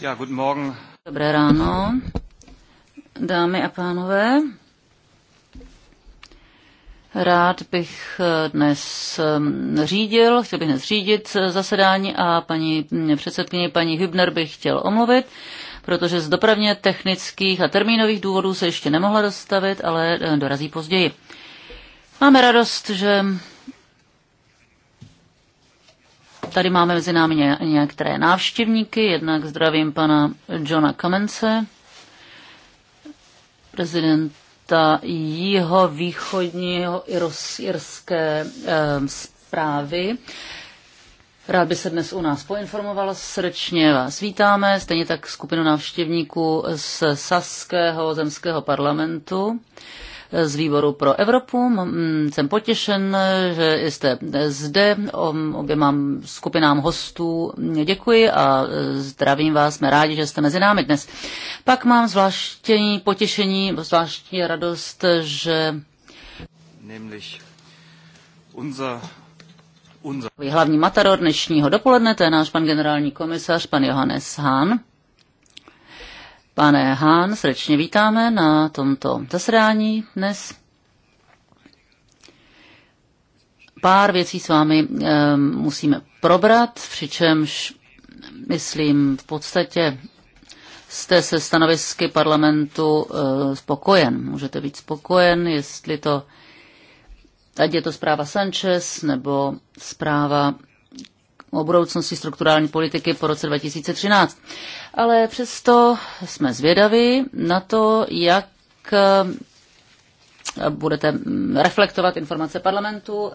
Ja, guten Morgen. Dobré ráno, dámy a pánové. Rád bych eh, dnes eh, řídil, chtěl bych dnes řídit eh, zasedání a paní mm, předsedkyně paní Hübner bych chtěl omluvit, protože z dopravně technických a termínových důvodů se ještě nemohla dostavit, ale dorazí později. Máme radost, že Tady máme mezi námi některé návštěvníky, jednak zdravím pana Johna Kamence, prezidenta jeho východního irské eh, zprávy. Rád by se dnes u nás poinformoval. Srdečně vás vítáme, stejně tak skupinu návštěvníků z Saského zemského parlamentu. Eh, z výboru pro Evropu. Jsem potěšen, že jste zde. Oběma skupinám hostů děkuji a zdravím vás. Jsme rádi, že jste mezi námi dnes. Pak mám zvláštní potěšení, zvláštní radost, že Nämlich Hlavní matador dnešního dopoledne, to je náš pan generální komisař, pan Johannes Hahn. Pane Hán, srdečně vítáme na tomto zasedání dnes. Pár věcí s vámi e, musíme probrat, přičemž myslím v podstatě jste se stanovisky parlamentu e, spokojen. Můžete být spokojen, jestli to, ať je to zpráva Sanchez nebo zpráva o budoucnosti strukturální politiky po roce 2013. Ale přesto jsme zvědaví na to, jak eh, budete mm, reflektovat informace parlamentu.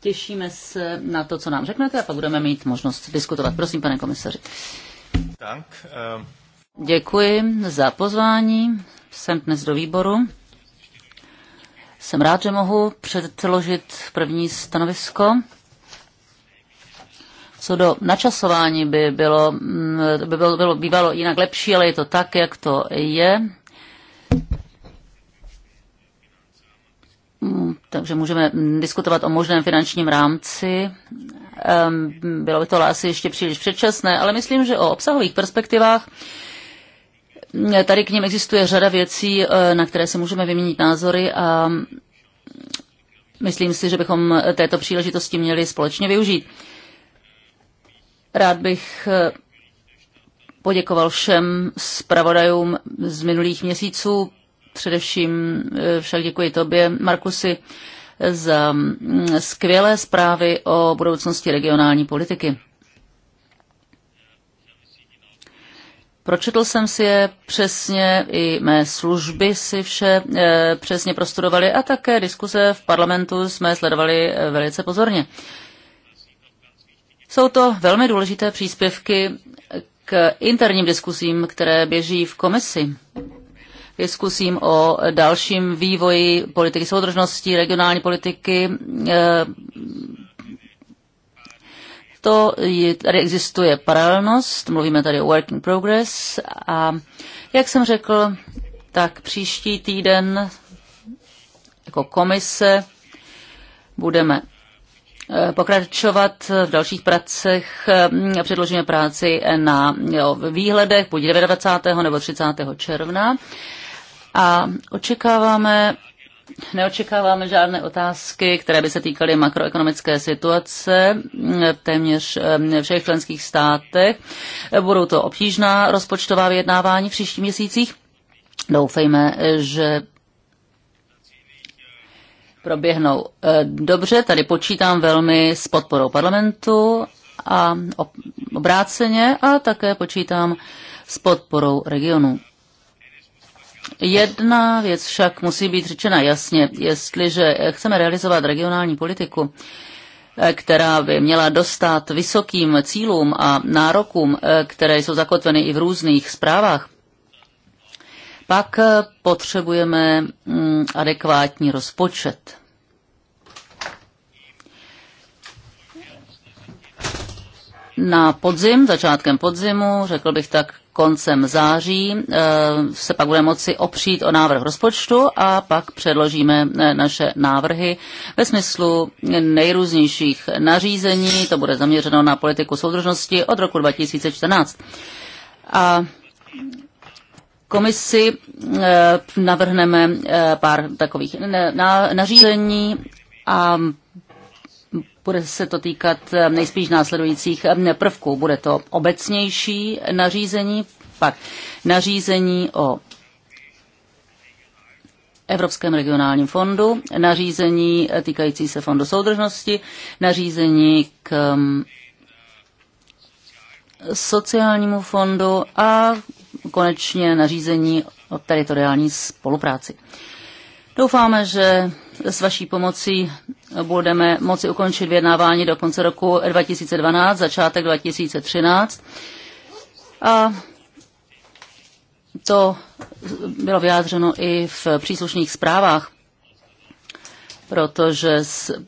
Těšíme se na to, co nám řeknete a pak budeme mít možnost diskutovat. Prosím, pane komisaři. Dank, eh, Děkuji za pozvání. Jsem dnes do výboru. Jsem rád, že mohu předložit první stanovisko. Co do načasování by bylo, mm, by bylo, bylo bývalo jinak lepší, ale je to tak, jak to je. Mm, takže můžeme diskutovat o možném finančním rámci. Bylo by to asi ještě příliš předčasné, ale myslím, že o obsahových perspektivách mm, tady k ním existuje řada věcí, eh, na které se můžeme vyměnit názory a myslím si, že bychom této příležitosti měli společně využít. Rád bych eh, poděkoval všem zpravodajům z minulých měsíců, především eh, však děkuji tobě, Markusy, za mm, skvělé zprávy o budoucnosti regionální politiky. Pročetl jsem si je přesně, i mé služby si vše eh, přesně prostudovali a také diskuze v parlamentu jsme sledovali velice pozorně. Jsou to velmi důležité příspěvky k interním diskusím, které běží v komisi diskusím o dalším vývoji politiky soudržnosti, regionální politiky. Eh, to je, tady existuje paralelnost, mluvíme tady o working progress a jak jsem řekl, tak příští týden jako komise budeme Eh, pokračovat v dalších pracech, eh, předložíme práci na jo, výhledech buď 29. nebo 30. června a očekáváme Neočekáváme žádné otázky, které by se týkaly makroekonomické situace eh, v téměř všech členských státech. Budou to obtížná rozpočtová vyjednávání v příštích měsících. Doufejme, že proběhnou e, dobře. Tady počítám velmi s podporou parlamentu a obráceně a také počítám s podporou regionu. Jedna věc však musí být řečena jasně. Jestliže chceme realizovat regionální politiku, e, která by měla dostat vysokým cílům a nárokům, e, které jsou zakotveny i v různých zprávách pak eh, potřebujeme mm, adekvátní rozpočet. Na podzim, začátkem podzimu, řekl bych tak koncem září, eh, se pak budeme moci opřít o návrh rozpočtu a pak předložíme eh, naše návrhy ve smyslu nejrůznějších nařízení. To bude zaměřeno na politiku soudržnosti od roku 2014. A komisi eh, navrhneme eh, pár takových nařízení a bude se to týkat eh, nejspíš následujících prvků. Bude to obecnější nařízení, pak nařízení o Evropském regionálním fondu, nařízení týkající se fondu soudržnosti, nařízení k sociálnímu fondu a konečně nařízení o teritoriální spolupráci. Doufáme, že s vaší pomocí budeme moci ukončit vyjednávání do konce roku 2012, začátek 2013. A to bylo vyjádřeno i v příslušných zprávách, protože s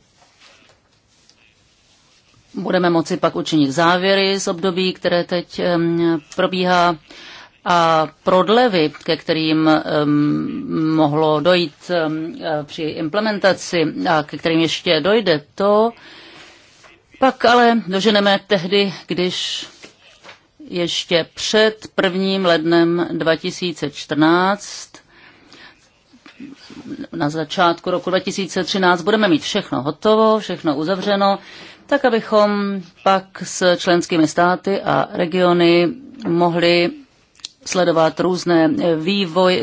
budeme moci pak učinit závěry z období, které teď probíhá a prodlevy, ke kterým mohlo dojít při implementaci a ke kterým ještě dojde, to pak ale doženeme tehdy, když ještě před prvním lednem 2014 na začátku roku 2013 budeme mít všechno hotovo, všechno uzavřeno, tak abychom pak s členskými státy a regiony mohli sledovat různé vývoj,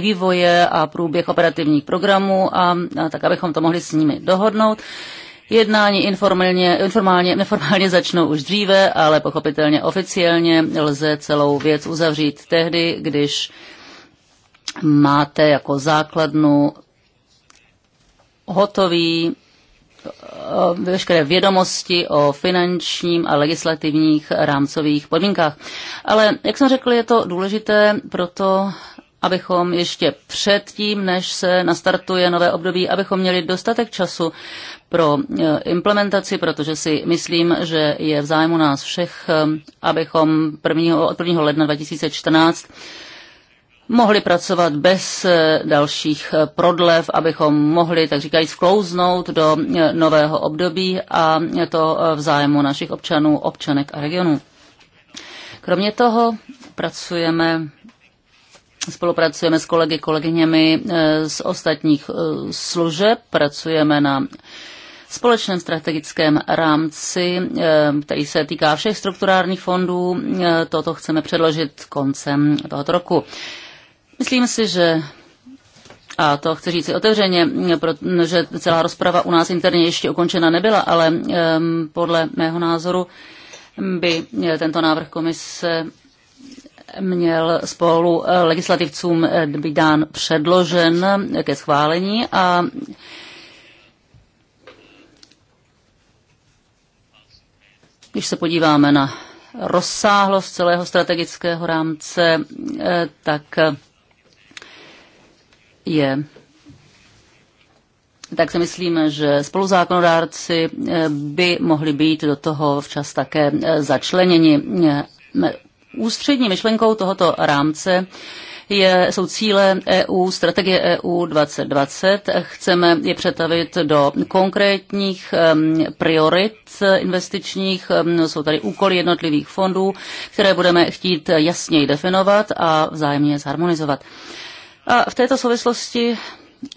vývoje a průběh operativních programů, a, a tak abychom to mohli s nimi dohodnout. Jednání informálně, informálně, neformálně začnou už dříve, ale pochopitelně oficiálně lze celou věc uzavřít tehdy, když máte jako základnu hotový Eh, veškeré vědomosti o finančním a legislativních rámcových podmínkách. Ale, jak jsem řekl, je to důležité proto, abychom ještě předtím, než se nastartuje nové období, abychom měli dostatek času pro eh, implementaci, protože si myslím, že je v zájmu nás všech, eh, abychom prvního, od 1. ledna 2014 mohli pracovat bez eh, dalších eh, prodlev, abychom mohli, tak říkajíc, vklouznout do eh, nového období a to v zájmu našich občanů, občanek a regionů. Kromě toho pracujeme Spolupracujeme s kolegy, kolegyněmi z ostatních služeb, pracujeme na společném strategickém rámci, který se týká všech strukturárních fondů. Toto chceme předložit koncem tohoto roku. Myslím si, že a to chci říct otevřeně, protože celá rozprava u nás interně ještě ukončena nebyla, ale um, podle mého názoru by tento návrh komise měl spolu legislativcům být dán předložen ke schválení a když se podíváme na rozsáhlost celého strategického rámce, eh, tak je tak si myslím, že spoluzákonodárci eh, by mohli být do toho včas také eh, začleněni. Eh, ústřední myšlenkou tohoto rámce je, jsou cíle EU, strategie EU 2020. Chceme je přetavit do konkrétních ehm, priorit investičních. Ehm, jsou tady úkoly jednotlivých fondů, které budeme chtít jasněji definovat a vzájemně zharmonizovat. A v této souvislosti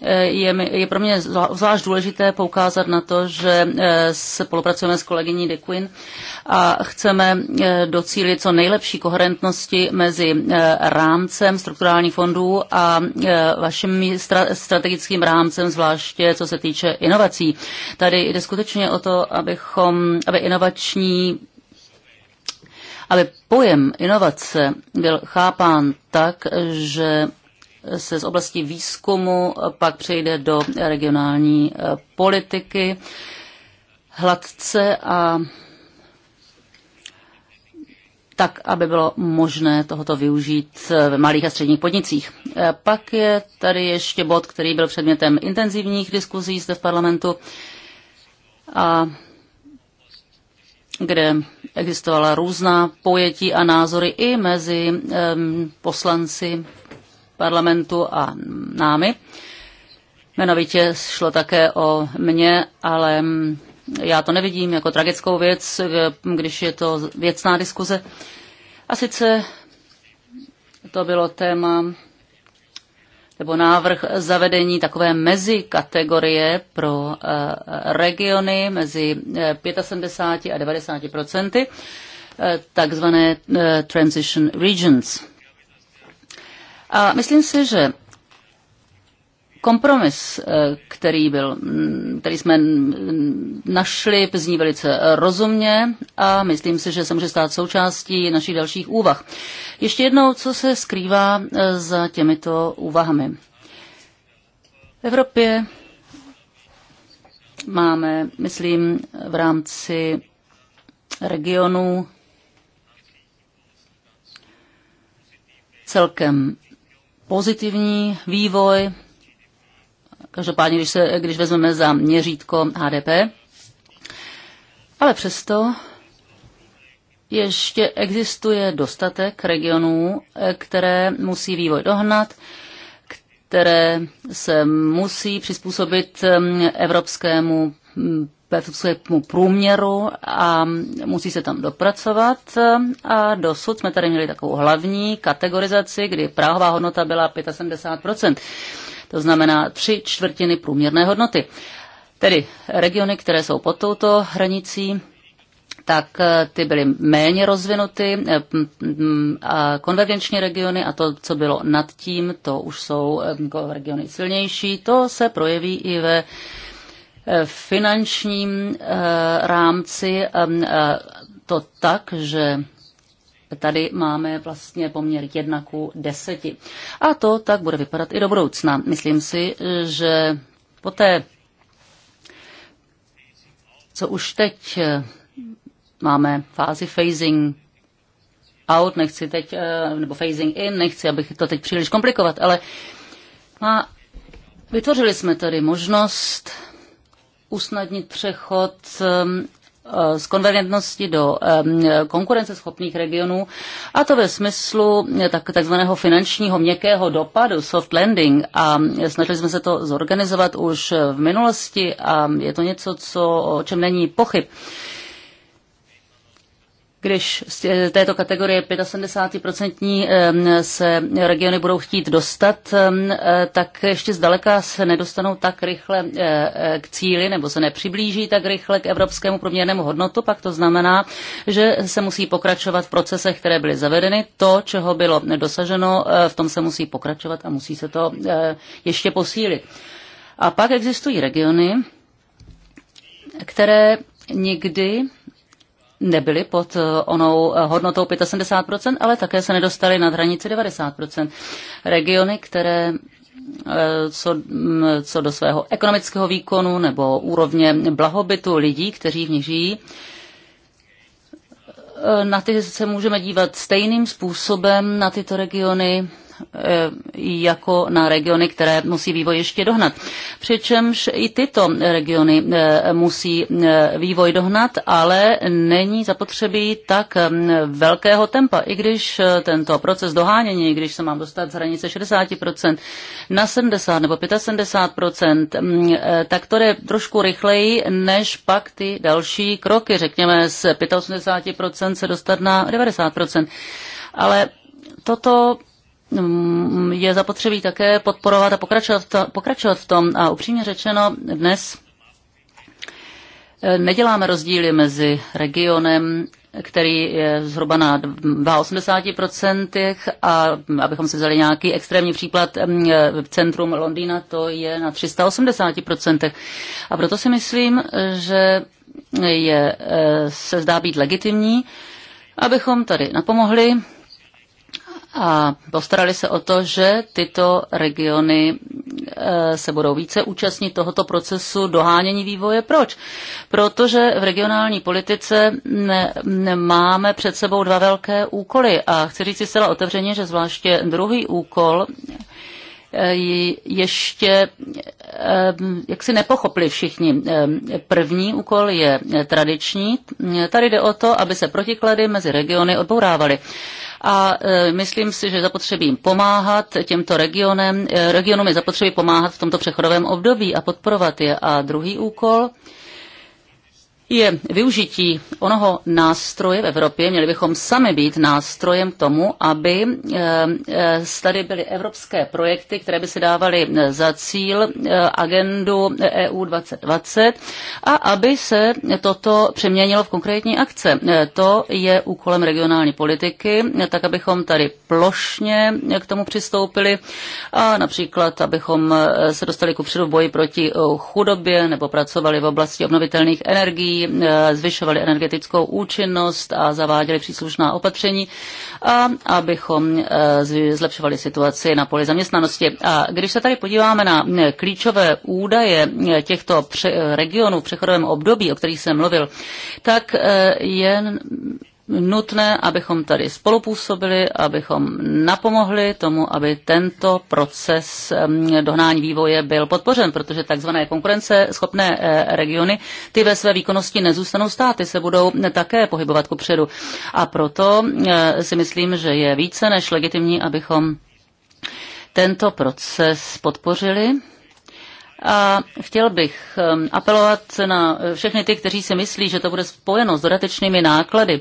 eh, je, je pro mě zvlášť důležité poukázat na to, že eh, spolupracujeme s kolegyní Dekuin a chceme eh, docílit co nejlepší koherentnosti mezi rámcem strukturálních fondů a vaším strategickým rámcem, zvláště co se týče inovací. Tady jde skutečně o to, abychom, aby inovační aby pojem inovace byl chápán tak, že se z oblasti výzkumu pak přejde do regionální eh, politiky hladce a tak, aby bylo možné tohoto využít eh, v malých a středních podnicích. Eh, pak je tady ještě bod, který byl předmětem intenzivních diskuzí zde v parlamentu a kde existovala různá pojetí a názory i mezi um, poslanci parlamentu a námi. Jmenovitě šlo také o mě, ale já to nevidím jako tragickou věc, když je to věcná diskuze. A sice to bylo téma nebo návrh zavedení takové mezi kategorie pro eh, regiony mezi 75 eh, a 90 procenty, eh, takzvané transition regions. A myslím si, že kompromis, eh, který, byl, mm, který jsme mm, našli, zní velice rozumně a myslím si, že se může stát součástí našich dalších úvah. Ještě jednou, co se skrývá eh, za těmito úvahami. V Evropě máme, myslím, v rámci regionu celkem pozitivní vývoj. Každopádně, když, se, když vezmeme za měřítko HDP, ale přesto ještě existuje dostatek regionů, které musí vývoj dohnat, které se musí přizpůsobit mm, evropskému mm, ve svému průměru a musí se tam dopracovat. A dosud jsme tady měli takovou hlavní kategorizaci, kdy práhová hodnota byla 75%, to znamená tři čtvrtiny průměrné hodnoty. Tedy regiony, které jsou pod touto hranicí, tak eh, ty byly méně rozvinuty eh, mm, a konvergenční regiony a to, co bylo nad tím, to už jsou eh, jako regiony silnější. To se projeví i ve finančním eh, rámci eh, to tak, že Tady máme vlastně poměr 1 ku 10. A to tak bude vypadat i do budoucna. Myslím si, že poté, co už teď eh, máme fázi phasing out, nechci teď, nebo phasing in, nechci, abych to teď příliš komplikovat, ale má, vytvořili jsme tady možnost usnadnit přechod um, eh, z konvergentnosti do konkurenceschopných regionů, a to ve smyslu eh, takzvaného finančního měkkého dopadu, soft landing. A eh, snažili jsme se to zorganizovat už v minulosti a je to něco, co, o čem není pochyb když z této kategorie 75% se regiony budou chtít dostat, e, tak ještě zdaleka se nedostanou tak rychle e, e, k cíli nebo se nepřiblíží tak rychle k evropskému průměrnému hodnotu, pak to znamená, že se musí pokračovat v procesech, které byly zavedeny. To, čeho bylo dosaženo, v tom se musí pokračovat a musí se to ještě posílit. A pak existují regiony, které nikdy nebyly pod eh, onou eh, hodnotou 75%, ale také se nedostaly nad hranici 90%. Regiony, které eh, co, mm, co do svého ekonomického výkonu nebo úrovně blahobytu lidí, kteří v nich žijí, na ty se můžeme dívat stejným způsobem na tyto regiony Eh, jako na regiony, které musí vývoj ještě dohnat. Přičemž i tyto regiony eh, musí eh, vývoj dohnat, ale není zapotřebí tak velkého tempa. I když tento proces dohánění, když se mám dostat z hranice 60% na 70 nebo 75%, mm, tak to jde trošku rychleji, než pak ty další kroky, řekněme z 85% se dostat na 90%. Ale toto Mm, je zapotřebí také podporovat a pokračovat v, to, pokračovat v tom. A upřímně řečeno, dnes eh, neděláme rozdíly mezi regionem který je zhruba na 82% a mm, abychom si vzali nějaký extrémní příklad, v mm, eh, centrum Londýna to je na 380%. A proto si myslím, že je, eh, se zdá být legitimní, abychom tady napomohli a postarali se o to, že tyto regiony e, se budou více účastnit tohoto procesu dohánění vývoje. Proč? Protože v regionální politice máme před sebou dva velké úkoly a chci říct si zcela otevřeně, že zvláště druhý úkol e, ještě e, jak si nepochopili všichni. První úkol je tradiční. Tady jde o to, aby se protiklady mezi regiony odbourávaly a e, myslím si, že zapotřebí jim pomáhat těmto regionem, e, regionům je zapotřebí pomáhat v tomto přechodovém období a podporovat je. A druhý úkol, je využití onoho nástroje v Evropě. Měli bychom sami být nástrojem k tomu, aby eh, eh, tady byly evropské projekty, které by se dávaly eh, za cíl agendu EU 2020 a aby se toto přeměnilo v konkrétní akce. To je úkolem regionální politiky, tak abychom tady plošně k tomu přistoupili a například, abychom se dostali ku předu boji proti chudobě nebo pracovali v oblasti obnovitelných energií, Eh, zvyšovali energetickou účinnost a zaváděli příslušná opatření, a abychom eh, zlepšovali situaci na poli zaměstnanosti. A když se tady podíváme na eh, klíčové údaje těchto regionů v přechodovém období, o kterých jsem mluvil, tak je nutné, abychom tady spolupůsobili, abychom napomohli tomu, aby tento proces dohnání vývoje byl podpořen, protože takzvané konkurence schopné eh, regiony, ty ve své výkonnosti nezůstanou státy, se budou eh, také pohybovat kupředu. A proto eh, si myslím, že je více než legitimní, abychom tento proces podpořili. A chtěl bych apelovat na všechny ty, kteří si myslí, že to bude spojeno s dodatečnými náklady.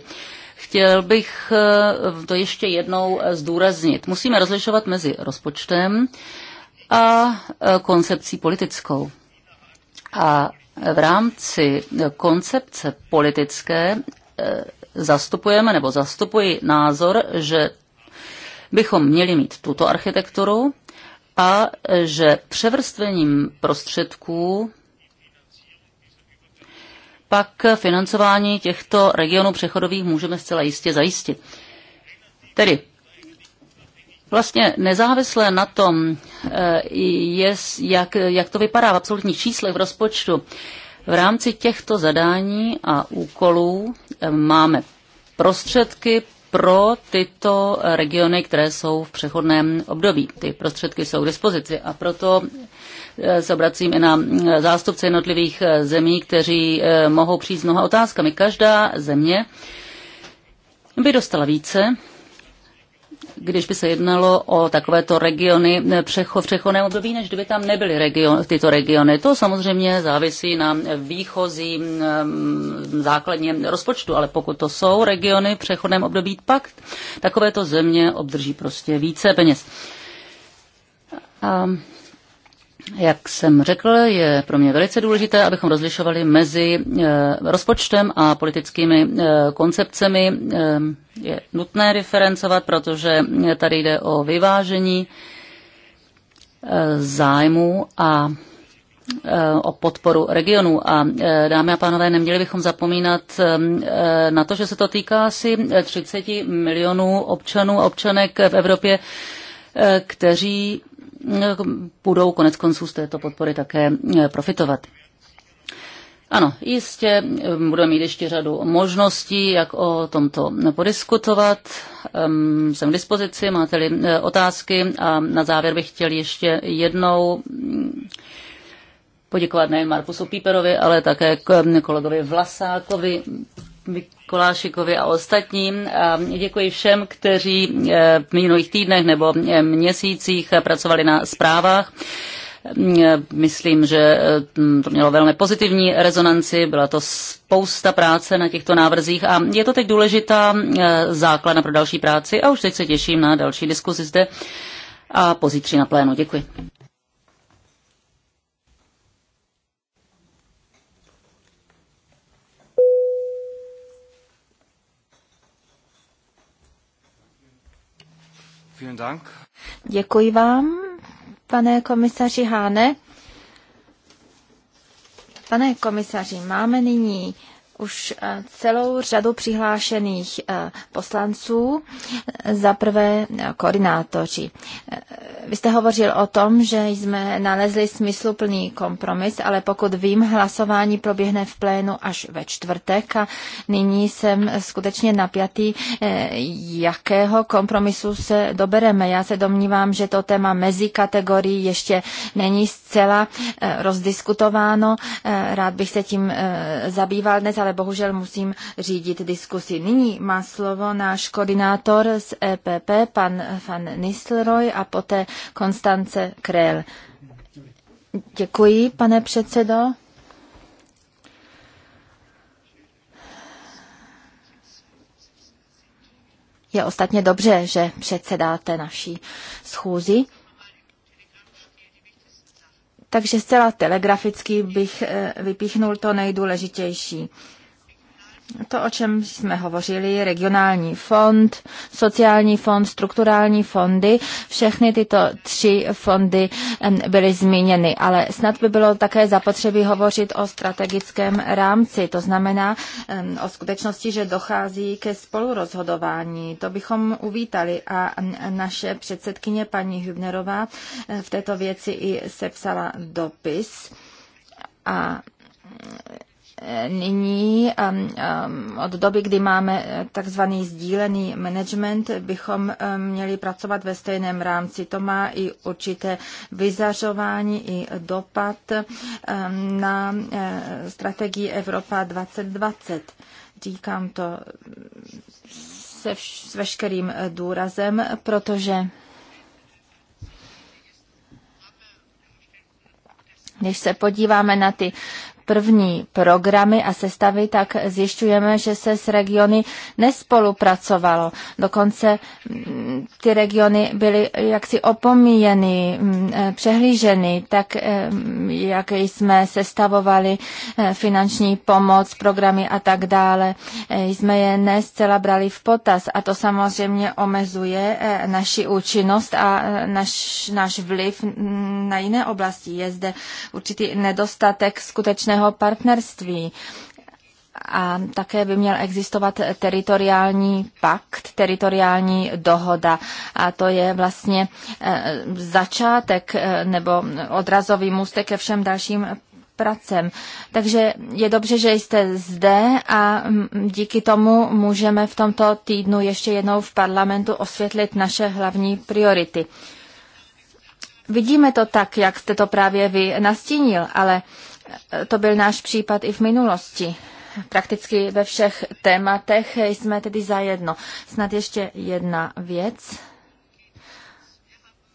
Chtěl bych eh, to ještě jednou eh, zdůraznit. Musíme rozlišovat mezi rozpočtem a eh, koncepcí politickou. A v rámci koncepce politické zastupujeme nebo zastupuji názor, že bychom měli mít tuto architekturu a že převrstvením prostředků pak financování těchto regionů přechodových můžeme zcela jistě zajistit. Tedy Vlastně nezávisle na tom, eh, je, jak, jak to vypadá v absolutních číslech v rozpočtu, v rámci těchto zadání a úkolů eh, máme prostředky pro tyto regiony, které jsou v přechodném období. Ty prostředky jsou k dispozici a proto Eh, se obracím i na eh, zástupce jednotlivých eh, zemí, kteří mohou přijít s mnoha otázkami. Každá země by dostala více, když by se jednalo o takovéto regiony přecho, přechodné období, než kdyby tam nebyly region, tyto regiony. To samozřejmě závisí na výchozím základně rozpočtu, ale pokud to jsou regiony v přechodném období, pak takovéto země obdrží prostě více peněz. A jak jsem řekl, je pro mě velice důležité, abychom rozlišovali mezi eh, rozpočtem a politickými eh, koncepcemi. Eh, je nutné diferencovat, protože tady jde o vyvážení zájmu a o podporu regionu. A dámy a pánové, neměli bychom zapomínat na to, že se to týká asi 30 milionů občanů a občanek v Evropě, kteří budou konec konců z této podpory také eh, profitovat. Ano, jistě eh, budeme mít ještě řadu možností, jak o tomto podiskutovat. Ehm, jsem k dispozici, máte-li eh, otázky a na závěr bych chtěl ještě jednou mm, poděkovat nejen Markusu Píperovi, ale také kolegovi Vlasákovi Mikolášikovi a ostatním. A ehm, děkuji všem, kteří eh, v minulých týdnech nebo eh, měsících eh, pracovali na zprávách. Ehm, myslím, že to mělo velmi pozitivní rezonanci, byla to spousta práce na těchto návrzích a je to teď důležitá základna pro další práci a už teď se těším na další diskuzi zde a pozítří na plénu. Děkuji. Děkuji vám, pane komisaři Háne. Pane komisaři, máme nyní už eh, celou řadu přihlášených eh, poslanců, za prvé eh, koordinátoři. Vy jste hovořil o tom, že jsme nalezli smysluplný kompromis, ale pokud vím, hlasování proběhne v plénu až ve čtvrtek a nyní jsem skutečně napjatý, jakého kompromisu se dobereme. Já se domnívám, že to téma mezi kategorií ještě není zcela rozdiskutováno. Rád bych se tím zabýval dnes, ale ale bohužel musím řídit diskusi. Nyní má slovo náš koordinátor z EPP, pan Van Nistelrooy a poté Konstance Krell. Děkuji, pane předsedo. Je ostatně dobře, že předsedáte naší schůzi. Takže zcela telegraficky bych eh, vypíchnul to nejdůležitější. To, o čem jsme hovořili, regionální fond, sociální fond, strukturální fondy, všechny tyto tři fondy byly zmíněny, ale snad by bylo také zapotřebí hovořit o strategickém rámci, to znamená o skutečnosti, že dochází ke spolurozhodování. To bychom uvítali a naše předsedkyně paní Hübnerová eh, v této věci i sepsala dopis a nyní um, um, od doby, kdy máme eh, takzvaný sdílený management, bychom eh, měli pracovat ve stejném rámci. To má i určité vyzařování i dopad um, na eh, strategii Evropa 2020. Říkám to se vš- s veškerým důrazem, protože Když se podíváme na ty první programy a sestavy, tak zjišťujeme, že se s regiony nespolupracovalo. Dokonce mm, ty regiony byly jaksi opomíjeny, mm, eh, přehlíženy, tak eh, jak jsme sestavovali eh, finanční pomoc, programy a tak dále. Jsme je ne zcela brali v potaz a to samozřejmě omezuje naši účinnost a naš, náš vliv mm, na jiné oblasti. Je zde určitý nedostatek skutečné východního partnerství. A také by měl existovat teritoriální pakt, teritoriální dohoda. A to je vlastně eh, začátek eh, nebo odrazový můstek ke všem dalším pracem. Takže je dobře, že jste zde a mm, díky tomu můžeme v tomto týdnu ještě jednou v parlamentu osvětlit naše hlavní priority. Vidíme to tak, jak jste to právě vy nastínil, ale to byl náš případ i v minulosti. Prakticky ve všech tématech jsme tedy zajedno. Snad ještě jedna věc.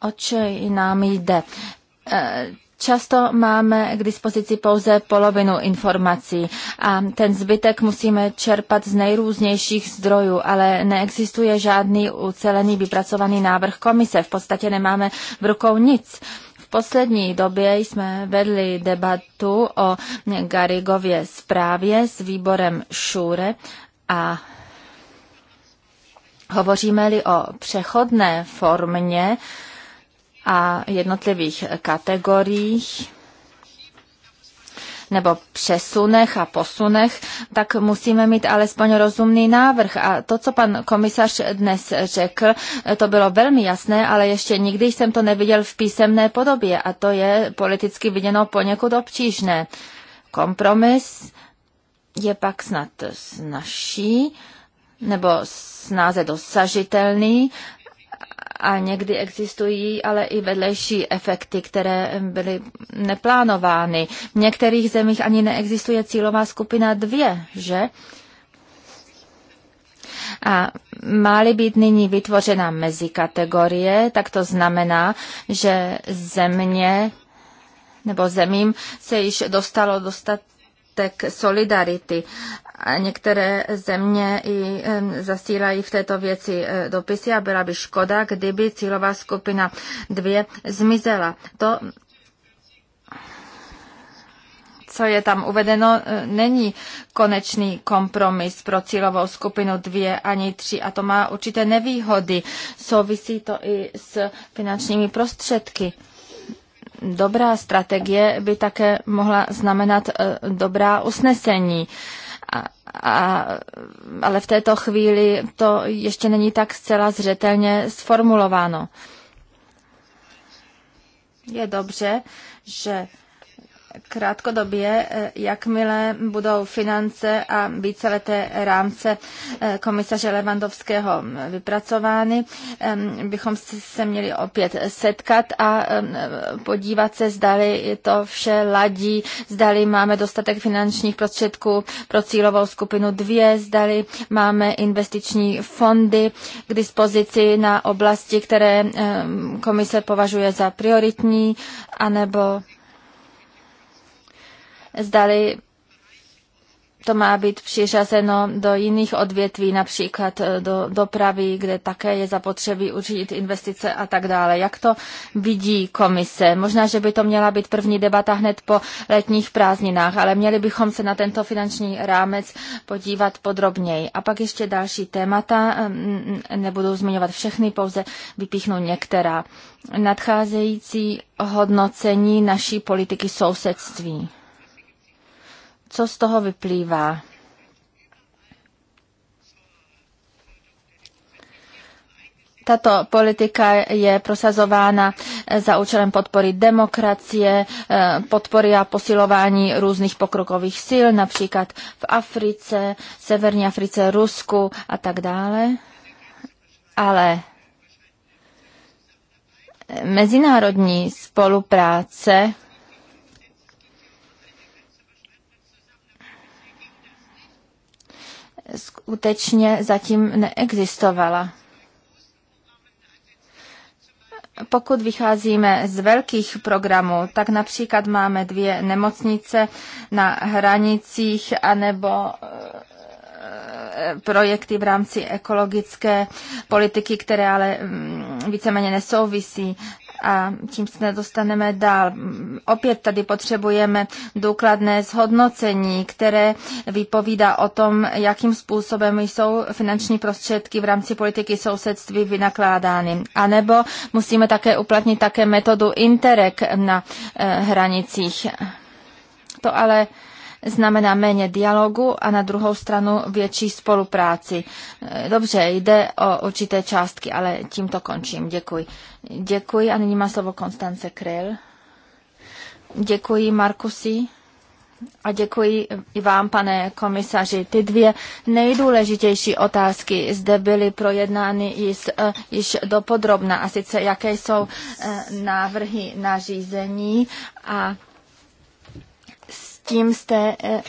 O co nám jde? E, často máme k dispozici pouze polovinu informací a ten zbytek musíme čerpat z nejrůznějších zdrojů, ale neexistuje žádný ucelený vypracovaný návrh komise. V podstatě nemáme v rukou nic poslední době jsme vedli debatu o Garigově zprávě s výborem Šure a hovoříme-li o přechodné formě a jednotlivých kategoriích, nebo přesunech a posunech, tak musíme mít alespoň rozumný návrh. A to, co pan komisař dnes řekl, to bylo velmi jasné, ale ještě nikdy jsem to neviděl v písemné podobě a to je politicky viděno poněkud obtížné. Kompromis je pak snad snažší nebo snáze dosažitelný, a někdy existují ale i vedlejší efekty, které byly neplánovány. V některých zemích ani neexistuje cílová skupina dvě, že? A má být nyní vytvořena mezi kategorie, tak to znamená, že země nebo zemím se již dostalo dostat dostatek solidarity. A některé země i zasílají v této věci e, dopisy a byla by škoda, kdyby cílová skupina dvě zmizela. To co je tam uvedeno, e, není konečný kompromis pro cílovou skupinu dvě ani tři a to má určité nevýhody. Souvisí to i s finančními prostředky dobrá strategie by také mohla znamenat eh, dobrá usnesení. A, a, ale v této chvíli to ještě není tak zcela zřetelně sformulováno. Je dobře, že krátkodobě, eh, jakmile budou finance a víceleté rámce eh, komisaře Levandovského mm, vypracovány, eh, bychom se měli opět setkat a podívat se, zdali je to vše ladí, zdali máme dostatek finančních prostředků pro cílovou skupinu dvě, zdali máme investiční fondy k dispozici na oblasti, které komise považuje za prioritní, anebo zdali to má být přiřazeno do jiných odvětví, například eh, do dopravy, kde také je zapotřebí určit investice a tak dále. Jak to vidí komise? Možná, že by to měla být první debata hned po letních prázdninách, ale měli bychom se na tento finanční rámec podívat podrobněji. A pak ještě další témata, mm, mm, nebudu zmiňovat všechny, pouze vypíchnu některá. Nadcházející hodnocení naší politiky sousedství. Co z toho vyplývá? Tato politika je prosazována za účelem podpory demokracie, eh, podpory a posilování různých pokrokových sil, například v Africe, Severní Africe, Rusku a tak dále. Ale mezinárodní spolupráce skutečně zatím neexistovala. Pokud vycházíme z velkých programů, tak například máme dvě nemocnice na hranicích anebo eh, projekty v rámci ekologické politiky, které ale mm, víceméně nesouvisí a tím se nedostaneme dál. Opět tady potřebujeme důkladné zhodnocení, které vypovídá o tom, jakým způsobem jsou finanční prostředky v rámci politiky sousedství vynakládány. A nebo musíme také uplatnit také metodu Interreg na eh, hranicích. To ale znamená méně dialogu a na druhou stranu větší spolupráci. Dobře, jde o určité částky, ale tím to končím. Děkuji. Děkuji a nyní má slovo Konstance Kryl. Děkuji Markusi. A děkuji i vám, pane komisaři. Ty dvě nejdůležitější otázky zde byly projednány již, eh, již dopodrobna, a sice jaké jsou eh, návrhy na řízení a tím jste eh,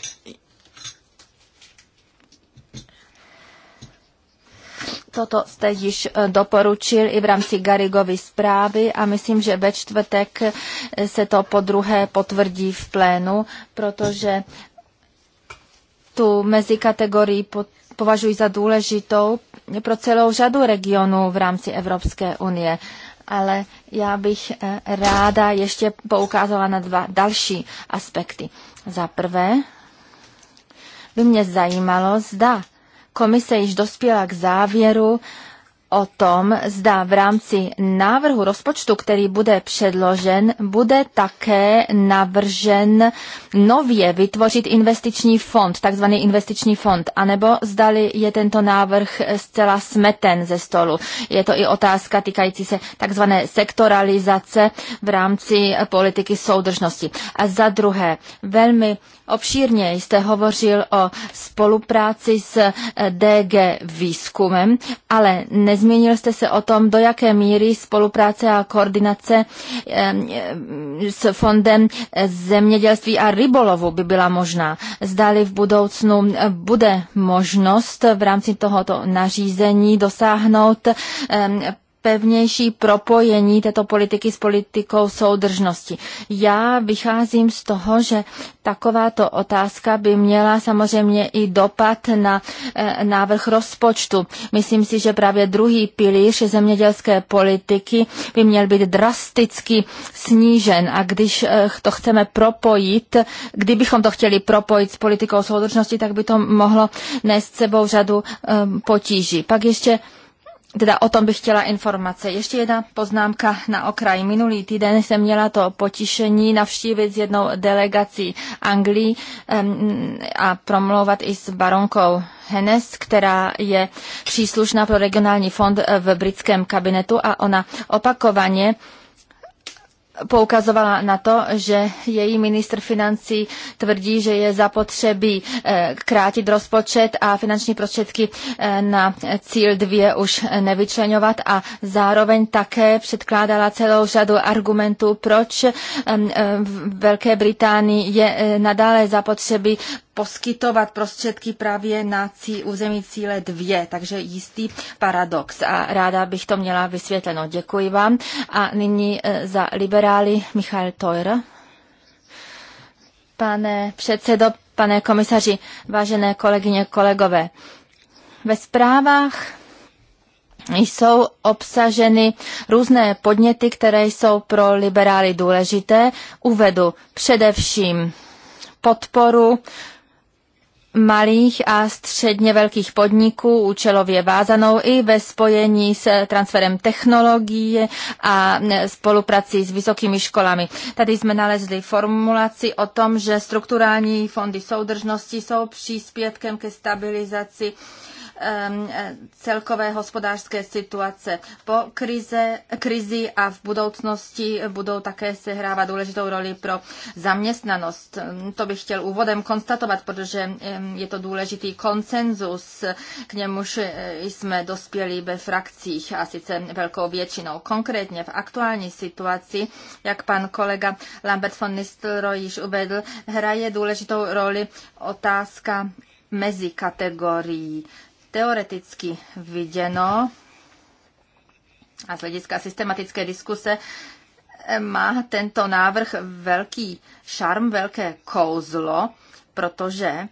Toto jste již eh, doporučil i v rámci Garigovy zprávy a myslím, že ve čtvrtek eh, se to po druhé potvrdí v plénu, protože tu mezi kategorii považuji za důležitou pro celou řadu regionů v rámci Evropské unie ale já bych eh, ráda ještě poukázala na dva další aspekty. Za prvé, by mě zajímalo, zda komise již dospěla k závěru o tom, zda v rámci návrhu rozpočtu, který bude předložen, bude také navržen nově vytvořit investiční fond, takzvaný investiční fond, anebo zdali je tento návrh zcela smeten ze stolu. Je to i otázka týkající se takzvané sektoralizace v rámci politiky soudržnosti. A za druhé, velmi obšírně jste hovořil o spolupráci s eh, DG výzkumem, ale nezmínil Zmínil jste se o tom, do jaké míry spolupráce a koordinace s Fondem zemědělství a rybolovu by byla možná. Zdali v budoucnu bude možnost v rámci tohoto nařízení dosáhnout pevnější propojení této politiky s politikou soudržnosti. Já vycházím z toho, že takováto otázka by měla samozřejmě i dopad na eh, návrh rozpočtu. Myslím si, že právě druhý pilíř zemědělské politiky by měl být drasticky snížen a když eh, to chceme propojit, kdybychom to chtěli propojit s politikou soudržnosti, tak by to mohlo nést sebou řadu eh, potíží. Pak ještě teda o tom bych chtěla informace. Ještě jedna poznámka na okraj. Minulý týden jsem měla to potišení navštívit s jednou delegací Anglii a promlouvat i s baronkou Hennes, která je příslušná pro regionální fond v britském kabinetu a ona opakovaně poukazovala na to, že její ministr financí tvrdí, že je zapotřebí eh, krátit rozpočet a finanční prostředky eh, na cíl dvě už nevyčlenovat a zároveň také předkládala celou řadu argumentů, proč eh, v Velké Británii je nadále zapotřebí poskytovat prostředky právě na cí, území cíle 2, takže jistý paradox a ráda bych to měla vysvětleno. Děkuji vám. A nyní e, za liberály Michal Teuer. Pane předsedo, pane komisaři, vážené kolegyně, kolegové, ve zprávách jsou obsaženy různé podněty, které jsou pro liberály důležité. Uvedu především podporu malých a středně velkých podniků účelově vázanou i ve spojení s transferem technologie a spoluprací s vysokými školami. Tady jsme nalezli formulaci o tom, že strukturální fondy soudržnosti jsou příspěvkem ke stabilizaci Um, celkové hospodářské situace. Po krize, krizi a v budoucnosti budou také sehrávat důležitou roli pro zaměstnanost. To bych chtěl úvodem konstatovat, protože um, je to důležitý konsenzus, k němuž eh, jsme dospěli ve frakcích a sice velkou většinou. Konkrétně v aktuální situaci, jak pan kolega Lambert von Nistelrooy již uvedl, hraje důležitou roli otázka mezi kategorií. Teoreticky viděno a z hlediska systematické diskuse eh, má tento návrh velký šarm, velké kouzlo, protože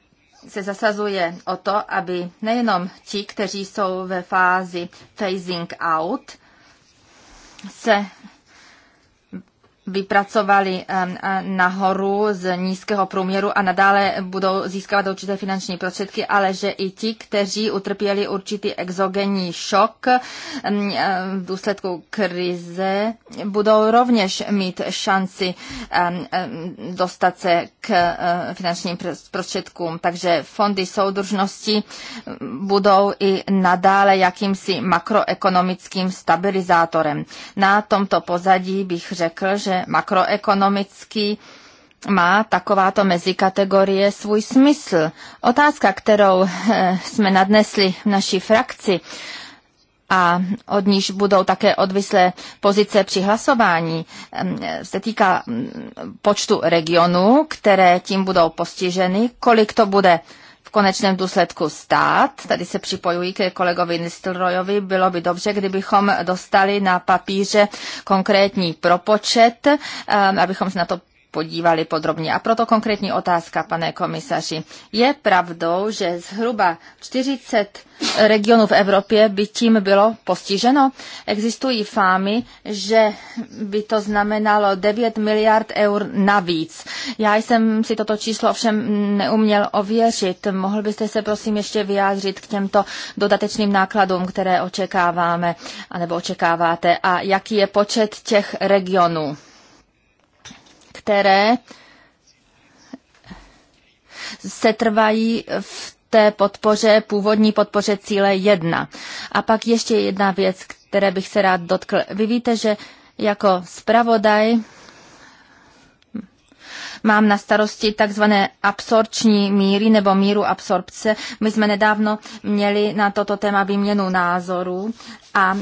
se zasazuje o to, aby nejenom ti, kteří jsou ve fázi phasing out, se vypracovali eh, eh, nahoru z nízkého průměru a nadále budou získávat určité finanční prostředky, ale že i ti, kteří utrpěli určitý exogenní šok eh, v důsledku krize, budou rovněž mít šanci dostat se k finančním prostředkům. Takže fondy soudržnosti budou i nadále jakýmsi makroekonomickým stabilizátorem. Na tomto pozadí bych řekl, že že makroekonomický má takováto mezikategorie svůj smysl. Otázka, kterou eh, jsme nadnesli v naší frakci a od níž budou také odvislé pozice při hlasování, eh, se týká mm, počtu regionů, které tím budou postiženy, kolik to bude konečném důsledku stát. Tady se připojují ke kolegovi Nistelrojovi. Bylo by dobře, kdybychom dostali na papíře konkrétní propočet, eh, abychom se na to podívali podrobně. A proto konkrétní otázka, pane komisaři. Je pravdou, že zhruba 40 regionů v Evropě by tím bylo postiženo? Existují fámy, že by to znamenalo 9 miliard eur navíc. Já jsem si toto číslo ovšem neuměl ověřit. Mohl byste se prosím ještě vyjádřit k těmto dodatečným nákladům, které očekáváme, anebo očekáváte, a jaký je počet těch regionů? které se trvají v té podpoře, původní podpoře cíle 1. A pak ještě jedna věc, které bych se rád dotkl. Vy víte, že jako zpravodaj Mám na starosti takzvané absorční míry nebo míru absorpce. My jsme nedávno měli na toto téma výměnu názorů a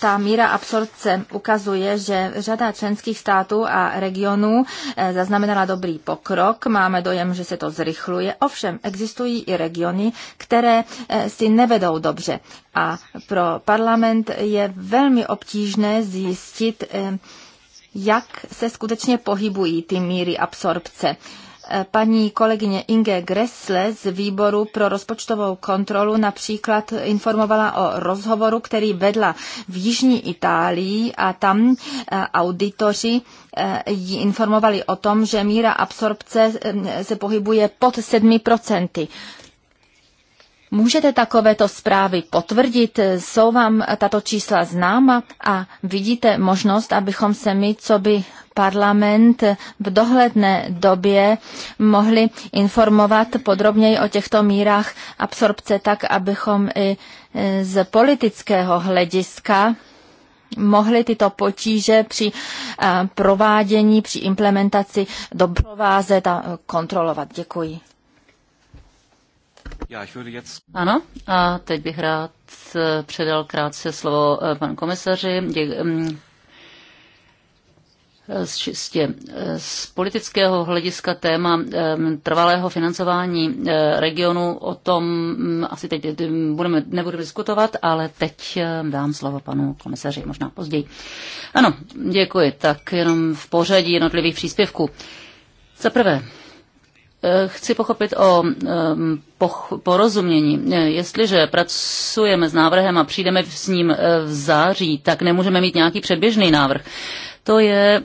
ta míra absorpce ukazuje, že řada členských států a regionů e, zaznamenala dobrý pokrok. Máme dojem, že se to zrychluje. Ovšem, existují i regiony, které e, si nevedou dobře. A pro parlament je velmi obtížné zjistit, jak se skutečně pohybují ty míry absorpce. Eh, paní kolegyně Inge Gressle z výboru pro rozpočtovou kontrolu například informovala o rozhovoru, který vedla v Jižní Itálii a tam eh, auditoři eh, ji informovali o tom, že míra absorpce se pohybuje pod 7%. Můžete takovéto zprávy potvrdit? Jsou vám tato čísla známa a vidíte možnost, abychom se my, co by parlament v dohledné době mohli informovat podrobněji o těchto mírách absorpce tak, abychom i e, z politického hlediska mohli tyto potíže při e, provádění, při implementaci doprovázet a kontrolovat. Děkuji. Ano, a teď bych rád eh, předal krátce slovo eh, panu komisaři. Mm, eh, z čistě z politického hlediska téma trvalého financování regionu o tom mm, asi teď budeme, nebudeme diskutovat, ale teď dám slovo panu komisaři, možná později. Ano, děkuji. Tak jenom v pořadí jednotlivých příspěvků. Za prvé, Eh, chci pochopit o eh, porozumění. Eh, jestliže pracujeme s návrhem a přijdeme s ním v září, tak nemůžeme mít nějaký předběžný návrh. To je,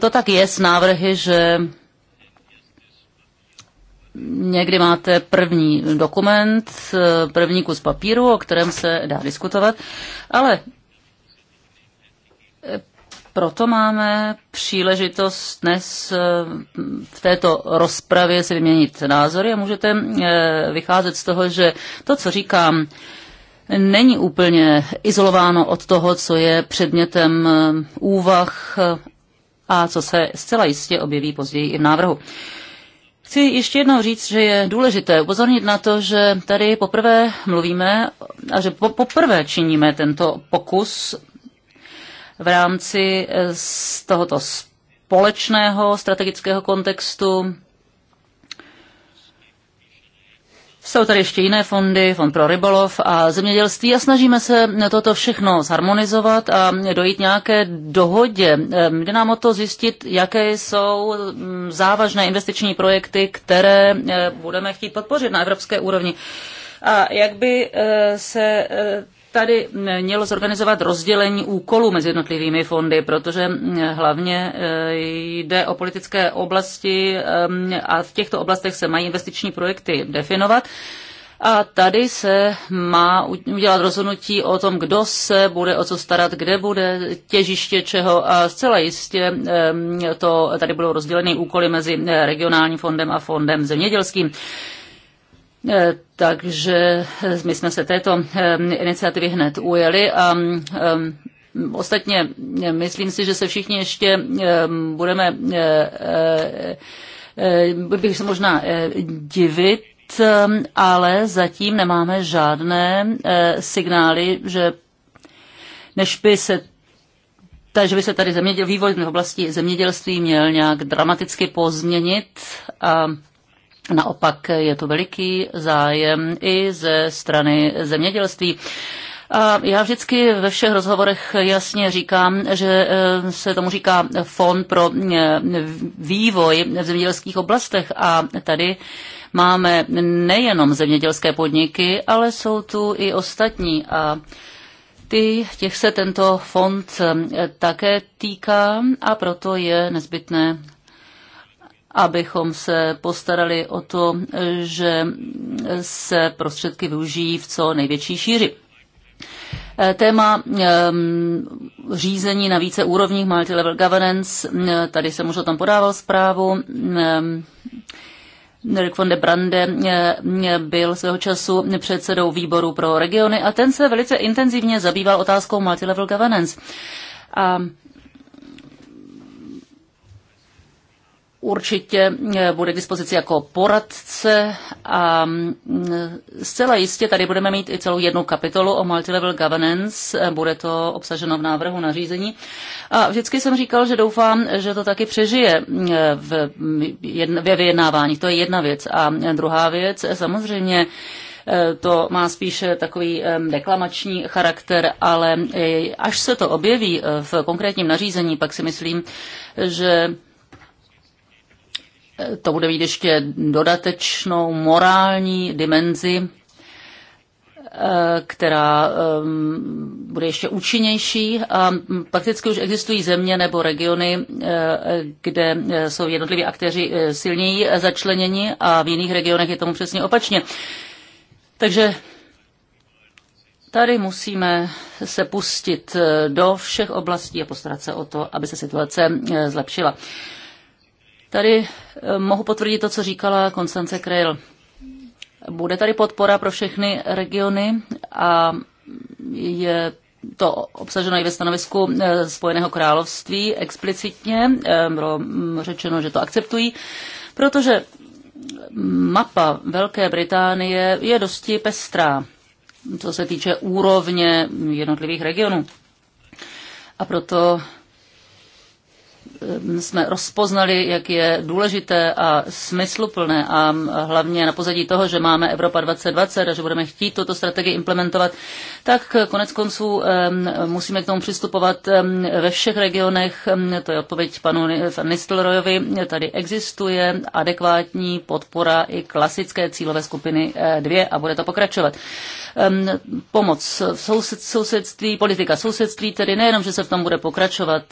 to tak je s návrhy, že někdy máte první dokument, první kus papíru, o kterém se dá diskutovat, ale proto máme příležitost dnes eh, v této rozpravě si vyměnit názory a můžete eh, vycházet z toho, že to, co říkám, není úplně izolováno od toho, co je předmětem eh, úvah a co se zcela jistě objeví později i v návrhu. Chci ještě jednou říct, že je důležité upozornit na to, že tady poprvé mluvíme a že po, poprvé činíme tento pokus v rámci eh, z tohoto společného strategického kontextu. Jsou tady ještě jiné fondy, fond pro rybolov a zemědělství a snažíme se toto všechno zharmonizovat a dojít nějaké dohodě. Ehm, jde nám o to zjistit, jaké jsou mm, závažné investiční projekty, které eh, budeme chtít podpořit na evropské úrovni. A jak by eh, se tady mělo zorganizovat rozdělení úkolů mezi jednotlivými fondy, protože hlavně e, jde o politické oblasti e, a v těchto oblastech se mají investiční projekty definovat. A tady se má udělat rozhodnutí o tom, kdo se bude o co starat, kde bude těžiště čeho. A zcela jistě e, to, tady budou rozděleny úkoly mezi regionálním fondem a fondem zemědělským. Eh, takže eh, my jsme se této eh, iniciativy hned ujeli a ostatně myslím si, že se všichni ještě budeme bych se možná divit, ale zatím nemáme žádné signály, že než by se že by se tady zeměděl, vývoj v oblasti zemědělství měl nějak dramaticky pozměnit. A Naopak je to veliký zájem i ze strany zemědělství. A já vždycky ve všech rozhovorech jasně říkám, že eh, se tomu říká fond pro eh, vývoj v zemědělských oblastech a tady máme nejenom zemědělské podniky, ale jsou tu i ostatní a ty, těch se tento fond eh, také týká a proto je nezbytné abychom se postarali o to, že se prostředky využijí v co největší šíři. Eh, téma ehm, řízení na více úrovních, multi-level governance, eh, tady jsem už o tom podával zprávu. Ehm, Rick von de Brande eh, byl svého času předsedou výboru pro regiony a ten se velice intenzivně zabýval otázkou multilevel governance. A určitě eh, bude k dispozici jako poradce a mm, zcela jistě tady budeme mít i celou jednu kapitolu o multilevel governance, eh, bude to obsaženo v návrhu na řízení. A vždycky jsem říkal, že doufám, že to taky přežije mm, v, ve vyjednávání. To je jedna věc. A eh, druhá věc, samozřejmě, to má spíše takový deklamační charakter, ale až se to objeví v konkrétním nařízení, pak si myslím, že to bude mít ještě dodatečnou morální dimenzi, eh, která ehm, bude ještě účinnější. A mm, prakticky už existují země nebo regiony, eh, kde eh, jsou jednotliví aktéři silněji začleněni a v jiných regionech je tomu přesně opačně. Takže tady musíme se pustit do všech oblastí a postarat se o to, aby se situace zlepšila. Tady eh, mohu potvrdit to, co říkala Konstance Krejl. Bude tady podpora pro všechny regiony a je to obsaženo i ve stanovisku eh, Spojeného království explicitně, eh, bylo mm, řečeno, že to akceptují, protože mapa Velké Británie je dosti pestrá, co se týče úrovně jednotlivých regionů. A proto Eh, jsme rozpoznali, jak je důležité a smysluplné a hlavně na pozadí toho, že máme Evropa 2020 a že budeme chtít tuto strategii implementovat, tak konec konců musíme k tomu přistupovat ve všech regionech. To je odpověď panu eh, Nistelrojovi. Tady existuje adekvátní podpora i klasické cílové skupiny eh, dvě a bude to pokračovat. Pomoc v soused, sousedství, politika sousedství, tedy nejenom, že se v tom bude pokračovat,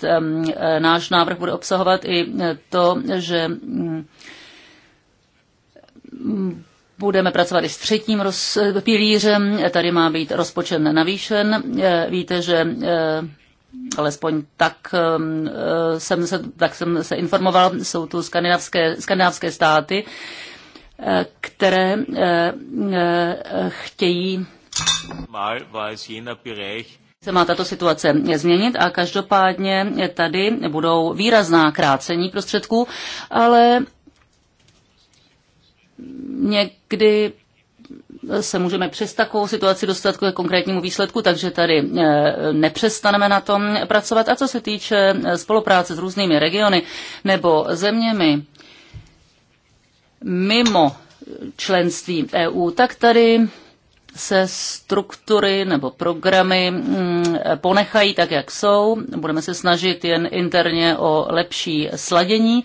náš návrh návrh bude obsahovat i eh, to, že mm, Budeme pracovat i s třetím roz, eh, pilířem, tady má být rozpočet navýšen. Eh, víte, že alespoň tak jsem se, tak jsem se informoval, jsou tu skandinávské, skandinávské státy, které chtějí. Mal war es jener Bereich, se má tato situace změnit a každopádně tady budou výrazná krácení prostředků, ale někdy se můžeme přes takovou situaci dostat k konkrétnímu výsledku, takže tady eh, nepřestaneme na tom pracovat. A co se týče eh, spolupráce s různými regiony nebo zeměmi mimo členství EU, tak tady se struktury nebo programy mm, ponechají tak, jak jsou. Budeme se snažit jen interně o lepší sladění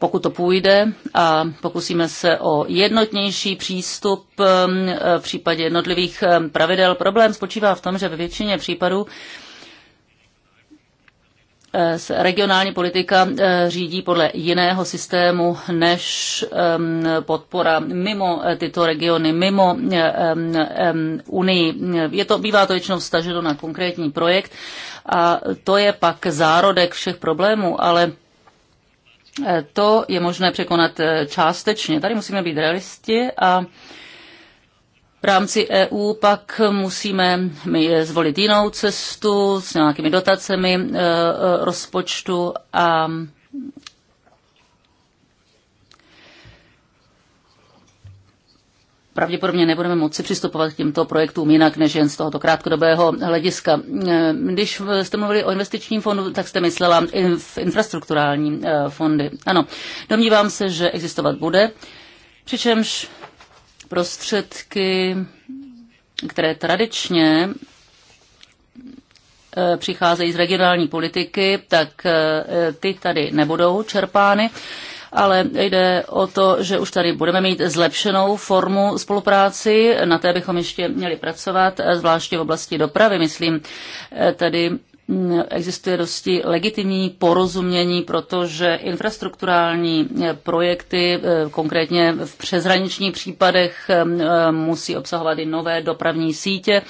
pokud to půjde, a pokusíme se o jednotnější přístup mm, v případě jednotlivých mm, pravidel. Problém spočívá v tom, že ve většině případů Eh, regionální politika eh, řídí podle jiného systému než podpora mimo eh, tyto regiony, mimo Unii. Je to, bývá to většinou staženo na konkrétní projekt a to je pak zárodek všech problémů, ale to je možné překonat částečně. Tady musíme být realisti a v rámci EU pak musíme my zvolit jinou cestu s nějakými dotacemi e, e, rozpočtu a pravděpodobně nebudeme moci přistupovat k těmto projektům jinak než jen z tohoto krátkodobého hlediska. E, když jste mluvili o investičním fondu, tak jste myslela v infrastrukturální fondy. Ano, domnívám se, že existovat bude, přičemž prostředky, které tradičně eh, přicházejí z regionální politiky, tak eh, ty tady nebudou čerpány ale jde o to, že už tady budeme mít zlepšenou formu spolupráci, na té bychom ještě měli pracovat, eh, zvláště v oblasti dopravy, myslím, tedy existuje dosti legitimní porozumění, protože infrastrukturální projekty, eh, konkrétně v přezraničních případech, eh, musí obsahovat i nové dopravní sítě,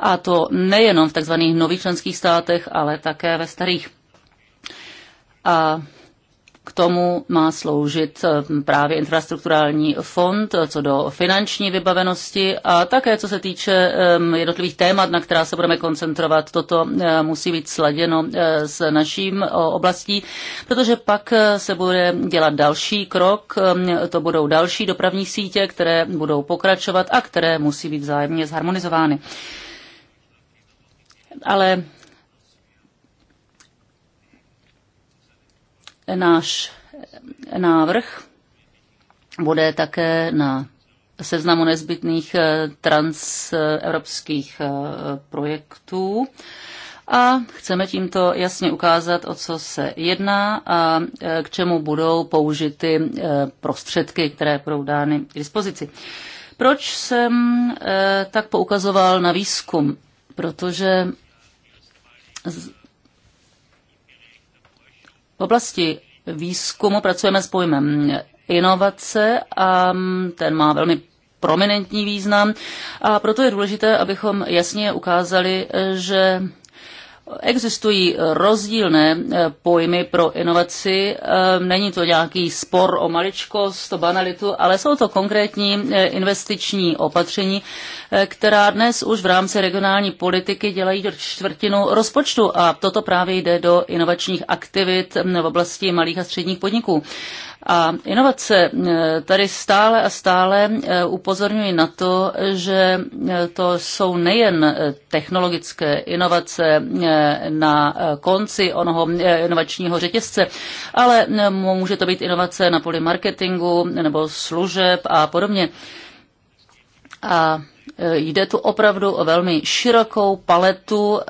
a to nejenom v tzv. nových členských státech, ale také ve starých. A k tomu má sloužit eh, právě infrastrukturální fond eh, co do finanční vybavenosti a také co se týče eh, jednotlivých témat, na která se budeme koncentrovat. Toto musí být sladěno s naším oblastí, protože pak se bude dělat další krok. To budou další dopravní sítě, které budou pokračovat a které musí být vzájemně zharmonizovány ale Náš návrh bude také na seznamu nezbytných eh, transevropských eh, projektů. A chceme tímto jasně ukázat, o co se jedná a eh, k čemu budou použity prostředky, které budou dány k dispozici. Proč jsem tak poukazoval na výzkum? Protože v oblasti výzkumu pracujeme s pojmem inovace a mm, ten má velmi prominentní význam a proto je důležité, abychom jasně ukázali, že Existují rozdílné eh, pojmy pro inovaci. Eh, není to nějaký spor o maličkost, o banalitu, ale jsou to konkrétní eh, investiční opatření, která dnes už v rámci regionální politiky dělají čtvrtinu rozpočtu a toto právě jde do inovačních aktivit mm, v oblasti malých a středních podniků. A inovace eh, tady stále a stále eh, upozorňují na to, že eh, to jsou nejen technologické inovace na konci onoho inovačního řetězce, ale může to být inovace na poli marketingu nebo služeb a podobně. A Eh, jde tu opravdu o velmi širokou paletu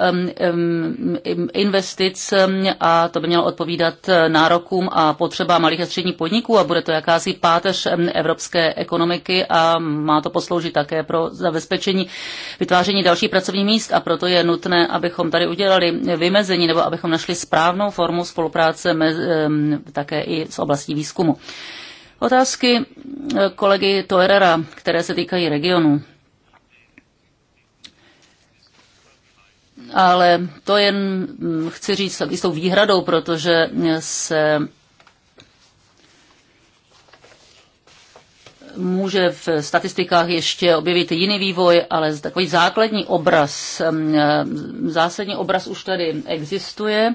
investic a to by mělo odpovídat eh, nárokům a potřebám malých a středních podniků a bude to jakási páteř evropské ekonomiky a má to posloužit také pro zabezpečení vytváření dalších pracovních míst a proto je nutné, abychom tady udělali vymezení nebo abychom našli správnou formu spolupráce také i s oblastí výzkumu. Otázky eh, kolegy Toerera, které se týkají regionu. ale to jen mm, chci říct s jistou výhradou, protože se může v statistikách ještě objevit jiný vývoj, ale takový základní obraz, mm, mm, zásadní obraz už tady existuje.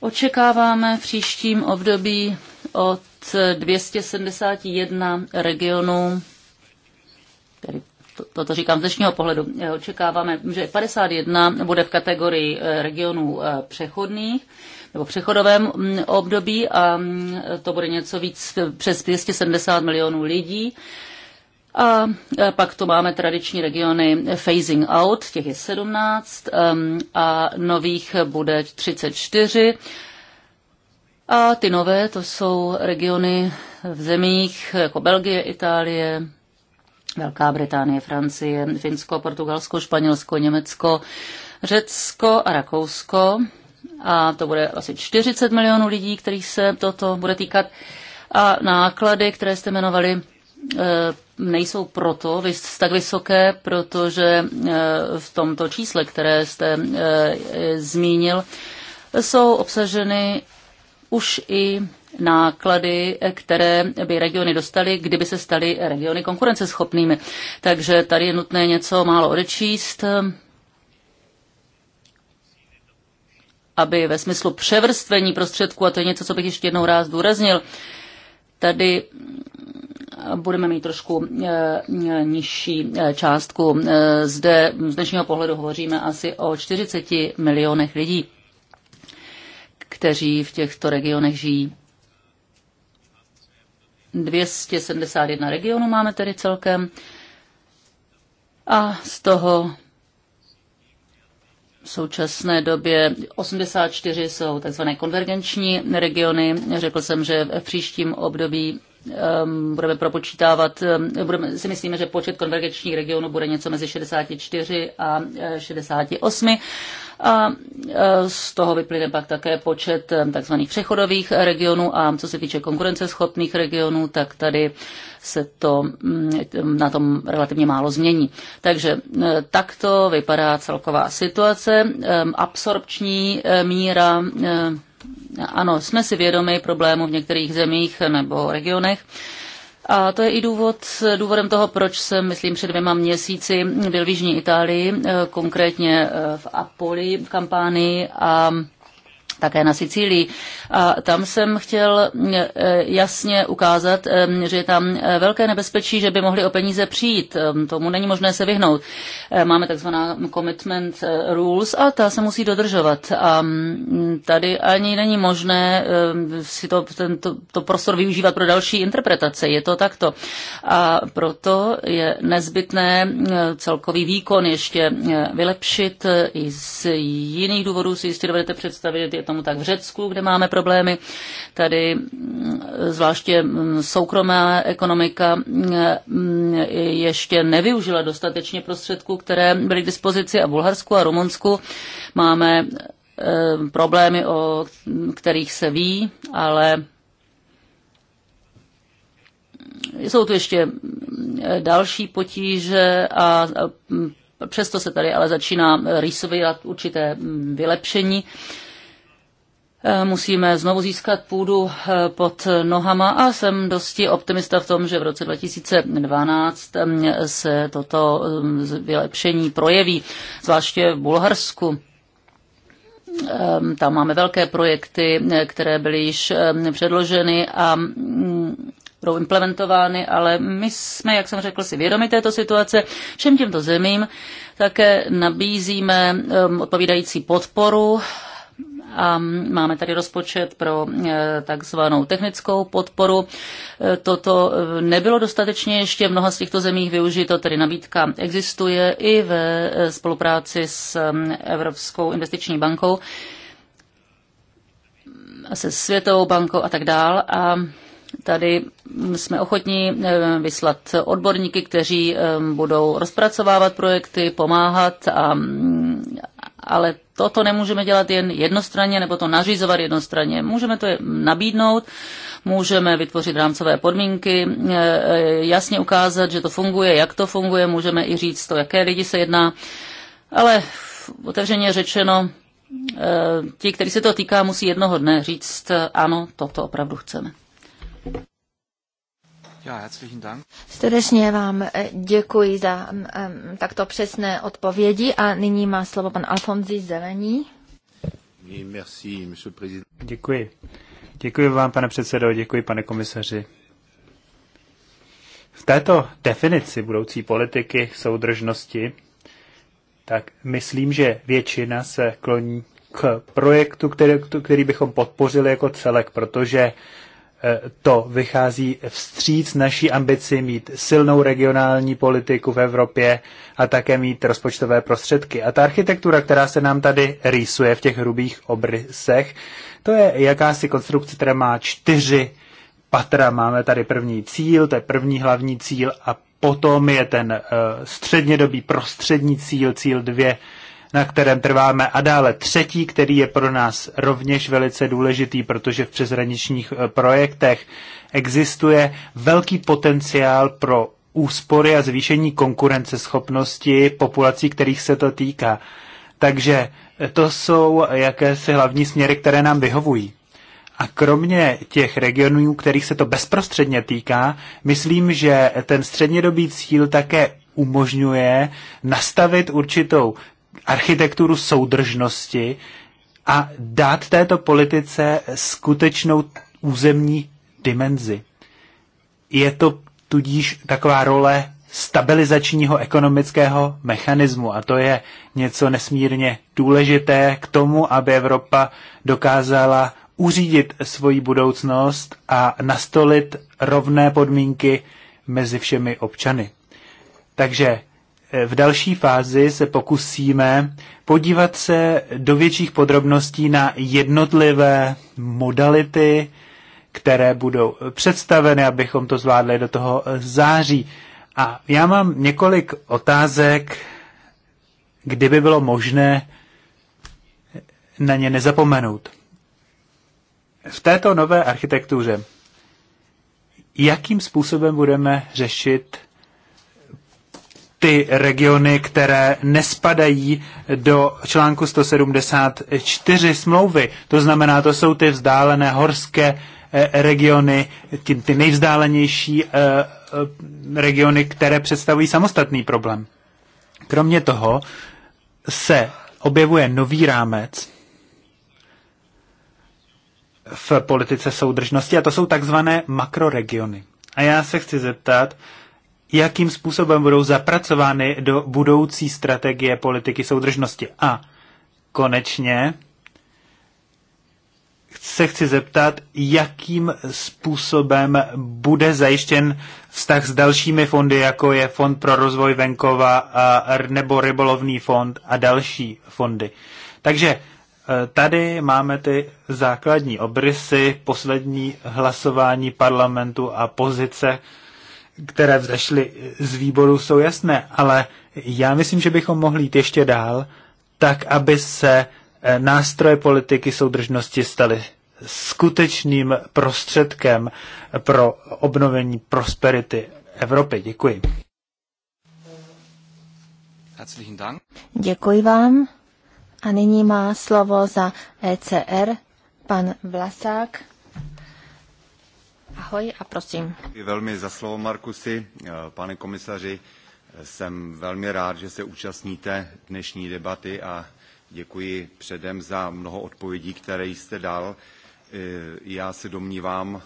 Očekáváme v příštím období od 271 regionů, tedy to to říkám z dnešního pohledu, eh, očekáváme, že 51 bude v kategorii eh, regionů eh, přechodných nebo přechodovém mm, období a mm, to bude něco víc přes 270 milionů lidí. A pak tu máme tradiční regiony phasing out, těch je 17 ehm, a nových bude 34. A ty nové, to jsou regiony v zemích jako Belgie, Itálie, Velká Británie, Francie, Finsko, Portugalsko, Španělsko, Německo, Řecko a Rakousko. A to bude asi 40 milionů lidí, kterých se toto bude týkat. A náklady, které jste jmenovali, eh, nejsou proto tak vysoké, protože eh, v tomto čísle, které jste eh, zmínil, jsou obsaženy už i náklady, které by regiony dostaly, kdyby se staly regiony konkurenceschopnými. Takže tady je nutné něco málo odečíst, aby ve smyslu převrstvení prostředků, a to je něco, co bych ještě jednou rád zdůraznil, tady budeme mít trošku eh, nižší eh, částku. Eh, zde z dnešního pohledu hovoříme asi o 40 milionech lidí, kteří v těchto regionech žijí. 271 regionů máme tedy celkem a z toho v současné době 84 jsou tzv. konvergenční regiony. Řekl jsem, že v příštím období Um, budeme propočítávat, um, budeme, si myslíme, že počet konvergenčních regionů bude něco mezi 64 a 68. Eh, a eh, z toho vyplyne pak také počet eh, tzv. přechodových regionů a co se týče konkurenceschopných regionů, tak tady se to mm, na tom relativně málo změní. Takže takto vypadá celková situace. Ehm, absorpční míra ano, jsme si vědomi problémů v některých zemích nebo regionech. A to je i důvod, důvodem toho, proč jsem, myslím, před dvěma měsíci byl v Jižní Itálii, eh, konkrétně eh, v Apoli, v Kampánii a také na Sicílii. A tam jsem chtěl eh, eh, jasně ukázat, eh, že je tam velké nebezpečí, že by mohli o peníze přijít. Tomu není možné se vyhnout. Máme takzvaná commitment rules a ta se musí dodržovat. A mm, tady ani není možné si to, tento, to prostor využívat pro další interpretace. Je to takto. A proto je nezbytné celkový výkon ještě vylepšit. I z jiných důvodů si jistě dovedete představit, tomu tak v Řecku, kde máme problémy. Tady mm, zvláště mm, soukromá ekonomika mm, ještě nevyužila dostatečně prostředků, které byly k dispozici a v Bulharsku a Rumunsku máme e, problémy, o kterých se ví, ale jsou tu ještě další potíže a přesto se tady ale začíná rýsovat určité vylepšení. Eh, musíme znovu získat půdu eh, pod nohama a jsem dosti optimista v tom, že v roce 2012 eh, se toto vylepšení projeví, zvláště v Bulharsku. Tam máme velké projekty, které byly již předloženy a mm, budou implementovány, ale my jsme, jak jsem řekl, si vědomi této situace. Všem těmto zemím také nabízíme odpovídající podporu a máme tady rozpočet pro eh, takzvanou technickou podporu. Eh, toto eh, nebylo dostatečně ještě v mnoha z těchto zemích využito, tedy nabídka existuje i ve spolupráci s Evropskou investiční bankou, se Světovou bankou a tak dál. A Tady jsme ochotní vyslat odborníky, kteří budou rozpracovávat projekty, pomáhat, a, mm, ale toto nemůžeme dělat jen jednostranně nebo to nařizovat jednostranně. Můžeme to nabídnout, můžeme vytvořit rámcové podmínky, e, e, jasně ukázat, že to funguje, jak to funguje, můžeme i říct to, jaké lidi se jedná. Ale otevřeně řečeno, e, ti, kteří se to týká, musí jednoho dne říct, ano, toto opravdu chceme. Srdečně vám eh, děkuji za mm, mm, takto přesné odpovědi a nyní má slovo pan Alfonzi Zelení. děkuji. Děkuji vám, pane předsedo, děkuji, pane komisaři. V této definici budoucí politiky soudržnosti, tak myslím, že většina se kloní k projektu, který, který bychom podpořili jako celek, protože Eh, to vychází vstříc naší ambici mít silnou regionální politiku v Evropě a také mít rozpočtové prostředky. A ta architektura, která se nám tady rýsuje v těch hrubých obrysech, to je jakási konstrukce, která má čtyři patra. Máme tady první cíl, to je první hlavní cíl a potom je ten eh, střednědobý prostřední cíl, cíl dvě, na kterém trváme. A dále třetí, který je pro nás rovněž velice důležitý, protože v přezraničních eh, projektech existuje velký potenciál pro úspory a zvýšení konkurenceschopnosti populací, kterých se to týká. Takže eh, to jsou jakési hlavní směry, které nám vyhovují. A kromě těch regionů, kterých se to bezprostředně týká, myslím, že ten střednědobý cíl také umožňuje nastavit určitou architekturu soudržnosti a dát této politice skutečnou územní dimenzi. Je to tudíž taková role stabilizačního ekonomického mechanismu a to je něco nesmírně důležité k tomu, aby Evropa dokázala uřídit svoji budoucnost a nastolit rovné podmínky mezi všemi občany. Takže v další fázi se pokusíme podívat se do větších podrobností na jednotlivé modality, které budou představeny, abychom to zvládli do toho září. A já mám několik otázek, kdyby bylo možné na ně nezapomenout. V této nové architektuře, jakým způsobem budeme řešit ty regiony, které nespadají do článku 174 smlouvy. To znamená, to jsou ty vzdálené horské eh, regiony, ty, ty nejvzdálenější eh, eh, regiony, které představují samostatný problém. Kromě toho se objevuje nový rámec v politice soudržnosti a to jsou takzvané makroregiony. A já se chci zeptat, jakým způsobem budou zapracovány do budoucí strategie politiky soudržnosti. A konečně se chci zeptat, jakým způsobem bude zajištěn vztah s dalšími fondy, jako je Fond pro rozvoj venkova a, nebo Rybolovný fond a další fondy. Takže e, tady máme ty základní obrysy, poslední hlasování parlamentu a pozice které vzešly z výboru, jsou jasné, ale já myslím, že bychom mohli jít ještě dál, tak aby se eh, nástroje politiky soudržnosti staly skutečným prostředkem pro obnovení prosperity Evropy. Děkuji. Děkuji vám. A nyní má slovo za ECR pan Vlasák. Ahoj a prosím. Velmi za slovo, Markusi. Eh, pane komisaři, eh, jsem velmi rád, že se účastníte dnešní debaty a děkuji předem za mnoho odpovědí, které jste dal. Eh, já se domnívám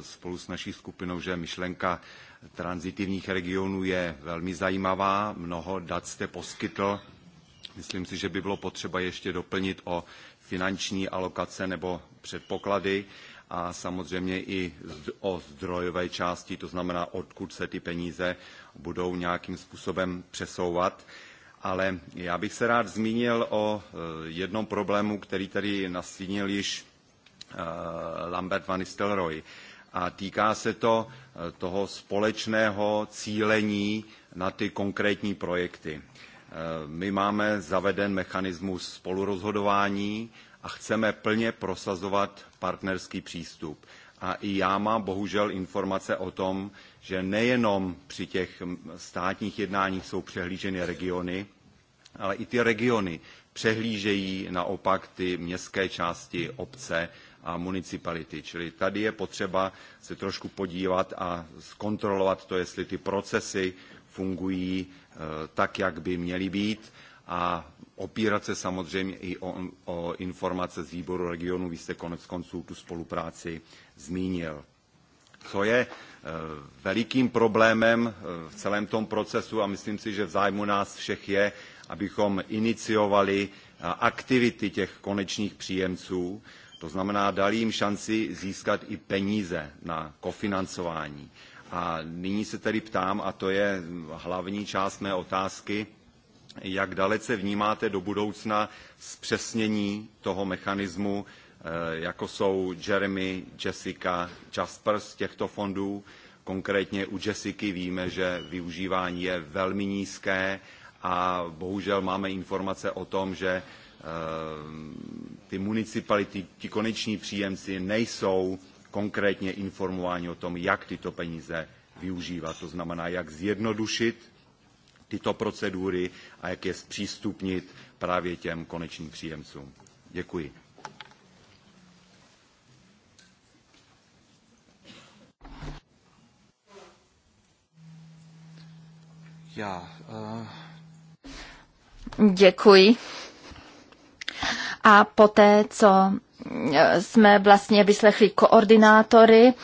spolu s naší skupinou, že myšlenka transitivních regionů je velmi zajímavá. Mnoho dat jste poskytl. Myslím si, že by bylo potřeba ještě doplnit o finanční alokace nebo předpoklady a samozřejmě i o zdrojové části, to znamená, odkud se ty peníze budou nějakým způsobem přesouvat. Ale já bych se rád zmínil o eh, jednom problému, který tady nastínil již eh, Lambert van Nistelrooy. A týká se to eh, toho společného cílení na ty konkrétní projekty. My máme zaveden mechanismus spolurozhodování, a chceme plně prosazovat partnerský přístup. A i já mám bohužel informace o tom, že nejenom při těch státních jednáních jsou přehlíženy regiony, ale i ty regiony přehlížejí naopak ty městské části, obce a municipality. Čili tady je potřeba se trošku podívat a zkontrolovat to, jestli ty procesy fungují eh, tak, jak by měly být a opírat se samozřejmě i o, o informace z výboru regionu. Vy jste konec konců tu spolupráci zmínil. Co je eh, velikým problémem eh, v celém tom procesu a myslím si, že v zájmu nás všech je, abychom iniciovali eh, aktivity těch konečných příjemců, to znamená dali jim šanci získat i peníze na kofinancování. A nyní se tedy ptám, a to je hlavní část mé otázky, jak dalece vnímáte do budoucna zpřesnění toho mechanismu, eh, jako jsou Jeremy, Jessica, z těchto fondů. Konkrétně u Jessiky víme, že využívání je velmi nízké a bohužel máme informace o tom, že eh, ty municipality, ti koneční příjemci nejsou konkrétně informováni o tom, jak tyto peníze využívat. To znamená, jak zjednodušit tyto procedury a jak je zpřístupnit právě těm konečným příjemcům. Děkuji. Já, uh... Děkuji a poté, co e, jsme vlastně vyslechli koordinátory,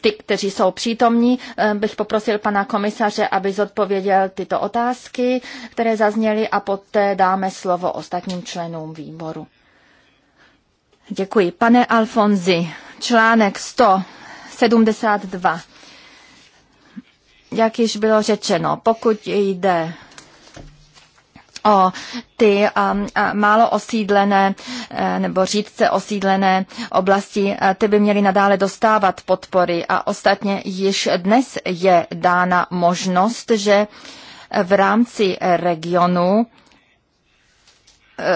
ty, kteří jsou přítomní. E, bych poprosil pana komisaře, aby zodpověděl tyto otázky, které zazněly a poté dáme slovo ostatním členům výboru. Děkuji. Pane Alfonzi, článek 172. Jak již bylo řečeno, pokud jde o ty a málo osídlené e, nebo řídce osídlené oblasti, ty by měly nadále dostávat podpory a ostatně již dnes je dána možnost, že v rámci regionu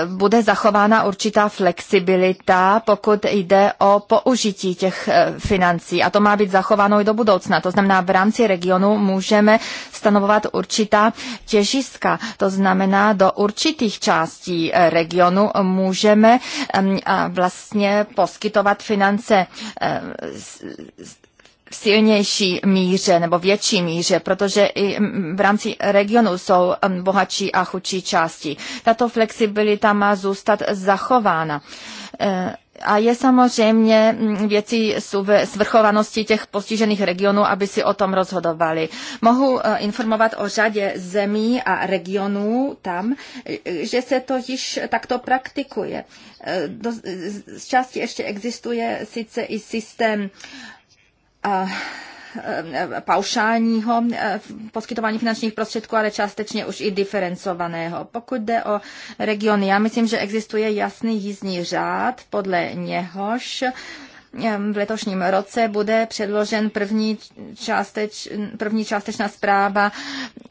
bude zachována určitá flexibilita, pokud jde o použití těch eh, financí. A to má být zachováno i do budoucna. To znamená, v rámci regionu můžeme stanovovat určitá těžiska. To znamená, do určitých částí eh, regionu můžeme vlastně poskytovat finance eh, v silnější míře nebo větší míře, protože i v rámci regionu jsou bohatší a chudší části. Tato flexibilita má zůstat zachována e, a je samozřejmě věcí svrchovanosti těch postižených regionů, aby si o tom rozhodovali. Mohu e, informovat o řadě zemí a regionů tam, e, že se to již takto praktikuje. Z části ještě existuje sice i systém Eh, eh, paušálního eh, poskytování finančních prostředků, ale částečně už i diferencovaného. Pokud jde o regiony, já myslím, že existuje jasný jízdní řád, podle něhož v letošním roce bude předložen první, částeč, první částečná zpráva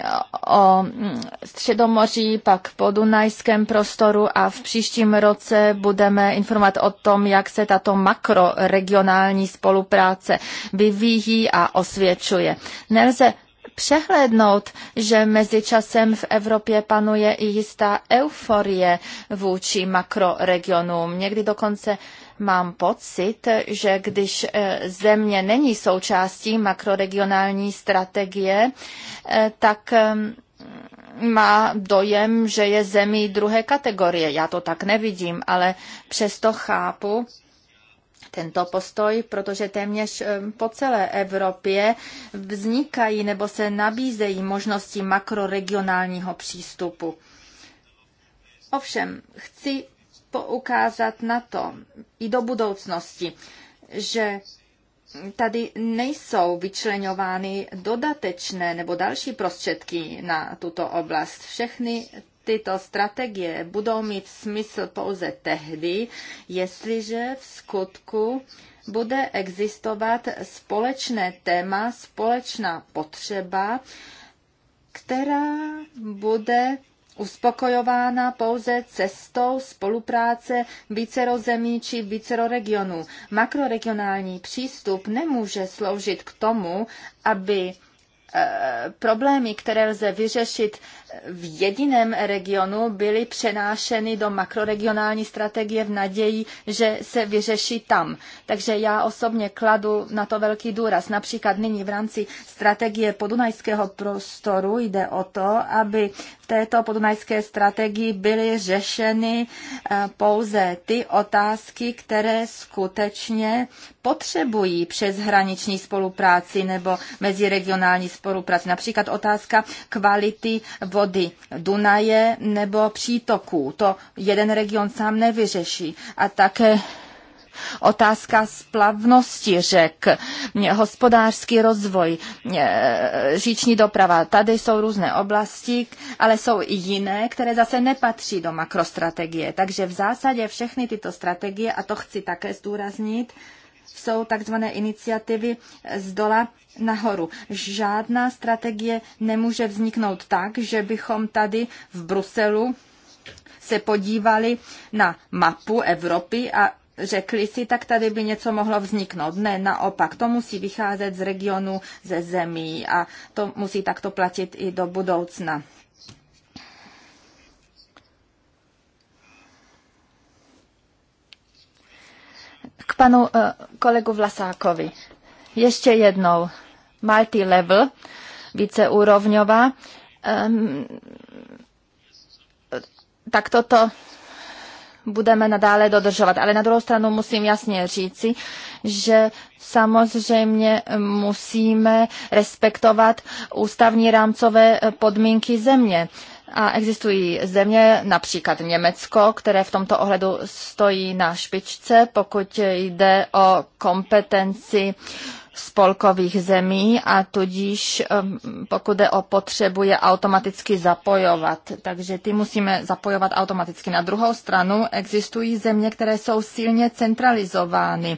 eh, o mm, Středomoří, pak po Dunajském prostoru a v příštím roce budeme informovat o tom, jak se tato makroregionální spolupráce vyvíjí a osvědčuje. Nelze přehlednout, že mezičasem v Evropě panuje i jistá euforie vůči makroregionům. Někdy dokonce mám pocit, že když eh, země není součástí makroregionální strategie, eh, tak eh, má dojem, že je zemí druhé kategorie. Já to tak nevidím, ale přesto chápu, tento postoj, protože téměř po celé Evropě vznikají nebo se nabízejí možnosti makroregionálního přístupu. Ovšem, chci poukázat na to i do budoucnosti, že tady nejsou vyčleňovány dodatečné nebo další prostředky na tuto oblast. Všechny tyto strategie budou mít smysl pouze tehdy, jestliže v skutku bude existovat společné téma, společná potřeba, která bude uspokojována pouze cestou spolupráce vícero zemí či vícero regionů. Makroregionální přístup nemůže sloužit k tomu, aby eh, problémy, které lze vyřešit v jediném regionu byly přenášeny do makroregionální strategie v naději, že se vyřeší tam. Takže já osobně kladu na to velký důraz. Například nyní v rámci strategie podunajského prostoru jde o to, aby v této podunajské strategii byly řešeny eh, pouze ty otázky, které skutečně potřebují přeshraniční spolupráci nebo meziregionální spolupráci. Například otázka kvality vody vody Dunaje nebo přítoků. To jeden region sám nevyřeší. A také otázka splavnosti řek, hospodářský rozvoj, eh, říční doprava. Tady jsou různé oblasti, ale jsou i jiné, které zase nepatří do makrostrategie. Takže v zásadě všechny tyto strategie, a to chci také zdůraznit, jsou takzvané iniciativy z dola nahoru. Žádná strategie nemůže vzniknout tak, že bychom tady v Bruselu se podívali na mapu Evropy a řekli si, tak tady by něco mohlo vzniknout. Ne, naopak, to musí vycházet z regionu, ze zemí a to musí takto platit i do budoucna. K panu eh, kolegu Vlasákovi. Ještě jednou. Multi-level, víceúrovňová. Ehm, tak toto budeme nadále dodržovat. Ale na druhou stranu musím jasně říci, že samozřejmě musíme respektovat ústavní rámcové podmínky země. A existují země, například Německo, které v tomto ohledu stojí na špičce, pokud jde o kompetenci uh, spolkových zemí a tudíž pokud je o potřebu je automaticky zapojovat. Takže ty musíme zapojovat automaticky. Na druhou stranu existují země, které jsou silně centralizovány.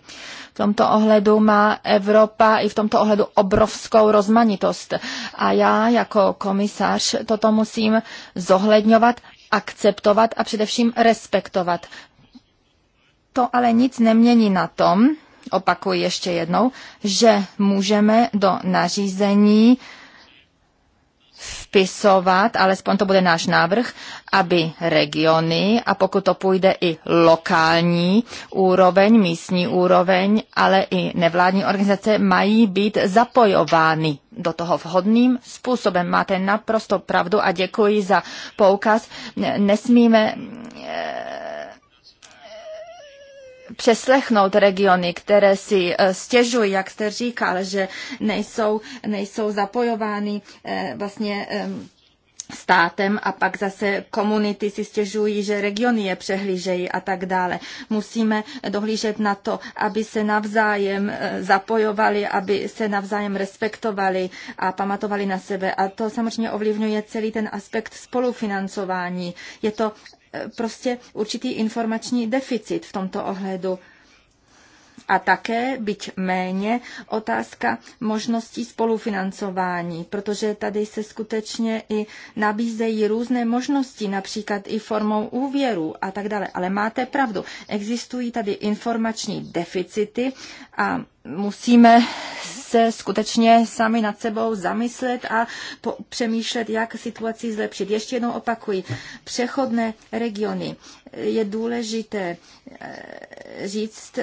V tomto ohledu má Evropa i v tomto ohledu obrovskou rozmanitost. A já jako komisař toto musím zohledňovat, akceptovat a především respektovat. To ale nic nemění na tom, opakuji ještě jednou, že můžeme do nařízení vpisovat, alespoň to bude náš návrh, aby regiony a pokud to půjde i lokální úroveň, místní úroveň, ale i nevládní organizace mají být zapojovány do toho vhodným způsobem. Máte naprosto pravdu a děkuji za poukaz. Nesmíme eh, přeslechnout regiony, které si eh, stěžují, jak jste říkal, že nejsou, nejsou zapojovány eh, vlastně státem a pak zase komunity si stěžují, že regiony je přehlížejí a tak dále. Musíme dohlížet na to, aby se navzájem eh, zapojovali, aby se navzájem respektovali a pamatovali na sebe. A to samozřejmě ovlivňuje celý ten aspekt spolufinancování. Je to prostě určitý informační deficit v tomto ohledu a také, byť méně, otázka možností spolufinancování, protože tady se skutečně i nabízejí různé možnosti, například i formou úvěru a tak dále. Ale máte pravdu, existují tady informační deficity a musíme se skutečně sami nad sebou zamyslet a po- přemýšlet, jak situaci zlepšit. Ještě jednou opakuji, přechodné regiony. Je důležité eh, říct,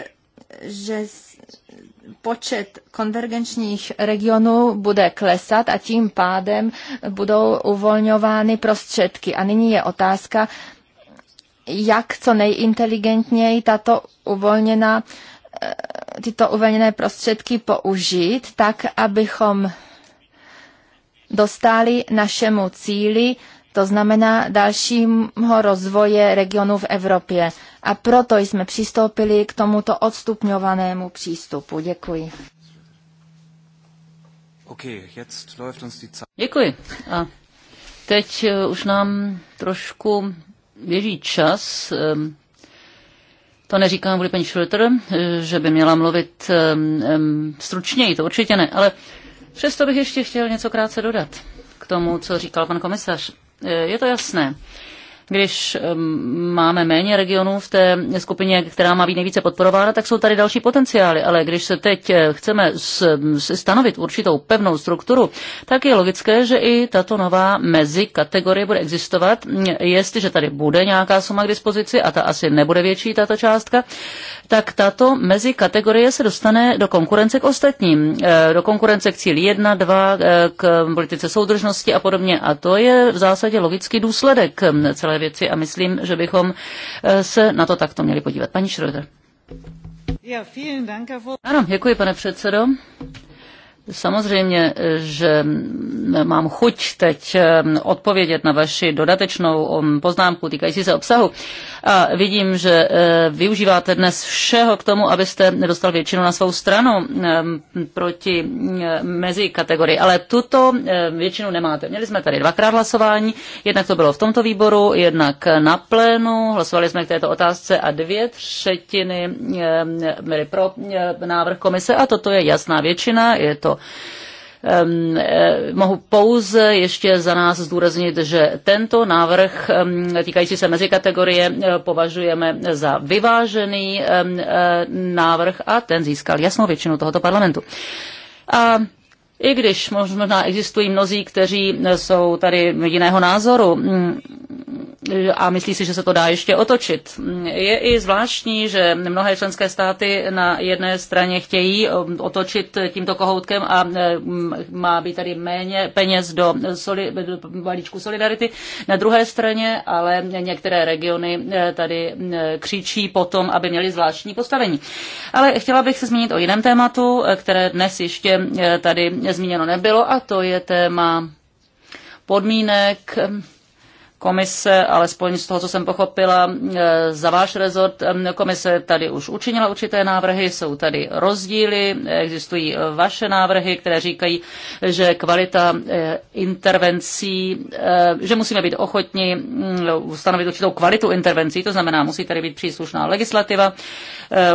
že počet konvergenčních regionů bude klesat a tím pádem budou uvolňovány prostředky. A nyní je otázka, jak co nejinteligentněji tato uvolněná, eh, tyto uvolněné prostředky použít, tak abychom dostali našemu cíli to znamená dalšího rozvoje regionu v Evropě. A proto jsme přistoupili k tomuto odstupňovanému přístupu. Děkuji. Děkuji. A teď eh, už nám trošku běží čas. Ehm, to neříkám kvůli paní Schroeder, eh, že by měla mluvit ehm, ehm, stručněji, to určitě ne, ale přesto bych ještě chtěl něco krátce dodat k tomu, co říkal pan komisař. Je to jasné. Když máme méně regionů v té skupině, která má být nejvíce podporována, tak jsou tady další potenciály, ale když se teď eh, chceme stanovit určitou pevnou strukturu, tak je logické, že i tato nová mezi kategorie bude existovat, jestliže tady bude nějaká suma k dispozici a ta asi nebude větší, tato částka, tak tato mezi kategorie se dostane do konkurence k ostatním, eh, do konkurence k cíli 1, 2, eh, k politice soudržnosti a podobně. A to je v zásadě logický důsledek celé věci a myslím, že bychom eh, se na to takto měli podívat. Paní Schröder. Ano, děkuji, pane předsedo. Samozřejmě, že mám chuť teď eh, odpovědět na vaši dodatečnou um, poznámku týkající se obsahu. A vidím, že eh, využíváte dnes všeho k tomu, abyste nedostal většinu na svou stranu eh, proti mezi kategorii. Ale tuto většinu nemáte. Měli jsme tady dvakrát hlasování. Jednak to bylo v tomto výboru, jednak na plénu. Hlasovali jsme k této otázce a dvě třetiny byly pro návrh komise a toto je jasná většina. Je to um, mohu pouze ještě za nás zdůraznit, že tento návrh um, týkající se mezikategorie eh, považujeme za vyvážený um, návrh a ten získal jasnou většinu tohoto parlamentu. A i když možná existují mnozí, kteří jsou tady jiného názoru, a myslí si, že se to dá ještě otočit. Je i zvláštní, že mnohé členské státy na jedné straně chtějí um, otočit tímto kohoutkem a um, má být tady méně peněz do, soli, do balíčku solidarity. Na druhé straně ale některé regiony eh, tady eh, křičí potom, aby měly zvláštní postavení. Ale chtěla bych se zmínit o jiném tématu, eh, které dnes ještě tady zmíněno nebylo a to je téma podmínek komise, alespoň z toho, co jsem pochopila, e, za váš rezort e, komise tady už učinila určité návrhy, jsou tady rozdíly, existují vaše návrhy, které říkají, že kvalita e, intervencí, že musíme být ochotni mm, stanovit určitou kvalitu intervencí, to znamená, musí tady být příslušná legislativa,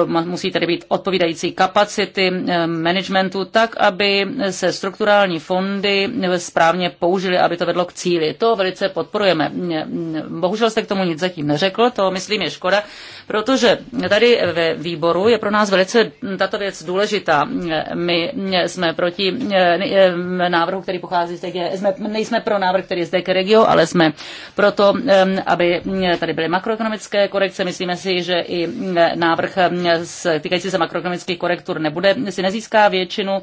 musí tady být odpovídající kapacity managementu, tak, aby se strukturální fondy správně použily, aby to vedlo k cíli. To velice podporujeme bohužel jste k tomu nic zatím neřekl, to myslím je škoda, protože tady ve výboru je pro nás velice tato věc důležitá. My jsme proti návrhu, který pochází z DG, jsme, nejsme pro návrh, který je z DG Regio, ale jsme proto, aby tady byly makroekonomické korekce. Myslíme si, že i návrh týkající se makroekonomických korektur nebude, si nezíská většinu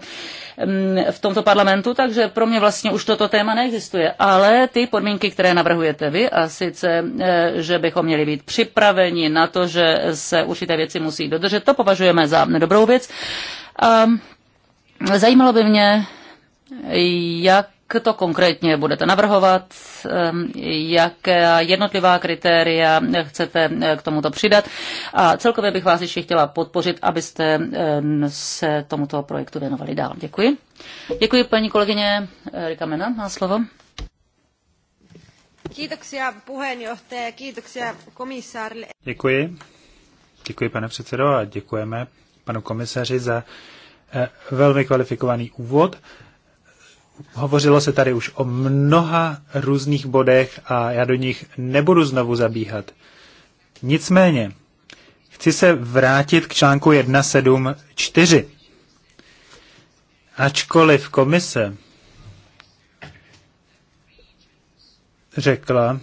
v tomto parlamentu, takže pro mě vlastně už toto téma neexistuje. Ale ty podmínky, které navrhujete vy, a sice, eh, že bychom měli být připraveni na to, že se určité věci musí dodržet, to považujeme za nedobrou věc. A zajímalo by mě, jak to konkrétně budete navrhovat, ehm, jaké jednotlivá kritéria chcete eh, k tomuto přidat. A celkově bych vás ještě chtěla podpořit, abyste ehm, se tomuto projektu věnovali dál. Děkuji. Děkuji paní kolegyně Rika Mena, má slovo. Děkuji. Děkuji, pane předsedo, a děkujeme panu komisaři za eh, velmi kvalifikovaný úvod. Hovořilo se tady už o mnoha různých bodech a já do nich nebudu znovu zabíhat. Nicméně, chci se vrátit k článku 174. Ačkoliv komise řekla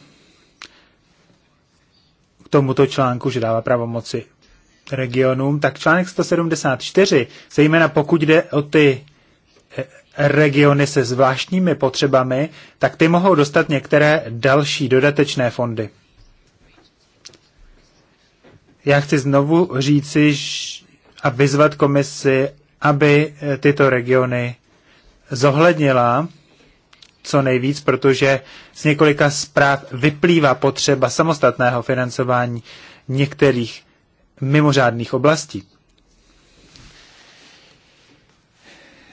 k tomuto článku, že dává pravomoci regionům, tak článek 174, zejména pokud jde o ty regiony se zvláštními potřebami, tak ty mohou dostat některé další dodatečné fondy. Já chci znovu říci a vyzvat komisi, aby eh, tyto regiony zohlednila co nejvíc, protože z několika zpráv vyplývá potřeba samostatného financování některých mimořádných oblastí.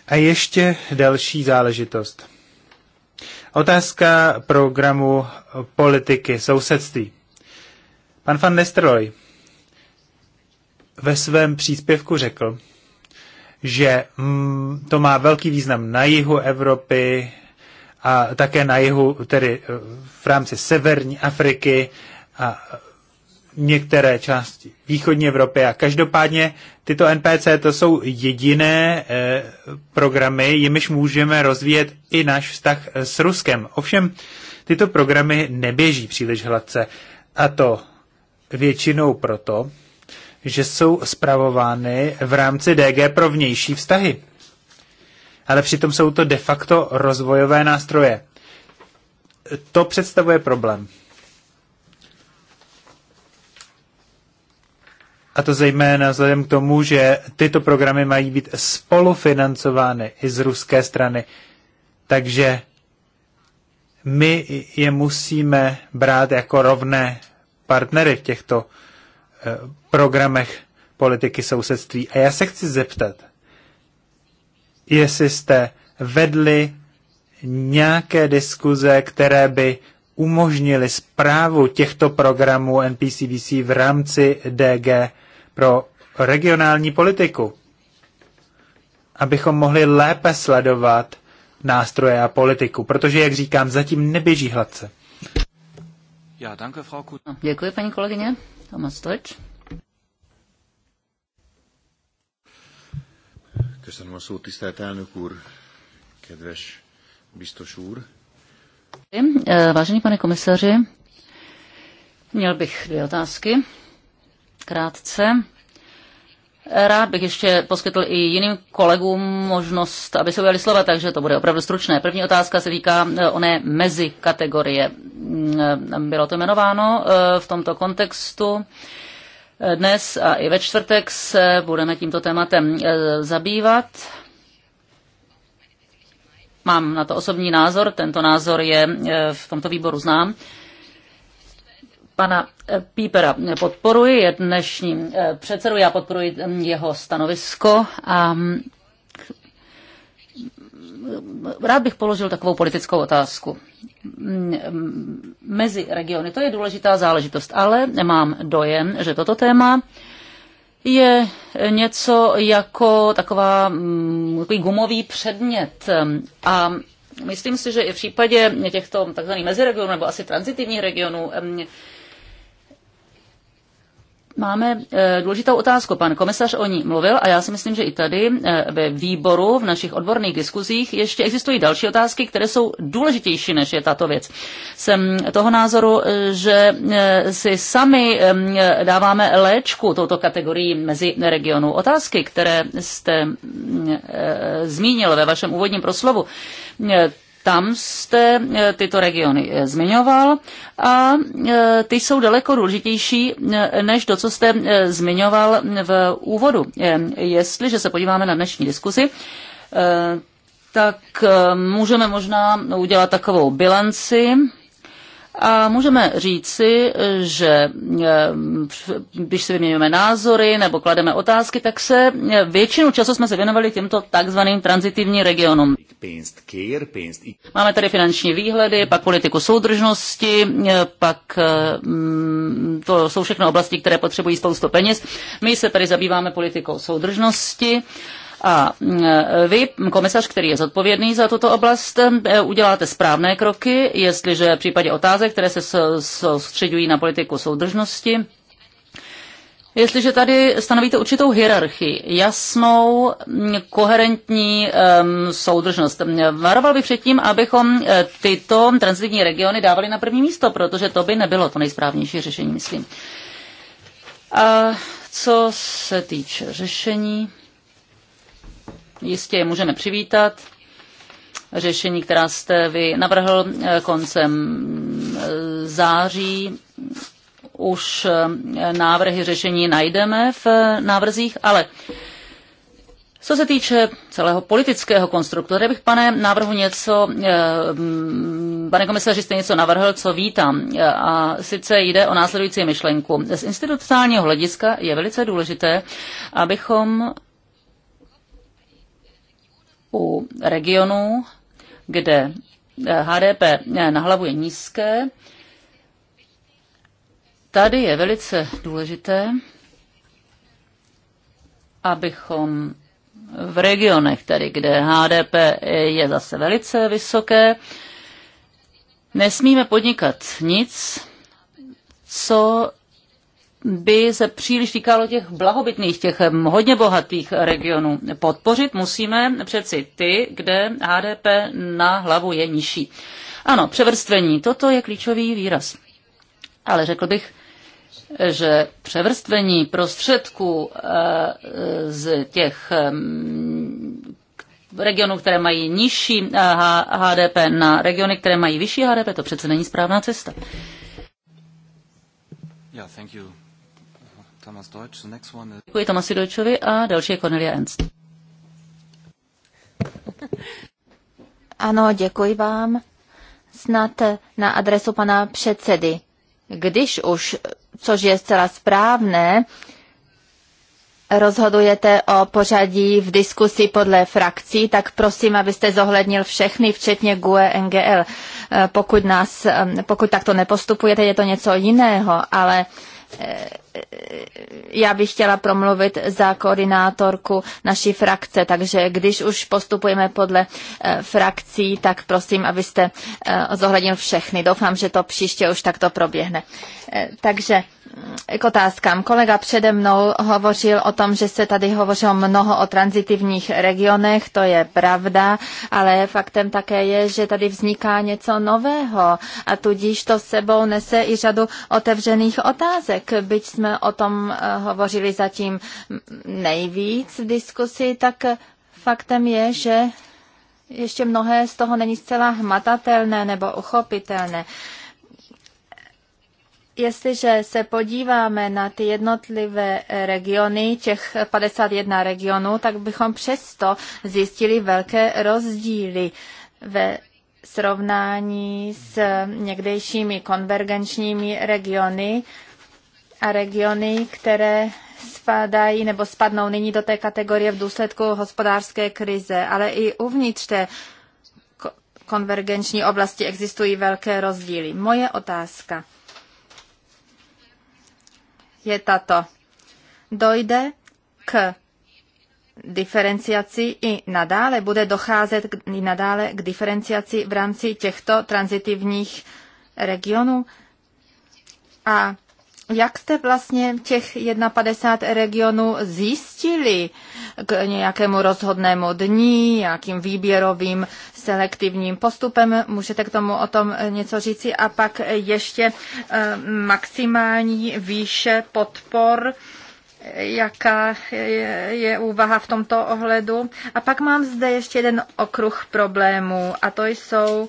A ještě další záležitost. Otázka programu politiky sousedství. Pan van Nestroj ve svém příspěvku řekl, že mm, to má velký význam na jihu Evropy a také na jihu, tedy eh, v rámci severní Afriky a některé části východní Evropy. A každopádně tyto NPC to jsou jediné e, programy, jimiž můžeme rozvíjet i náš vztah s Ruskem. Ovšem, tyto programy neběží příliš hladce. A to většinou proto, že jsou spravovány v rámci DG pro vnější vztahy. Ale přitom jsou to de facto rozvojové nástroje. To představuje problém. A to zejména vzhledem k tomu, že tyto programy mají být spolufinancovány i z ruské strany. Takže my je musíme brát jako rovné partnery v těchto eh, programech politiky sousedství. A já se chci zeptat, jestli jste vedli nějaké diskuze, které by umožnily zprávu těchto programů NPCVC v rámci DG pro regionální politiku, abychom mohli lépe sledovat nástroje a politiku, protože, jak říkám, zatím neběží hladce. Já, danke, Frau Kut. No, děkuji, paní kolegyně. Thomas Deutsch. Köszönöm a szót, tisztelt elnök úr, kedves biztos úr. Vážený pane komisaři, měl bych dvě otázky krátce. Rád bych ještě poskytl i jiným kolegům možnost, aby se ujali slova, takže to bude opravdu stručné. První otázka se týká eh, oné mezi kategorie. Mm, eh, bylo to jmenováno eh, v tomto kontextu. Dnes a i ve čtvrtek se budeme tímto tématem zabývat. Mám na to osobní názor, tento názor je v tomto výboru znám pana eh, Pípera podporuji, je dnešní eh, předsedu, já podporuji mm, jeho stanovisko a mm, mm, rád bych položil takovou politickou otázku. Mezi regiony, to je důležitá záležitost, ale nemám dojem, že toto téma je něco jako taková, takový gumový předmět a Myslím si, že i v případě těchto takzvaných meziregionů nebo asi transitivních regionů máme eh, důležitou otázku. Pan komisař o ní mluvil a já si myslím, že i tady eh, ve výboru v našich odborných diskuzích ještě existují další otázky, které jsou důležitější než je tato věc. Jsem toho názoru, eh, že si sami dáváme léčku touto kategorii mezi regionů. Otázky, které jste mm, zmínil ve vašem úvodním proslovu, tam jste eh, tyto regiony eh, zmiňoval a eh, ty jsou daleko důležitější než to, co jste zmiňoval v úvodu. Jestliže se podíváme na dnešní diskuzi, tak můžeme možná udělat takovou bilanci a můžeme říci, že eh, když si vyměňujeme názory nebo klademe otázky, tak se eh, většinu času jsme se věnovali těmto takzvaným transitivním regionům. Máme tady finanční výhledy, pak politiku soudržnosti, eh, pak mm, to jsou všechno oblasti, které potřebují spoustu peněz. My se tady zabýváme politikou soudržnosti. A e, vy, komisař, který je zodpovědný za tuto oblast, e, uděláte správné kroky, jestliže v případě otázek, které se soustředují na politiku soudržnosti, Jestliže tady stanovíte určitou hierarchii, jasnou, koherentní um, soudržnost. Varoval bych předtím, abychom e, tyto transitivní regiony dávali na první místo, protože to by nebylo to nejsprávnější řešení, myslím. A co se týče řešení, Jistě je můžeme přivítat. Řešení, která jste vy navrhl eh, koncem eh, září, už eh, návrhy řešení najdeme v návrzích, ale co se týče celého politického konstruktu, tady bych, pane, návrhu něco, mm, pane komisaři, jste něco navrhl, co vítám. A sice jde o následující myšlenku. Z institucionálního hlediska je velice důležité, abychom u regionů, kde HDP eh, eh, na hlavu je nízké, tady je velice důležité, abychom v regionech, tedy kde HDP je zase velice vysoké, nesmíme podnikat nic, co by se příliš týkalo těch blahobytných, těch hodně bohatých regionů. Podpořit musíme přeci ty, kde HDP na hlavu je nižší. Ano, převrstvení, toto je klíčový výraz. Ale řekl bych, že převrstvení prostředků eh, z těch eh, regionů, které mají nižší HDP eh, na regiony, které mají vyšší HDP, to přece není správná cesta. Yeah, thank you. Thomas Deutsch. The next one is... Děkuji Tomasi Deutschovi a další je Cornelia Ernst. Ano, děkuji vám. Snad na adresu pana předsedy. Když už, což je zcela správné, rozhodujete o pořadí v diskusi podle frakcí, tak prosím, abyste zohlednil všechny, včetně GUE NGL. Pokud, nás, pokud takto nepostupujete, je to něco jiného, ale já bych chtěla promluvit za koordinátorku naší frakce, takže když už postupujeme podle eh, frakcí, tak prosím, abyste eh, zohlednil všechny. Doufám, že to příště už takto proběhne. Eh, takže k otázkám. Kolega přede mnou hovořil o tom, že se tady hovořilo mnoho o transitivních regionech, to je pravda, ale faktem také je, že tady vzniká něco nového a tudíž to sebou nese i řadu otevřených otázek. Byť jsme o tom eh, hovořili zatím nejvíc v diskusi, tak faktem je, že ještě mnohé z toho není zcela hmatatelné nebo uchopitelné. Jestliže se podíváme na ty jednotlivé regiony, těch 51 regionů, tak bychom přesto zjistili velké rozdíly ve srovnání s někdejšími konvergenčními regiony a regiony, které spadají nebo spadnou nyní do té kategorie v důsledku hospodářské krize, ale i uvnitř té konvergenční oblasti existují velké rozdíly. Moje otázka je tato. Dojde k diferenciaci i nadále, bude docházet k, i nadále k diferenciaci v rámci těchto transitivních regionů a jak jste vlastně těch 51 regionů zjistili k nějakému rozhodnému dní, nějakým výběrovým selektivním postupem? Můžete k tomu o tom něco říci? A pak ještě eh, maximální výše podpor jaká je, je úvaha v tomto ohledu. A pak mám zde ještě jeden okruh problémů a to jsou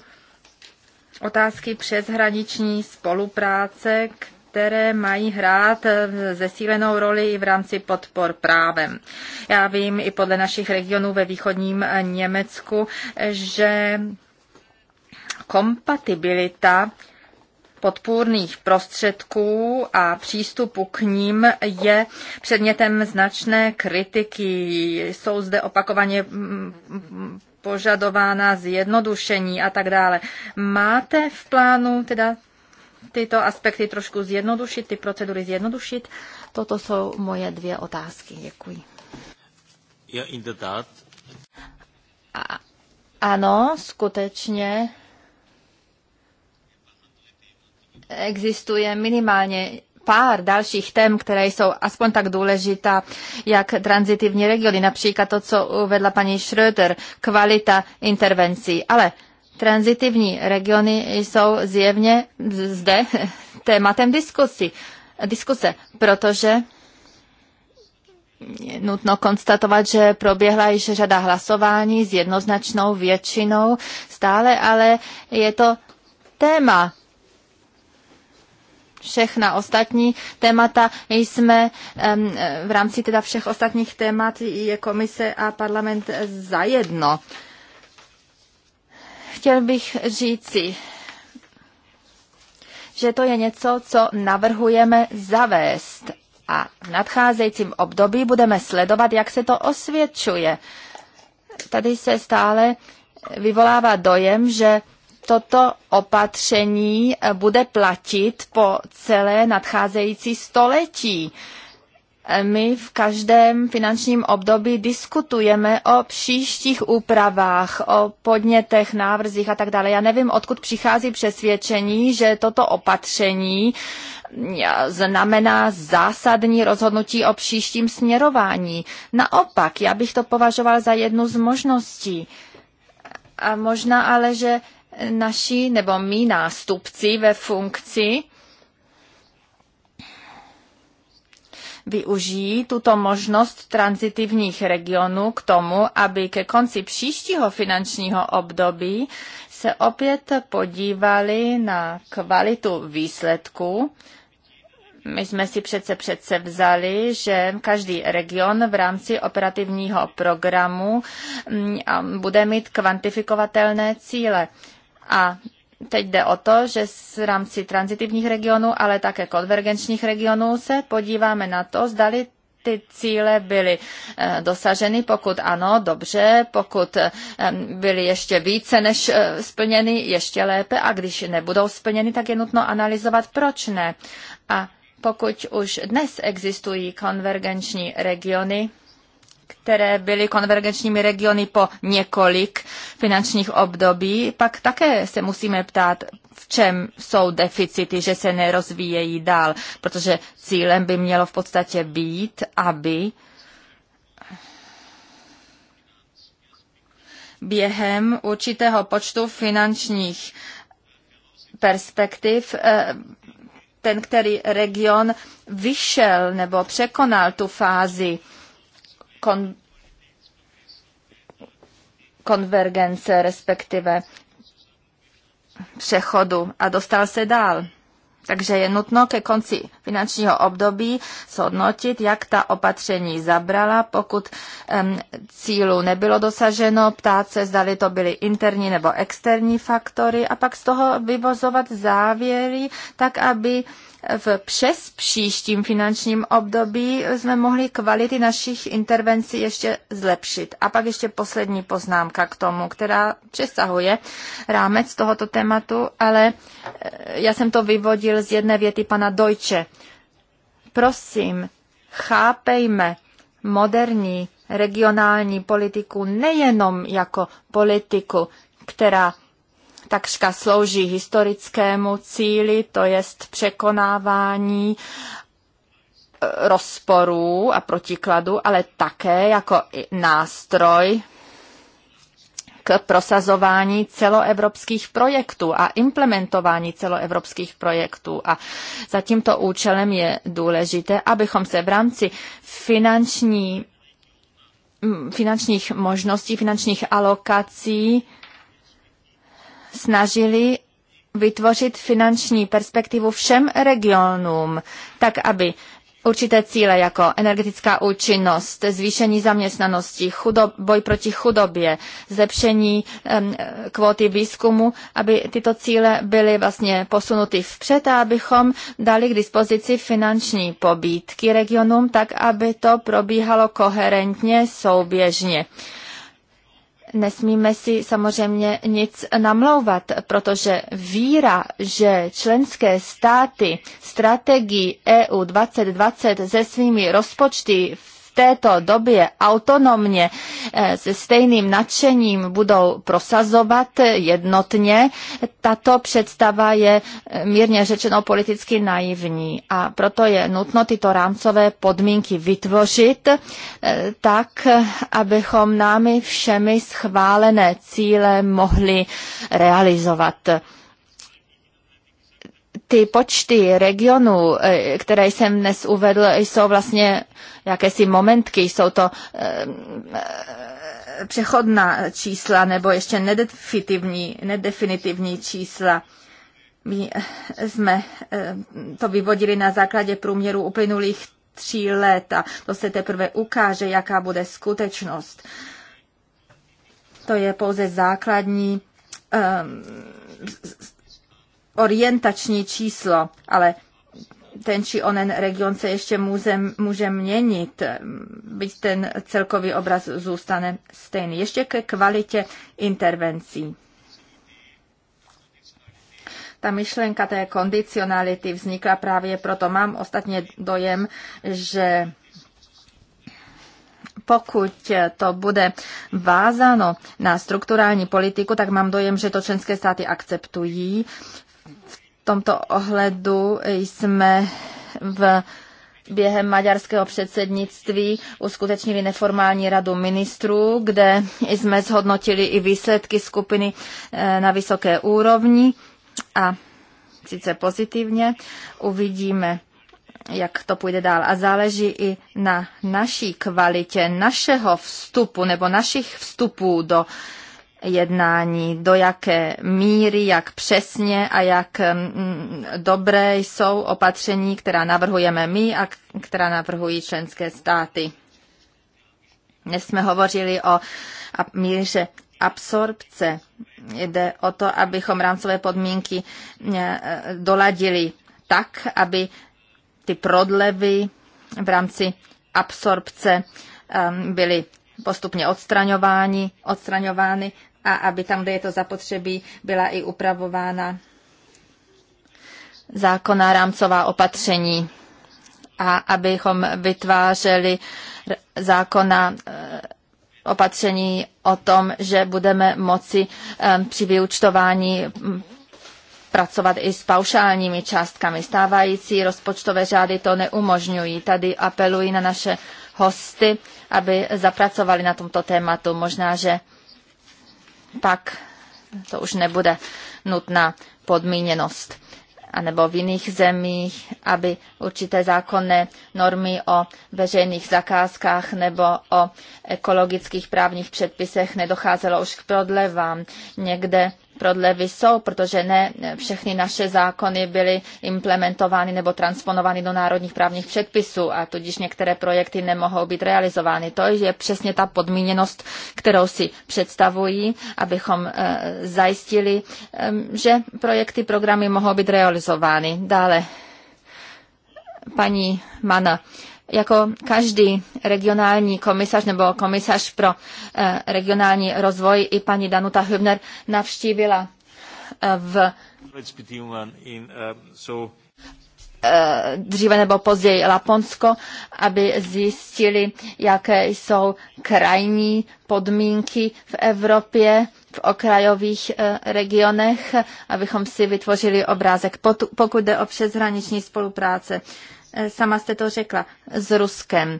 otázky přeshraniční spolupráce, které mají hrát eh, zesílenou roli i v rámci podpor právem. Já vím i podle našich regionů ve východním eh, Německu, že kompatibilita podpůrných prostředků a přístupu k ním je předmětem značné kritiky. Jsou zde opakovaně mm, mm, požadována zjednodušení a tak dále. Máte v plánu teda tyto aspekty trošku zjednodušit, ty procedury zjednodušit? Toto jsou moje dvě otázky. Děkuji. Ja, the A, ano, skutečně existuje minimálně pár dalších tém, které jsou aspoň tak důležitá, jak transitivní regiony, například to, co uvedla paní Schröder, kvalita intervencí. Ale Transitivní regiony jsou zjevně zde tématem diskusy, diskuse, protože je nutno konstatovat, že proběhla již řada hlasování s jednoznačnou většinou stále, ale je to téma. Všechna ostatní témata jsme v rámci teda všech ostatních témat je komise a parlament zajedno. Chtěl bych říci, že to je něco, co navrhujeme zavést a v nadcházejícím období budeme sledovat, jak se to osvědčuje. Tady se stále vyvolává dojem, že toto opatření bude platit po celé nadcházející století my v každém finančním období diskutujeme o příštích úpravách, o podnětech, návrzích a tak dále. Já nevím, odkud přichází přesvědčení, že toto opatření znamená zásadní rozhodnutí o příštím směrování. Naopak, já bych to považoval za jednu z možností. A možná ale, že naši nebo mý nástupci ve funkci využijí tuto možnost transitivních regionů k tomu, aby ke konci příštího finančního období se opět podívali na kvalitu výsledků. My jsme si přece přece vzali, že každý region v rámci operativního programu mm, bude mít kvantifikovatelné cíle. A Teď jde o to, že v rámci transitivních regionů, ale také konvergenčních regionů se podíváme na to, zdali ty cíle byly eh, dosaženy? Pokud ano, dobře, pokud eh, byly ještě více než eh, splněny, ještě lépe a když nebudou splněny, tak je nutno analyzovat, proč ne. A pokud už dnes existují konvergenční regiony, které byly konvergenčními regiony po několik finančních období, pak také se musíme ptát, v čem jsou deficity, že se nerozvíjejí dál, protože cílem by mělo v podstatě být, aby během určitého počtu finančních perspektiv eh, ten, který region vyšel nebo překonal tu fázi kon, konvergence, respektive přechodu a dostal se dál. Takže je nutno ke konci finančního období shodnotit, jak ta opatření zabrala, pokud um, cílu nebylo dosaženo, ptát se, zdali to byly interní nebo externí faktory a pak z toho vyvozovat závěry, tak aby um, v přes příštím finančním období jsme mohli kvality našich intervencí ještě zlepšit. A pak ještě poslední poznámka k tomu, která přesahuje rámec tohoto tématu, ale eh, já jsem to vyvodil z jedné věty pana Dojče. Prosím, chápejme moderní regionální politiku nejenom jako politiku, která takřka slouží historickému cíli, to jest překonávání e, rozporů a protikladů, ale také jako nástroj k prosazování celoevropských projektů a implementování celoevropských projektů. A za tímto účelem je důležité, abychom se v rámci finanční, finančních možností, finančních alokací snažili vytvořit finanční perspektivu všem regionům, tak aby určité cíle jako energetická účinnost, zvýšení zaměstnanosti, chudob, boj proti chudobě, zlepšení um, kvóty výzkumu, aby tyto cíle byly vlastně posunuty vpřed a abychom dali k dispozici finanční pobídky regionům, tak aby to probíhalo koherentně, souběžně. Uh, Nesmíme si samozřejmě nic namlouvat, protože víra, že členské státy strategii EU 2020 se svými rozpočty této době autonomně eh, se stejným nadšením budou prosazovat jednotně, tato představa je eh, mírně řečeno politicky naivní a proto je nutno tyto rámcové podmínky vytvořit eh, tak, abychom námi všemi schválené cíle mohli realizovat ty počty regionů, eh, které jsem dnes uvedl, jsou vlastně jakési momentky, jsou to eh, eh, přechodná čísla nebo ještě nedefinitivní, nedefinitivní čísla. My jsme to vyvodili na základě průměru uplynulých tří let a to se teprve ukáže, jaká bude skutečnost. To je pouze základní um, orientační číslo, ale ten či onen region se ještě může, může měnit, byť ten celkový obraz zůstane stejný. Ještě ke kvalitě intervencí. Ta myšlenka té kondicionality vznikla právě proto. Mám ostatně dojem, že pokud to bude vázáno na strukturální politiku, tak mám dojem, že to členské státy akceptují, tomto ohledu jsme v během maďarského předsednictví uskutečnili neformální radu ministrů, kde jsme zhodnotili i výsledky skupiny eh, na vysoké úrovni a sice pozitivně uvidíme, jak to půjde dál. A záleží i na naší kvalitě našeho vstupu nebo našich vstupů do uh, jednání, do jaké míry, jak přesně a jak mm, dobré jsou opatření, která navrhujeme my a která navrhují členské státy. Dnes jsme hovořili o míře absorpce. Jde o to, abychom rámcové podmínky e, doladili tak, aby ty prodlevy v rámci absorpce e, byly postupně odstraňovány, odstraňovány a aby tam, kde je to zapotřebí, byla i upravována zákonná rámcová opatření a abychom vytvářeli zákona eh, opatření o tom, že budeme moci eh, při vyučtování mm, pracovat i s paušálními částkami. Stávající rozpočtové řády to neumožňují. Tady apeluji na naše hosty, aby zapracovali na tomto tématu. Možná, že pak to už nebude nutná podmíněnost a nebo v jiných zemích, aby určité zákonné normy o veřejných zakázkách nebo o ekologických právních předpisech nedocházelo už k prodlevám. Někde prodlevy jsou, protože ne všechny naše zákony byly implementovány nebo transponovány do národních právních předpisů a tudíž některé projekty nemohou být realizovány. To je přesně ta podmíněnost, kterou si představují, abychom eh, zajistili, ehm, že projekty, programy mohou být realizovány. Dále paní Mana jako každý regionální komisař nebo komisař pro eh, regionální rozvoj i paní Danuta Hübner navštívila eh, v eh, dříve nebo později Laponsko, aby zjistili, jaké jsou krajní podmínky v Evropě, v okrajových regionech, abychom si vytvořili obrázek, pokud jde o přeshraniční spolupráce Eh, sama jste to řekla, s Ruskem.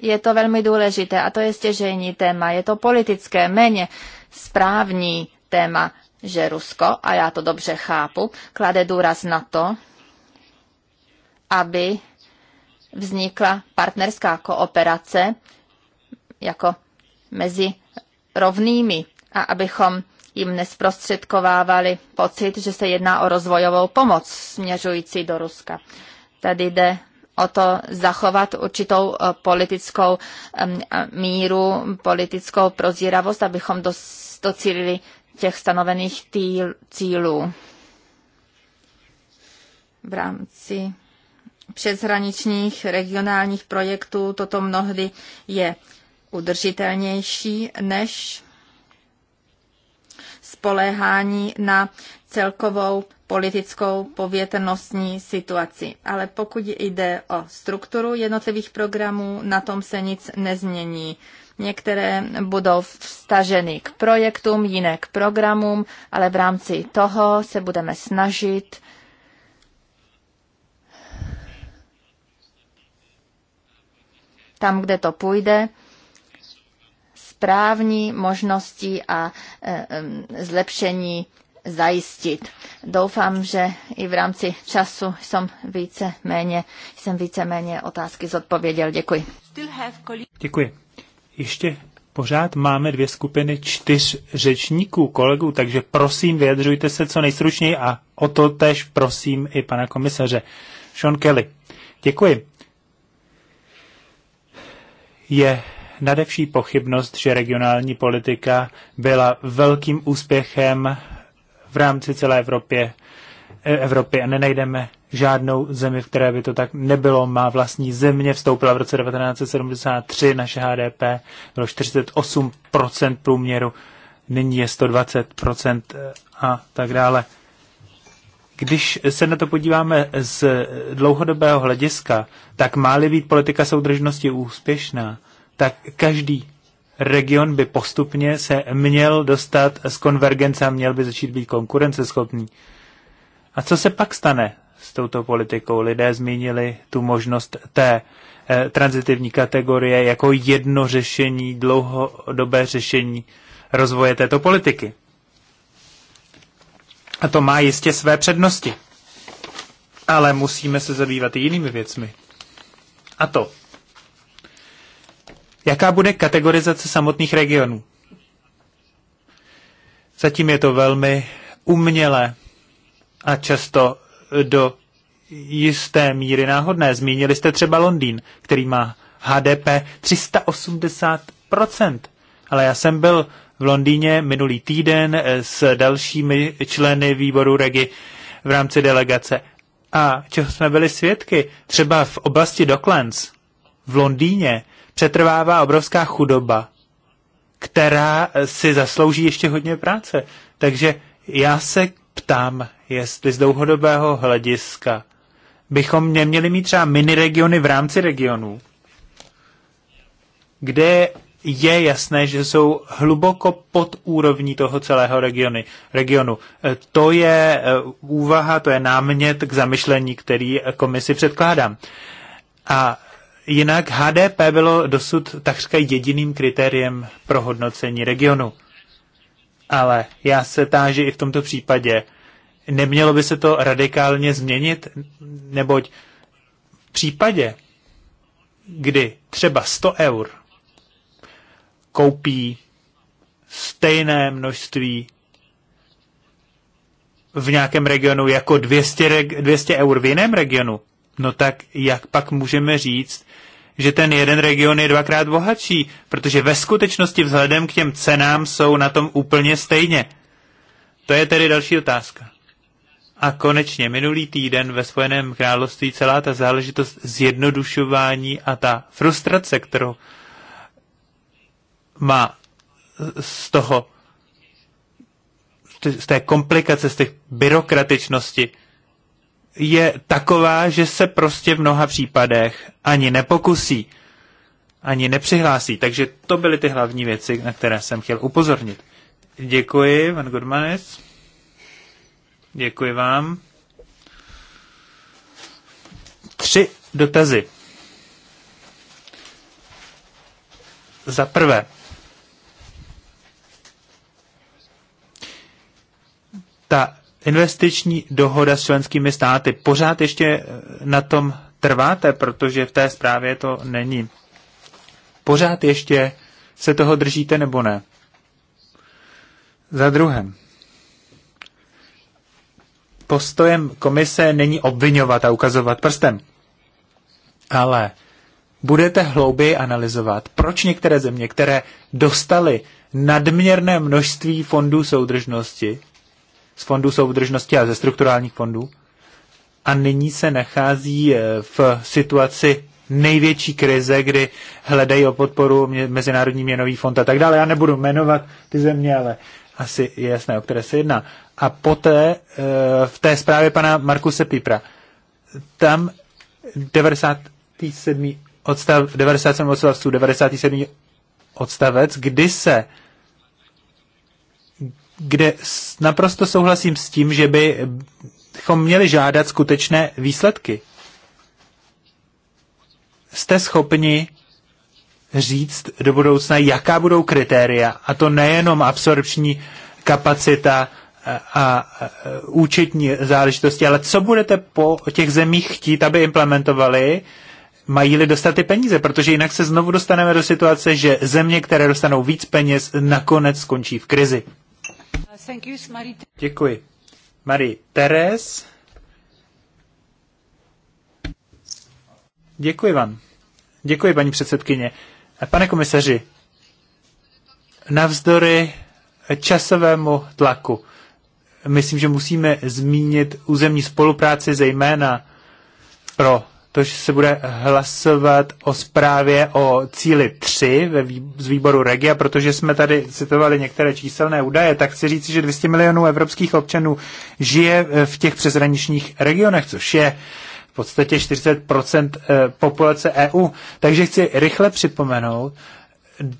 Je to velmi důležité a to je stěžejní téma. Je to politické, méně správní téma, že Rusko, a já to dobře chápu, klade důraz na to, aby vznikla partnerská kooperace jako mezi rovnými a abychom jim nesprostředkovávali pocit, že se jedná o rozvojovou pomoc směřující do Ruska. Tady jde o to zachovat určitou eh, politickou míru, politickou prozíravost, abychom docílili těch stanovených cílů v rámci přeshraničních regionálních projektů toto mnohdy je udržitelnější než spoléhání na celkovou politickou povětrnostní situaci. Ale pokud jde o strukturu jednotlivých programů, na tom se nic nezmění. Některé budou vstaženy k projektům, jiné k programům, ale v rámci toho se budeme snažit tam, kde to půjde, správní možnosti a e, zlepšení zajistit. Doufám, že i v rámci času jsem více méně, jsem více méně otázky zodpověděl. Děkuji. Děkuji. Ještě pořád máme dvě skupiny čtyř řečníků, kolegů, takže prosím, vyjadřujte se co nejstručněji a o to tež prosím i pana komisaře. Sean Kelly. Děkuji. Je nadevší pochybnost, že regionální politika byla velkým úspěchem v rámci celé Evropě, e, Evropy a nenajdeme žádnou zemi, v které by to tak nebylo. Má vlastní země vstoupila v roce 1973, naše HDP bylo 48% průměru, nyní je 120% e, a tak dále. Když se na to podíváme z dlouhodobého hlediska, tak má-li být politika soudržnosti úspěšná, tak každý region by postupně se měl dostat z konvergence a měl by začít být konkurenceschopný. A co se pak stane s touto politikou? Lidé zmínili tu možnost té eh, transitivní kategorie jako jedno řešení, dlouhodobé řešení rozvoje této politiky. A to má jistě své přednosti. Ale musíme se zabývat i jinými věcmi. A to Jaká bude kategorizace samotných regionů? Zatím je to velmi umělé a často do jisté míry náhodné. Zmínili jste třeba Londýn, který má HDP 380%. Ale já jsem byl v Londýně minulý týden eh, s dalšími členy výboru Regi v rámci delegace. A čeho jsme byli svědky? Třeba v oblasti Docklands v Londýně přetrvává obrovská chudoba, která eh, si zaslouží ještě hodně práce. Takže já se ptám, jestli z dlouhodobého hlediska bychom neměli mít třeba miniregiony v rámci regionů, kde je jasné, že jsou hluboko pod úrovní toho celého regiony, regionu. Eh, to je eh, úvaha, to je námět k zamyšlení, který komisi předkládám. A Jinak HDP bylo dosud takřka jediným kritériem pro hodnocení regionu. Ale já se táži i v tomto případě, nemělo by se to radikálně změnit, neboť v případě, kdy třeba 100 eur koupí stejné množství v nějakém regionu jako 200, 200 eur v jiném regionu, no tak jak pak můžeme říct, že ten jeden region je dvakrát bohatší, protože ve skutečnosti vzhledem k těm cenám jsou na tom úplně stejně. To je tedy další otázka. A konečně minulý týden ve Spojeném království celá ta záležitost zjednodušování a ta frustrace, kterou má z toho, z té komplikace, z těch byrokratičnosti, je taková, že se prostě v mnoha případech ani nepokusí, ani nepřihlásí. Takže to byly ty hlavní věci, na které jsem chtěl upozornit. Děkuji, Van Godmanis. Děkuji vám. Tři dotazy. Za prvé, ta investiční dohoda s členskými státy. Pořád ještě eh, na tom trváte, protože v té zprávě to není. Pořád ještě se toho držíte nebo ne? Za druhém. Postojem komise není obvinovat a ukazovat prstem. Ale budete hlouběji analyzovat, proč některé země, které dostaly nadměrné množství fondů soudržnosti, z fondů soudržnosti a ze strukturálních fondů a nyní se nachází eh, v situaci největší krize, kdy hledají o podporu Mezinárodní měnový fond a tak dále. Já nebudu jmenovat ty země, ale asi je jasné, o které se jedná. A poté eh, v té zprávě pana Markuse Pipra, tam 97. odstav, 97 odstavců, 97 odstavec, kdy se kde naprosto souhlasím s tím, že bychom měli žádat skutečné výsledky. Jste schopni říct do budoucna, jaká budou kritéria, a to nejenom absorpční kapacita a účetní záležitosti, ale co budete po těch zemích chtít, aby implementovali, mají-li dostat ty peníze, protože jinak se znovu dostaneme do situace, že země, které dostanou víc peněz, nakonec skončí v krizi. Thank you, Marie. Děkuji. Marie Teres. Děkuji vám. Děkuji, paní předsedkyně. Pane komisaři, navzdory časovému tlaku, myslím, že musíme zmínit územní spolupráci zejména pro to, že se bude hlasovat o zprávě o cíli 3 ve vý, z výboru Regia, protože jsme tady citovali některé číselné údaje, tak chci říct, že 200 milionů evropských občanů žije eh, v těch přeshraničních regionech, což je v podstatě 40 eh, populace EU. Takže chci rychle připomenout,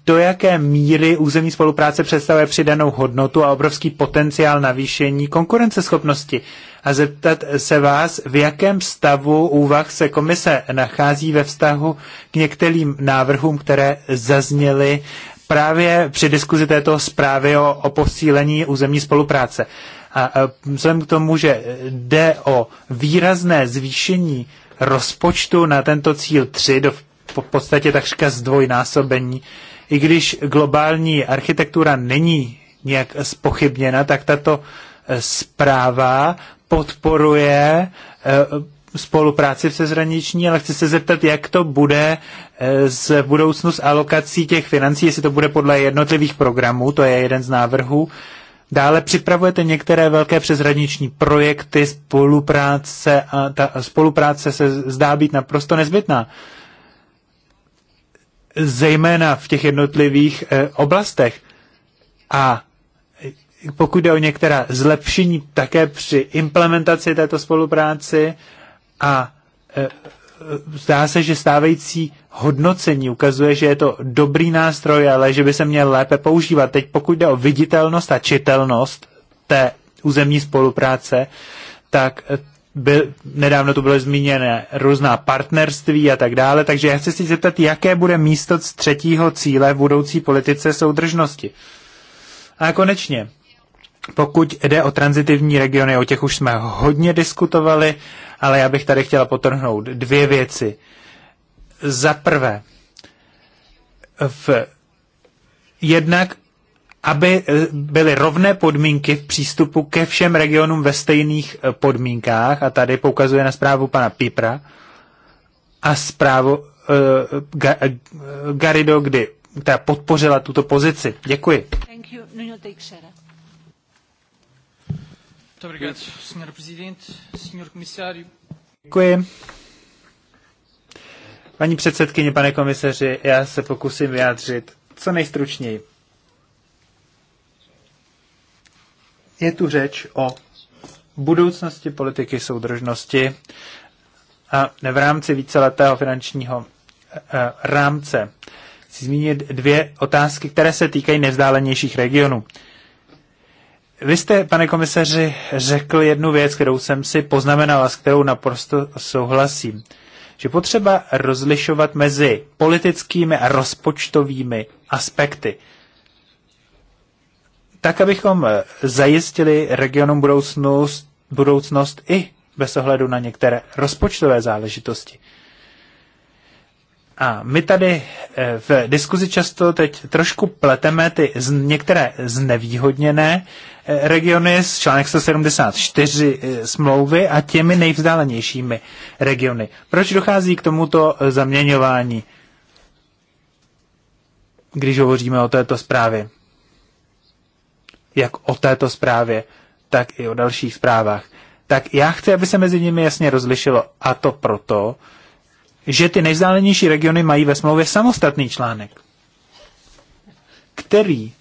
do jaké míry územní spolupráce představuje přidanou hodnotu a obrovský potenciál navýšení konkurenceschopnosti a zeptat se vás, v jakém stavu úvah se komise nachází ve vztahu k některým návrhům, které zazněly právě při diskuzi této zprávy o, o posílení územní spolupráce. A, a vzhledem k tomu, že jde o výrazné zvýšení rozpočtu na tento cíl 3 do v podstatě takřka zdvojnásobení. I když globální architektura není nějak spochybněna, tak tato eh, zpráva podporuje eh, spolupráci v sezraniční, ale chci se zeptat, jak to bude z eh, budoucnu s alokací těch financí, jestli to bude podle jednotlivých programů, to je jeden z návrhů. Dále připravujete některé velké přezhraniční projekty, spolupráce a ta spolupráce se zdá být naprosto nezbytná zejména v těch jednotlivých eh, oblastech. A pokud jde o některá zlepšení také při implementaci této spolupráci a eh, zdá se, že stávající hodnocení ukazuje, že je to dobrý nástroj, ale že by se měl lépe používat. Teď pokud jde o viditelnost a čitelnost té územní spolupráce, tak byl, nedávno tu bylo zmíněné různá partnerství a tak dále, takže já chci si zeptat, jaké bude místo z třetího cíle v budoucí politice soudržnosti. A konečně, pokud jde o transitivní regiony, o těch už jsme hodně diskutovali, ale já bych tady chtěla potrhnout dvě věci. Za prvé, v jednak aby eh, byly rovné podmínky v přístupu ke všem regionům ve stejných eh, podmínkách, a tady poukazuje na zprávu pana Pipra a zprávu uh, Garido, kdy která podpořila tuto pozici. Děkuji. Děkuji. Paní předsedkyně, pane komisaři, já se pokusím vyjádřit co nejstručněji. je tu řeč o budoucnosti politiky soudržnosti a v rámci víceletého finančního eh, eh, rámce. Chci zmínit dvě otázky, které se týkají nevzdálenějších regionů. Vy jste, pane komisaři, řekl jednu věc, kterou jsem si poznamenal a s kterou naprosto souhlasím. Že potřeba rozlišovat mezi politickými a rozpočtovými aspekty tak abychom eh, zajistili regionům budoucnost, budoucnost i bez ohledu na některé rozpočtové záležitosti. A my tady eh, v diskuzi často teď trošku pleteme ty z, některé znevýhodněné eh, regiony z článek 174 smlouvy a těmi nejvzdálenějšími regiony. Proč dochází k tomuto zaměňování, když hovoříme o této zprávě? jak o této zprávě, tak i o dalších zprávách. Tak já chci, aby se mezi nimi jasně rozlišilo. A to proto, že ty nejzdálenější regiony mají ve smlouvě samostatný článek, který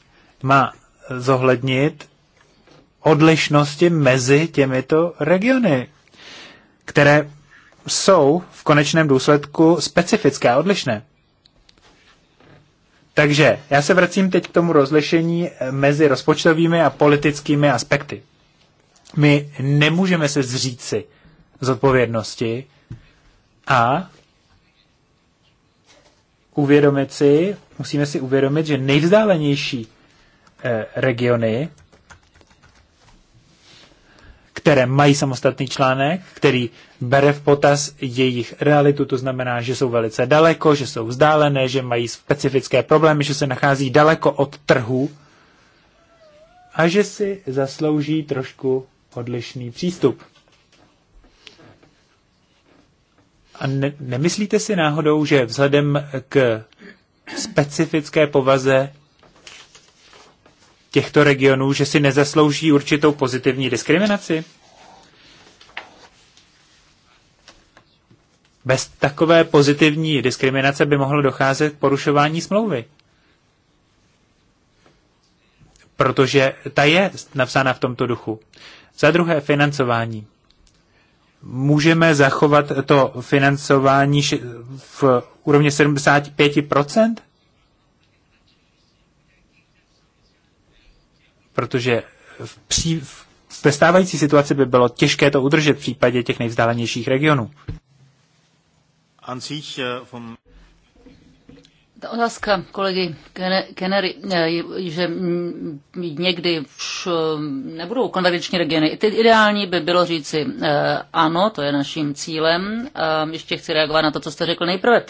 má zohlednit odlišnosti mezi těmito regiony, které jsou v konečném důsledku specifické a odlišné. Takže já se vracím teď k tomu rozlišení eh, mezi rozpočtovými a politickými aspekty. My nemůžeme se zříci z odpovědnosti a uvědomit si, musíme si uvědomit, že nejvzdálenější eh, regiony které mají samostatný článek, který bere v potaz jejich realitu, to znamená, že jsou velice daleko, že jsou vzdálené, že mají specifické problémy, že se nachází daleko od trhu a že si zaslouží trošku odlišný přístup. A ne, nemyslíte si náhodou, že vzhledem k specifické povaze těchto regionů, že si nezaslouží určitou pozitivní diskriminaci? Bez takové pozitivní diskriminace by mohlo docházet k porušování smlouvy. Protože ta je napsána v tomto duchu. Za druhé, financování. Můžeme zachovat to financování v úrovni 75%? protože v pří, v, ve stávající situaci by bylo těžké to udržet v případě těch nejvzdálenějších regionů. Eh, Ta otázka kolegy Kennery, eh, že mm, někdy už eh, nebudou konvergenční regiony. Ty ideální by bylo říci ano, to je naším cílem. Ještě chci reagovat na to, co jste řekl nejprve.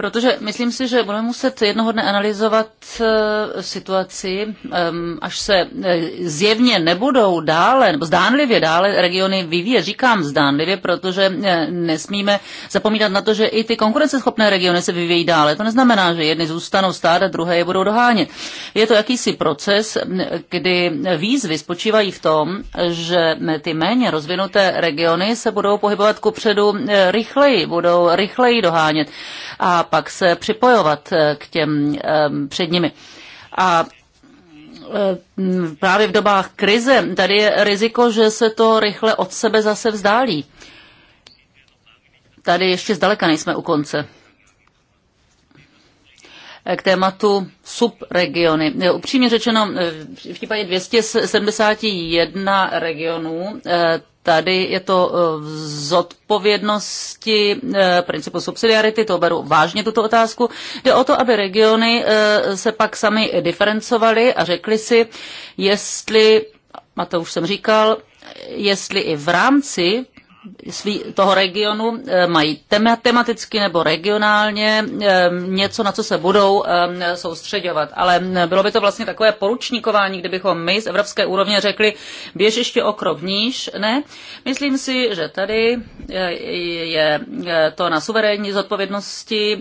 Protože myslím si, že budeme muset jednoho dne analyzovat eh, situaci, ehm, až se eh, zjevně nebudou dále, nebo zdánlivě dále regiony vyvíjet. Říkám zdánlivě, protože eh, nesmíme zapomínat na to, že i ty konkurenceschopné regiony se vyvíjí dále. To neznamená, že jedny zůstanou stát a druhé je budou dohánět. Je to jakýsi proces, kdy výzvy spočívají v tom, že ty méně rozvinuté regiony se budou pohybovat kupředu rychleji, budou rychleji dohánět. A pak se připojovat eh, k těm eh, před nimi. A eh, právě v dobách krize tady je riziko, že se to rychle od sebe zase vzdálí. Tady ještě zdaleka nejsme u konce k tématu subregiony. Upřímně řečeno, v případě 271 regionů, eh, tady je to eh, v zodpovědnosti eh, principu subsidiarity, to beru vážně tuto otázku. Jde o to, aby regiony se pak sami diferencovaly a řekli si, jestli, a to už jsem říkal, jestli i v rámci svý, toho regionu eh, mají tematicky nebo regionálně eh, něco, na co se budou eh, soustředovat. Ale bylo by to vlastně takové poručníkování, kdybychom my z evropské úrovně řekli, běž ještě o krok níž. Ne, myslím si, že tady je to na suverénní zodpovědnosti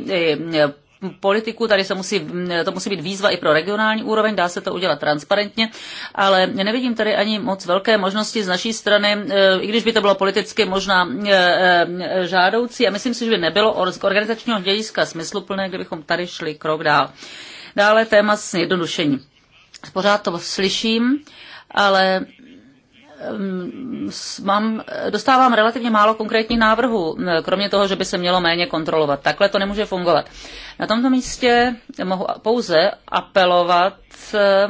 Politiku tady se musí, to musí být výzva i pro regionální úroveň, dá se to udělat transparentně, ale nevidím tady ani moc velké možnosti z naší strany, eh, i když by to bylo politicky možná eh, eh, žádoucí a myslím si, že by nebylo z organizačního hlediska smysluplné, kdybychom tady šli krok dál. Dále téma jednodušení. Pořád to slyším, ale mám, dostávám relativně málo konkrétních návrhů, kromě toho, že by se mělo méně kontrolovat. Takhle to nemůže fungovat. Na tomto místě mohu pouze apelovat, e,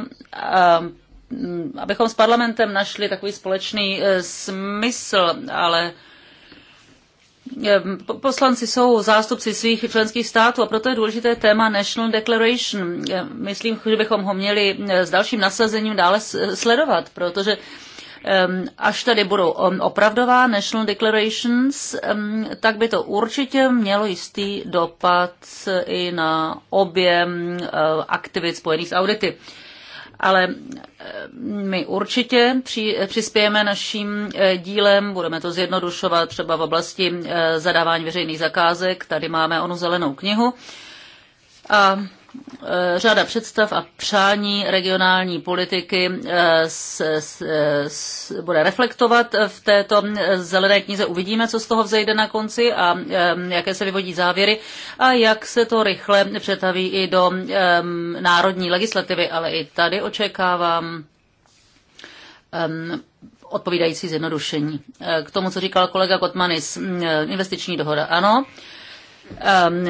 abychom s parlamentem našli takový společný e, smysl, ale e, Poslanci jsou zástupci svých členských států a proto je důležité téma National Declaration. Myslím, že bychom ho měli s dalším nasazením dále sledovat, protože Ehm, až tady budou ehm, opravdová National Declarations, ehm, tak by to určitě mělo jistý dopad i na objem eh, aktivit spojených s audity ale my určitě při, přispějeme naším eh, dílem, budeme to zjednodušovat třeba v oblasti eh, zadávání veřejných zakázek, tady máme onu zelenou knihu. A Eh, řada představ a přání regionální politiky eh, s, s, s, bude reflektovat v této eh, zelené knize. Uvidíme, co z toho vzejde na konci a jaké se vyvodí závěry a jak se to rychle přetaví i do um, národní legislativy. Ale i tady očekávám um, odpovídající zjednodušení. K tomu, co říkal kolega Kotmanis, investiční dohoda, ano. Uh, Um,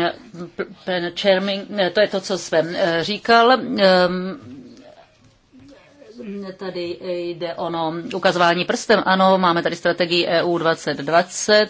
pan Čerming, to je to, co jsem eh, říkal um, tady jde ono ukazování prstem. Ano, máme tady strategii EU 2020.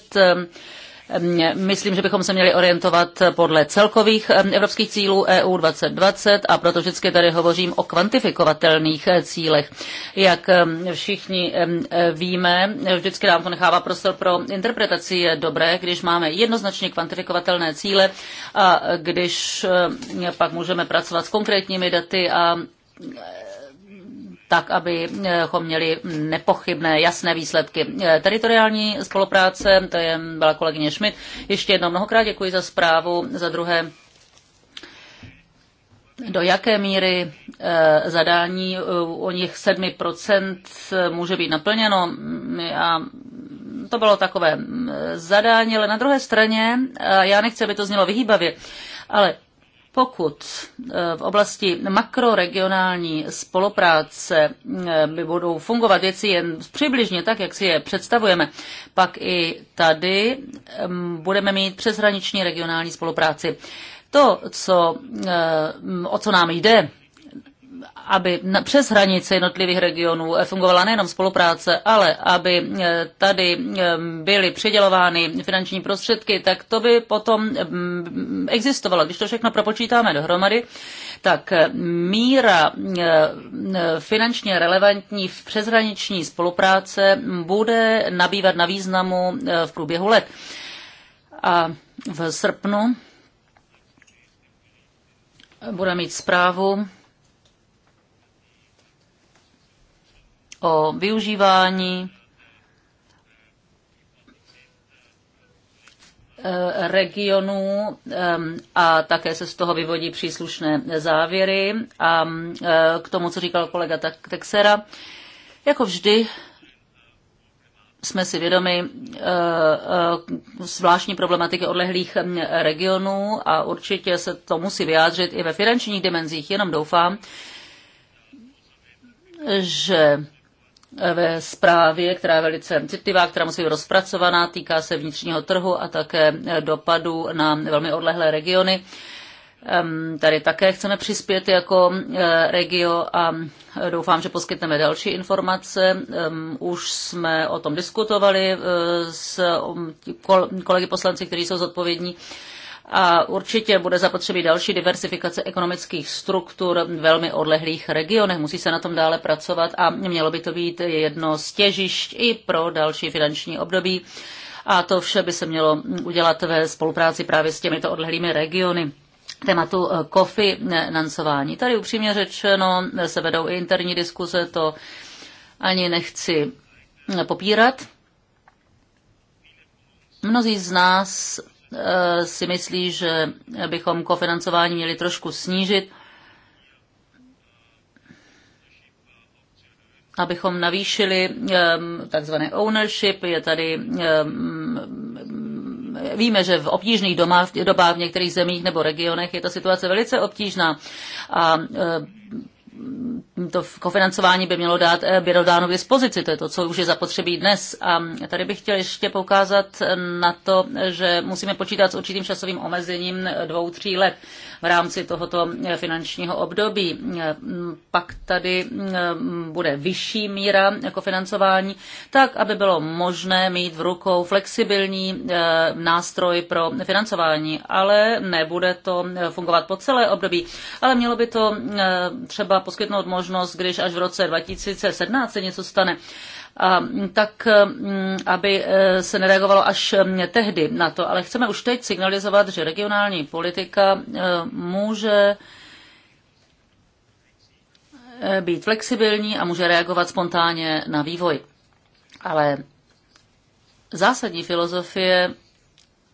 Myslím, že bychom se měli orientovat podle celkových evropských cílů EU 2020 a proto vždycky tady hovořím o kvantifikovatelných eh, cílech. Jak všichni eh, víme, vždycky nám to nechává prostor pro interpretaci. Je dobré, když máme jednoznačně kvantifikovatelné cíle a když pak můžeme pracovat s konkrétními daty a tak abychom měli nepochybné, jasné výsledky. Teritoriální spolupráce, to je, byla kolegyně Schmidt. Ještě jednou mnohokrát děkuji za zprávu, za druhé do jaké míry eh, zadání eh, o nich 7% může být naplněno. A to bylo takové mm, zadání, ale na druhé straně, já nechci, aby to znělo vyhýbavě, ale pokud eh, v oblasti makroregionální spolupráce eh, by budou fungovat věci jen přibližně tak, jak si je představujeme, pak i tady mm, budeme mít přeshraniční regionální spolupráci. To, co, eh, mm, o co nám jde, aby přes hranice jednotlivých regionů eh, fungovala nejenom spolupráce, ale aby eh, tady eh, byly přidělovány finanční prostředky, tak to by potom mm, existovalo. Když to všechno propočítáme dohromady, tak míra finančně relevantní v přeshraniční spolupráce bude nabývat na významu v průběhu let. A v srpnu bude mít zprávu o využívání eh, regionů a také se z toho vyvodí příslušné závěry. A eh, k tomu, co říkal kolega Texera, jako vždy jsme si vědomi eh, zvláštní problematiky odlehlých regionů a určitě se to musí vyjádřit i ve finančních dimenzích. Jenom doufám, že ve zprávě, která je velice citlivá, která musí být rozpracovaná, týká se vnitřního trhu a také eh, dopadu na velmi odlehlé regiony. Ehm, tady také chceme přispět jako eh, regio a eh, doufám, že poskytneme další informace. Ehm, už jsme o tom diskutovali s mm, kolegy poslanci, kteří jsou zodpovědní a určitě bude zapotřebí další diversifikace ekonomických struktur v velmi odlehlých regionech. Musí se na tom dále pracovat a mělo by to být jedno z těžišť i pro další finanční období. A to vše by se mělo udělat ve spolupráci právě s těmito odlehlými regiony tématu eh, kofy nancování. Tady upřímně řečeno eh, se vedou i interní diskuze, to ani nechci eh, popírat. Mnozí z nás Eh, si myslí, že bychom kofinancování měli trošku snížit, abychom navýšili ehm, takzvané ownership. Je tady ehm, víme, že v obtížných dobách v některých zemích nebo regionech je ta situace velice obtížná a eh, to kofinancování by mělo dát, eh, bylo dáno k dispozici, to je to, co už je zapotřebí dnes. A tady bych chtěl ještě poukázat na to, že musíme počítat s určitým časovým omezením dvou, tří let v rámci tohoto finančního období. Pak tady mm, bude vyšší míra jako financování, tak aby bylo možné mít v rukou flexibilní eh, nástroj pro financování, ale nebude to eh, fungovat po celé období, ale mělo by to eh, třeba poskytnout možnost, když až v roce 2017 se něco stane, a tak, mm, aby eh, se nereagovalo až mm, tehdy na to. Ale chceme už teď signalizovat, že regionální politika eh, může eh, být flexibilní a může reagovat spontánně na vývoj. Ale zásadní filozofie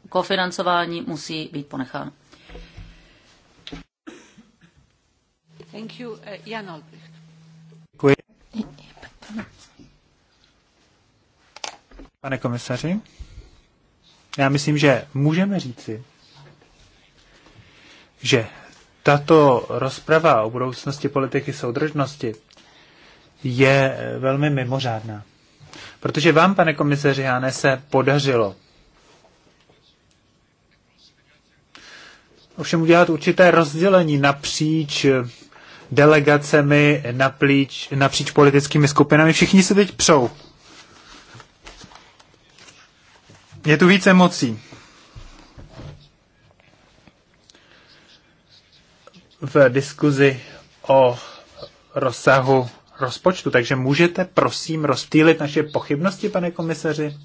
kofinancování musí být ponechána. Thank you. Jan Olbricht. Děkuji. Pane komisaři, já myslím, že můžeme říci, že tato rozprava o budoucnosti politiky soudržnosti je velmi mimořádná. Protože vám, pane komisaři Háne, se podařilo ovšem udělat určité rozdělení napříč delegacemi, napříč, napříč politickými skupinami. Všichni se teď přou Je tu více emocí. V diskuzi o rozsahu rozpočtu, takže můžete prosím rozptýlit naše pochybnosti, pane komisaři,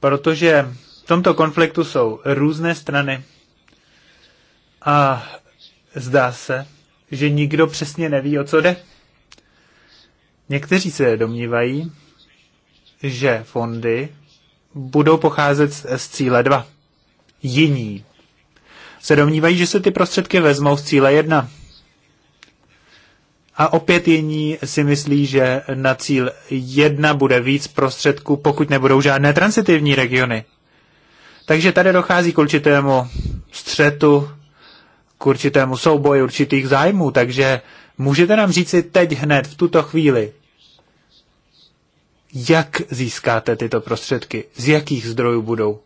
protože v tomto konfliktu jsou různé strany a zdá se, že nikdo přesně neví, o co jde. Někteří se domnívají, že fondy budou pocházet z, cíle 2. Jiní se domnívají, že se ty prostředky vezmou z cíle 1. A opět jiní si myslí, že na cíl 1 bude víc prostředků, pokud nebudou žádné transitivní regiony. Takže tady dochází k určitému střetu, k určitému souboji určitých zájmů, takže můžete nám říci teď hned, v tuto chvíli, jak získáte tyto prostředky, z jakých zdrojů budou,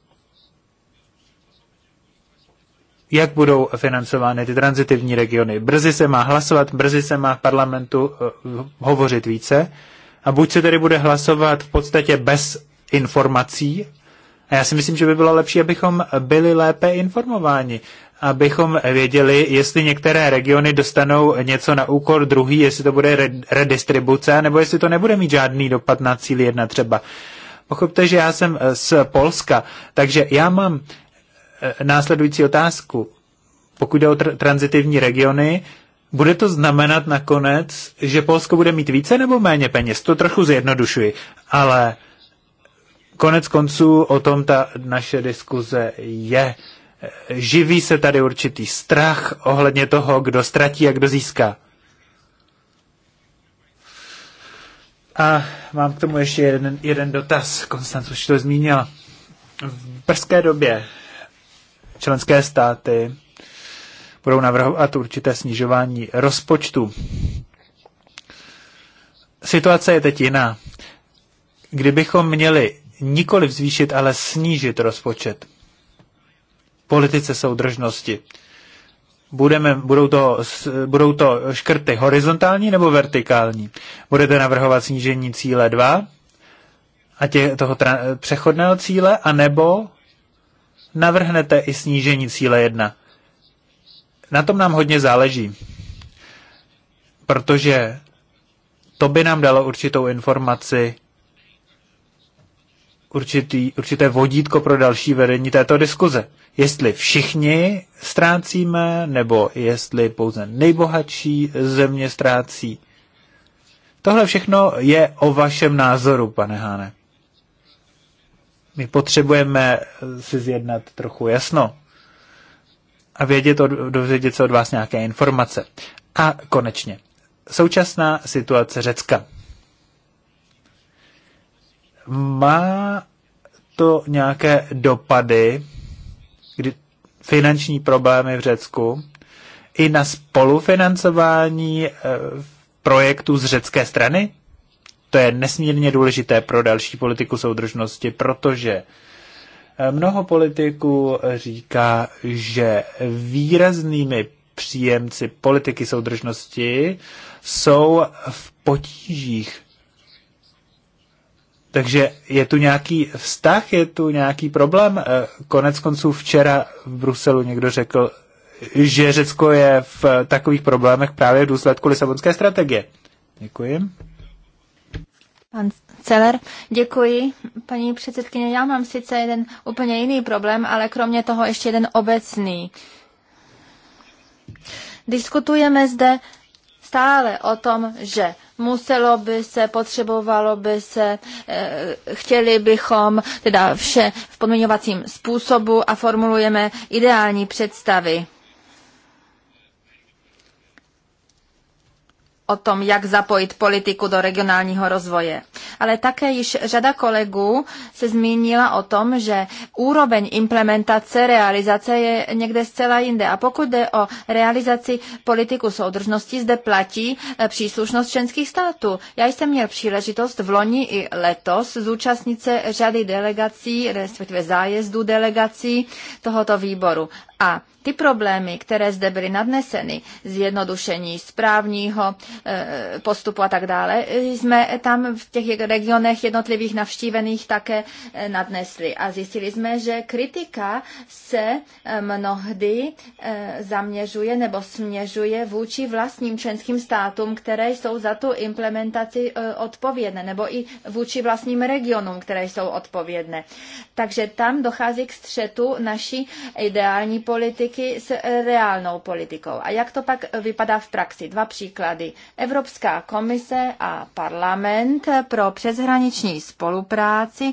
jak budou financovány ty transitivní regiony. Brzy se má hlasovat, brzy se má v parlamentu uh, hovořit více a buď se tedy bude hlasovat v podstatě bez informací, a já si myslím, že by bylo lepší, abychom byli lépe informováni abychom věděli, jestli některé regiony dostanou něco na úkor druhý, jestli to bude redistribuce, nebo jestli to nebude mít žádný dopad na cíl jedna třeba. Pochopte, že já jsem eh, z Polska, takže já mám eh, následující otázku. Pokud jde o tr- transitivní regiony, bude to znamenat nakonec, že Polsko bude mít více nebo méně peněz? To trochu zjednodušuji, ale konec konců o tom ta naše diskuze je živí se tady určitý strach ohledně toho, kdo ztratí a kdo získá. A mám k tomu ještě jeden, jeden dotaz. Konstanc už to zmínila. V brzké době členské státy budou navrhovat určité snižování rozpočtu. Situace je teď jiná. Kdybychom měli nikoli zvýšit, ale snížit rozpočet, politice soudržnosti. Budeme, budou, to, budou to škrty horizontální nebo vertikální? Budete navrhovat snížení cíle 2 a tě, toho tra- přechodného cíle, anebo navrhnete i snížení cíle 1? Na tom nám hodně záleží, protože to by nám dalo určitou informaci určitý, určité vodítko pro další vedení této diskuze. Jestli všichni ztrácíme, nebo jestli pouze nejbohatší země ztrácí. Tohle všechno je o vašem názoru, pane Háne. My potřebujeme si zjednat trochu jasno a vědět, od, dovědět se od vás nějaké informace. A konečně, současná situace Řecka má to nějaké dopady, kdy finanční problémy v Řecku, i na spolufinancování eh, projektů z řecké strany? To je nesmírně důležité pro další politiku soudržnosti, protože eh, mnoho politiků říká, že výraznými příjemci politiky soudržnosti jsou v potížích takže je tu nějaký vztah, je tu nějaký problém. Eh, konec konců včera v Bruselu někdo řekl, že Řecko je v takových problémech právě v důsledku Lisabonské strategie. Děkuji. Pan Celer, děkuji. Paní předsedkyně, já mám sice jeden úplně jiný problém, ale kromě toho ještě jeden obecný. Diskutujeme zde stále o tom, že muselo by se, potřebovalo by se, eh, chtěli bychom, teda vše v podmiňovacím způsobu a formulujeme ideální představy. o tom, jak zapojit politiku do regionálního rozvoje. Ale také již řada kolegů se zmínila o tom, že úroveň implementace, realizace je někde zcela jinde. A pokud jde o realizaci politiku soudržnosti, zde platí e, příslušnost členských států. Já jsem měl příležitost v loni i letos zúčastnit se řady delegací, respektive zájezdů delegací tohoto výboru. A ty problémy, které zde byly nadneseny, zjednodušení správního Eh, postupu a tak dále, jsme tam v těch regionech jednotlivých navštívených také eh, nadnesli a zjistili jsme, že kritika se eh, mnohdy zaměřuje nebo směřuje vůči vlastním členským státům, které jsou za tu implementaci odpovědné, nebo i vůči vlastním regionům, které jsou odpovědné. Takže tam dochází k střetu naší ideální politiky s reálnou politikou. A jak to pak vypadá v praxi? Dva příklady. Evropská komise a parlament pro přeshraniční spolupráci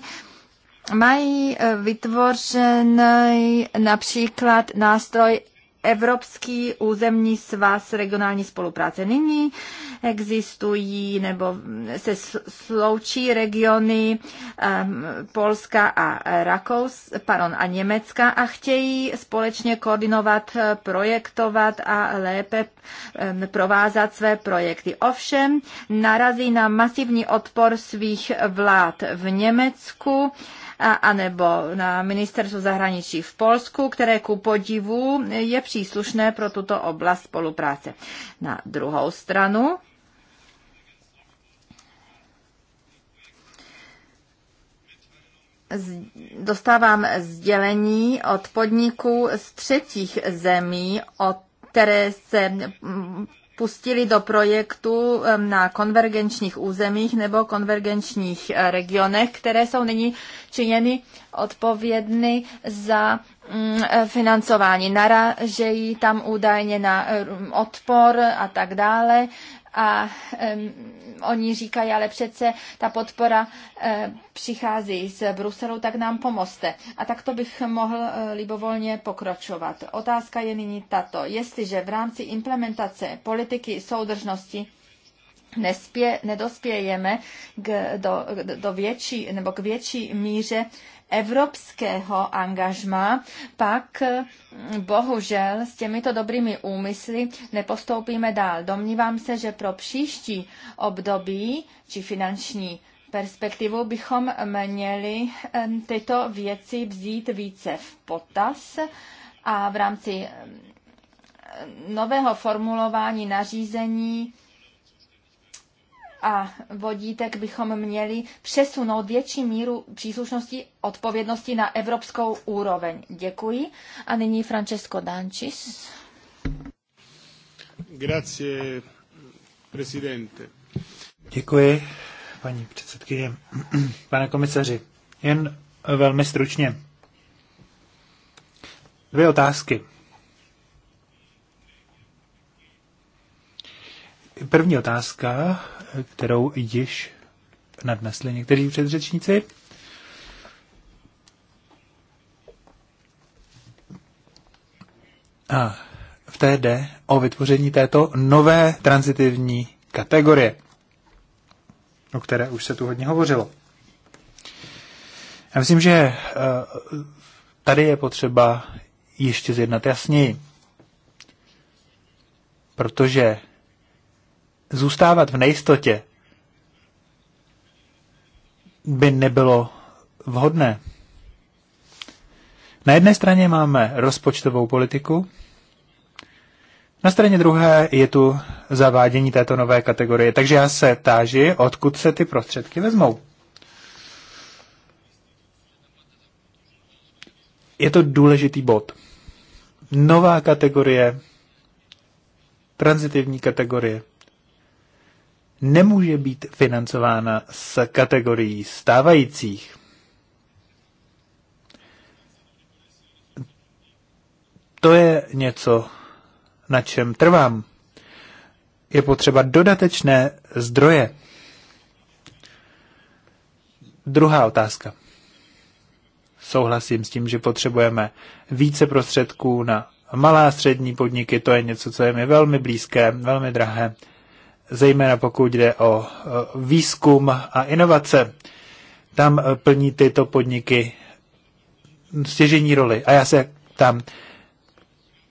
mají vytvořený, například nástroj Evropský územní svaz regionální spolupráce. Nyní existují nebo se sloučí regiony um, Polska a Rakous, pardon, a Německa a chtějí společně koordinovat, eh, projektovat a lépe um, provázat své projekty. Ovšem narazí na masivní odpor svých vlád v Německu anebo na ministerstvu zahraničí v Polsku, které ku podivu je příslušné pro tuto oblast spolupráce. Na druhou stranu dostávám sdělení od podniků z třetích zemí, o které se pustili do projektu na konvergenčních územích nebo konvergenčních eh, regionech, které jsou nyní činěny odpovědny za mm, eh, financování. Naražejí tam údajně na eh, odpor a tak dále a um, oni říkají, ale přece ta podpora uh, přichází z Bruselu, tak nám pomozte. A tak to bych mohl uh, libovolně pokročovat. Otázka je nyní tato. Jestliže v rámci implementace politiky soudržnosti nespě, nedospějeme k, do, do větší, nebo k větší míře evropského angažma, pak eh, bohužel s těmito dobrými úmysly nepostoupíme dál. Domnívám se, že pro příští období či finanční perspektivu bychom měli tyto věci vzít více v potaz a v rámci nového formulování nařízení a vodítek bychom měli přesunout větší míru příslušnosti odpovědnosti na evropskou úroveň. Děkuji. A nyní Francesco Dančis. Grazie, presidente. Děkuji, paní předsedkyně. Pane komisaři, jen velmi stručně. Dvě otázky. První otázka kterou již nadnesli někteří předřečníci. A v té jde o vytvoření této nové transitivní kategorie, o které už se tu hodně hovořilo. Já myslím, že eh, tady je potřeba ještě zjednat jasněji, protože zůstávat v nejistotě by nebylo vhodné. Na jedné straně máme rozpočtovou politiku, na straně druhé je tu zavádění této nové kategorie. Takže já se táži, odkud se ty prostředky vezmou. Je to důležitý bod. Nová kategorie, transitivní kategorie nemůže být financována z kategorií stávajících. To je něco, na čem trvám. Je potřeba dodatečné zdroje. Druhá otázka. Souhlasím s tím, že potřebujeme více prostředků na malá a střední podniky. To je něco, co je mi velmi blízké, velmi drahé zejména pokud jde o e, výzkum a inovace. Tam e, plní tyto podniky stěžení roli. A já se tam,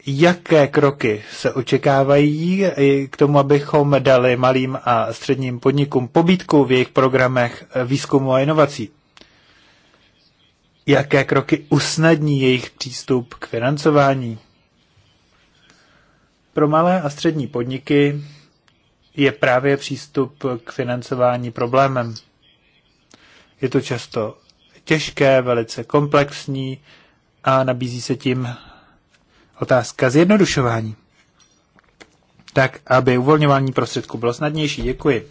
jaké kroky se očekávají e, k tomu, abychom dali malým a středním podnikům pobítku v jejich programech výzkumu a inovací? Jaké kroky usnadní jejich přístup k financování? Pro malé a střední podniky je právě přístup k financování problémem. Je to často těžké, velice komplexní a nabízí se tím otázka zjednodušování. Tak, aby uvolňování prostředků bylo snadnější. Děkuji.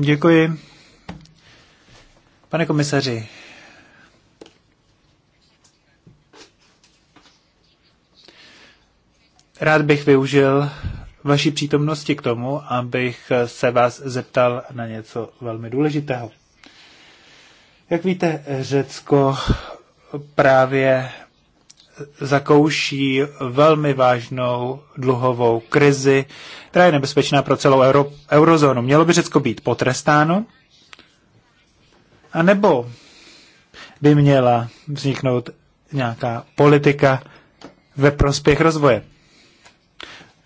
Děkuji. Pane komisaři, Rád bych využil vaší přítomnosti k tomu, abych se vás zeptal na něco velmi důležitého. Jak víte, Řecko právě zakouší velmi vážnou dluhovou krizi, která je nebezpečná pro celou euro, eurozónu. Mělo by Řecko být potrestáno? A nebo by měla vzniknout nějaká politika ve prospěch rozvoje?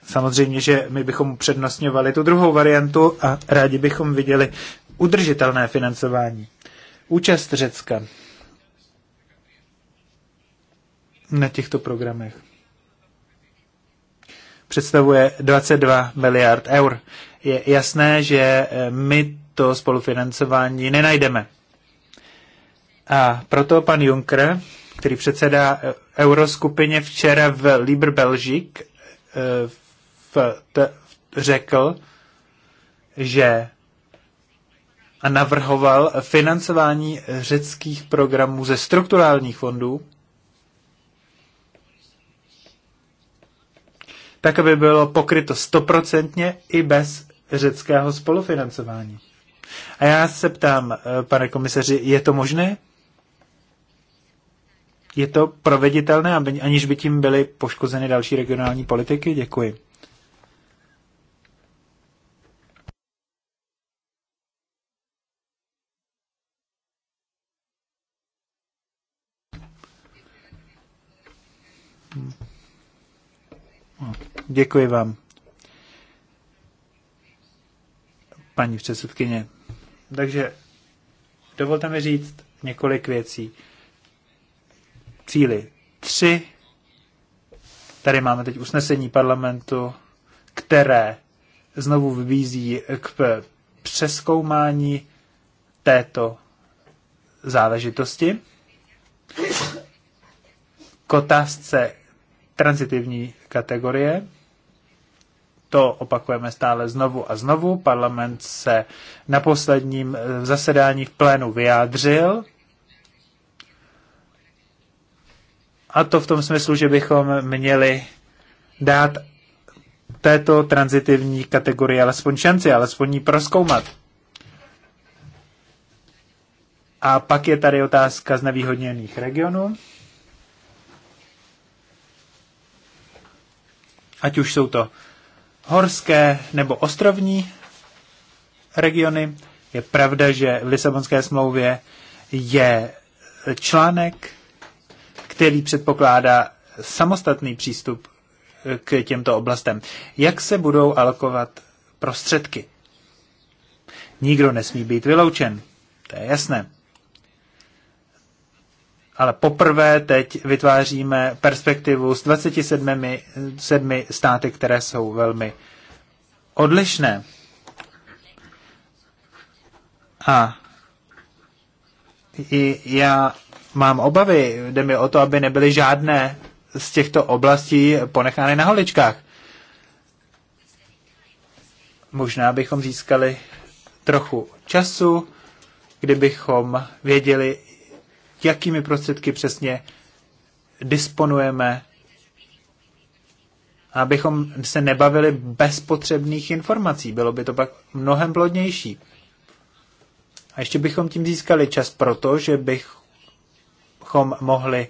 Samozřejmě, že my bychom přednostňovali tu druhou variantu a rádi bychom viděli udržitelné financování. Účast Řecka na těchto programech představuje 22 miliard eur. Je jasné, že eh, my to spolufinancování nenajdeme. A proto pan Juncker, který předsedá eh, euroskupině včera v Liber Belgique, eh, v t- řekl, že a navrhoval financování řeckých programů ze strukturálních fondů, tak aby bylo pokryto stoprocentně i bez řeckého spolufinancování. A já se ptám, eh, pane komisaři, je to možné? Je to proveditelné, aniž by tím byly poškozeny další regionální politiky? Děkuji. Děkuji vám. Paní předsedkyně. Takže dovolte mi říct několik věcí. Cíly tři. Tady máme teď usnesení parlamentu, které znovu vybízí k přeskoumání této záležitosti. K otázce transitivní kategorie to opakujeme stále znovu a znovu. Parlament se na posledním eh, zasedání v plénu vyjádřil. A to v tom smyslu, že bychom měli dát této transitivní kategorii alespoň šanci, alespoň ji proskoumat. A pak je tady otázka z nevýhodněných regionů. Ať už jsou to horské nebo ostrovní regiony. Je pravda, že v Lisabonské smlouvě je článek, který předpokládá samostatný přístup k těmto oblastem. Jak se budou alokovat prostředky? Nikdo nesmí být vyloučen, to je jasné ale poprvé teď vytváříme perspektivu s 27 sedmi státy, které jsou velmi odlišné. A i já mám obavy, jde mi o to, aby nebyly žádné z těchto oblastí ponechány na holičkách. Možná bychom získali trochu času, kdybychom věděli, jakými prostředky přesně disponujeme, abychom se nebavili bez potřebných informací. Bylo by to pak mnohem plodnější. A ještě bychom tím získali čas proto, že bychom mohli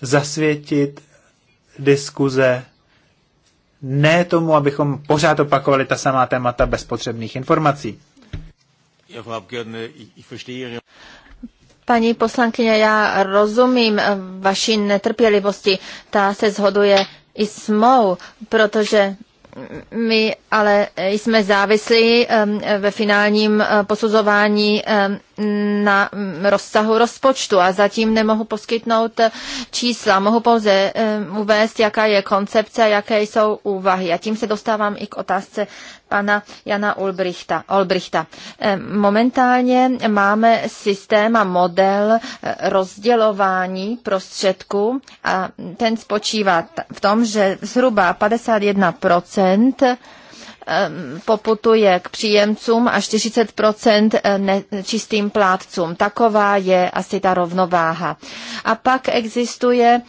zasvětit diskuze ne tomu, abychom pořád opakovali ta samá témata bez potřebných informací. Paní poslankyně, já rozumím vaší netrpělivosti. Ta se shoduje i s mou, protože my ale jsme závislí ve finálním eh, posuzování na mm, rozsahu rozpočtu a zatím nemohu poskytnout eh, čísla. Mohu pouze uvést, jaká je koncepce, jaké jsou úvahy. A tím se dostávám i k otázce pana Jana Ulbrichta. Olbrichta. Eh, momentálně máme systém a model eh, rozdělování prostředků a ten spočívá v tom, že zhruba 51 poputuje k příjemcům a 40 nečistým plátcům. Taková je asi ta rovnováha. A pak existuje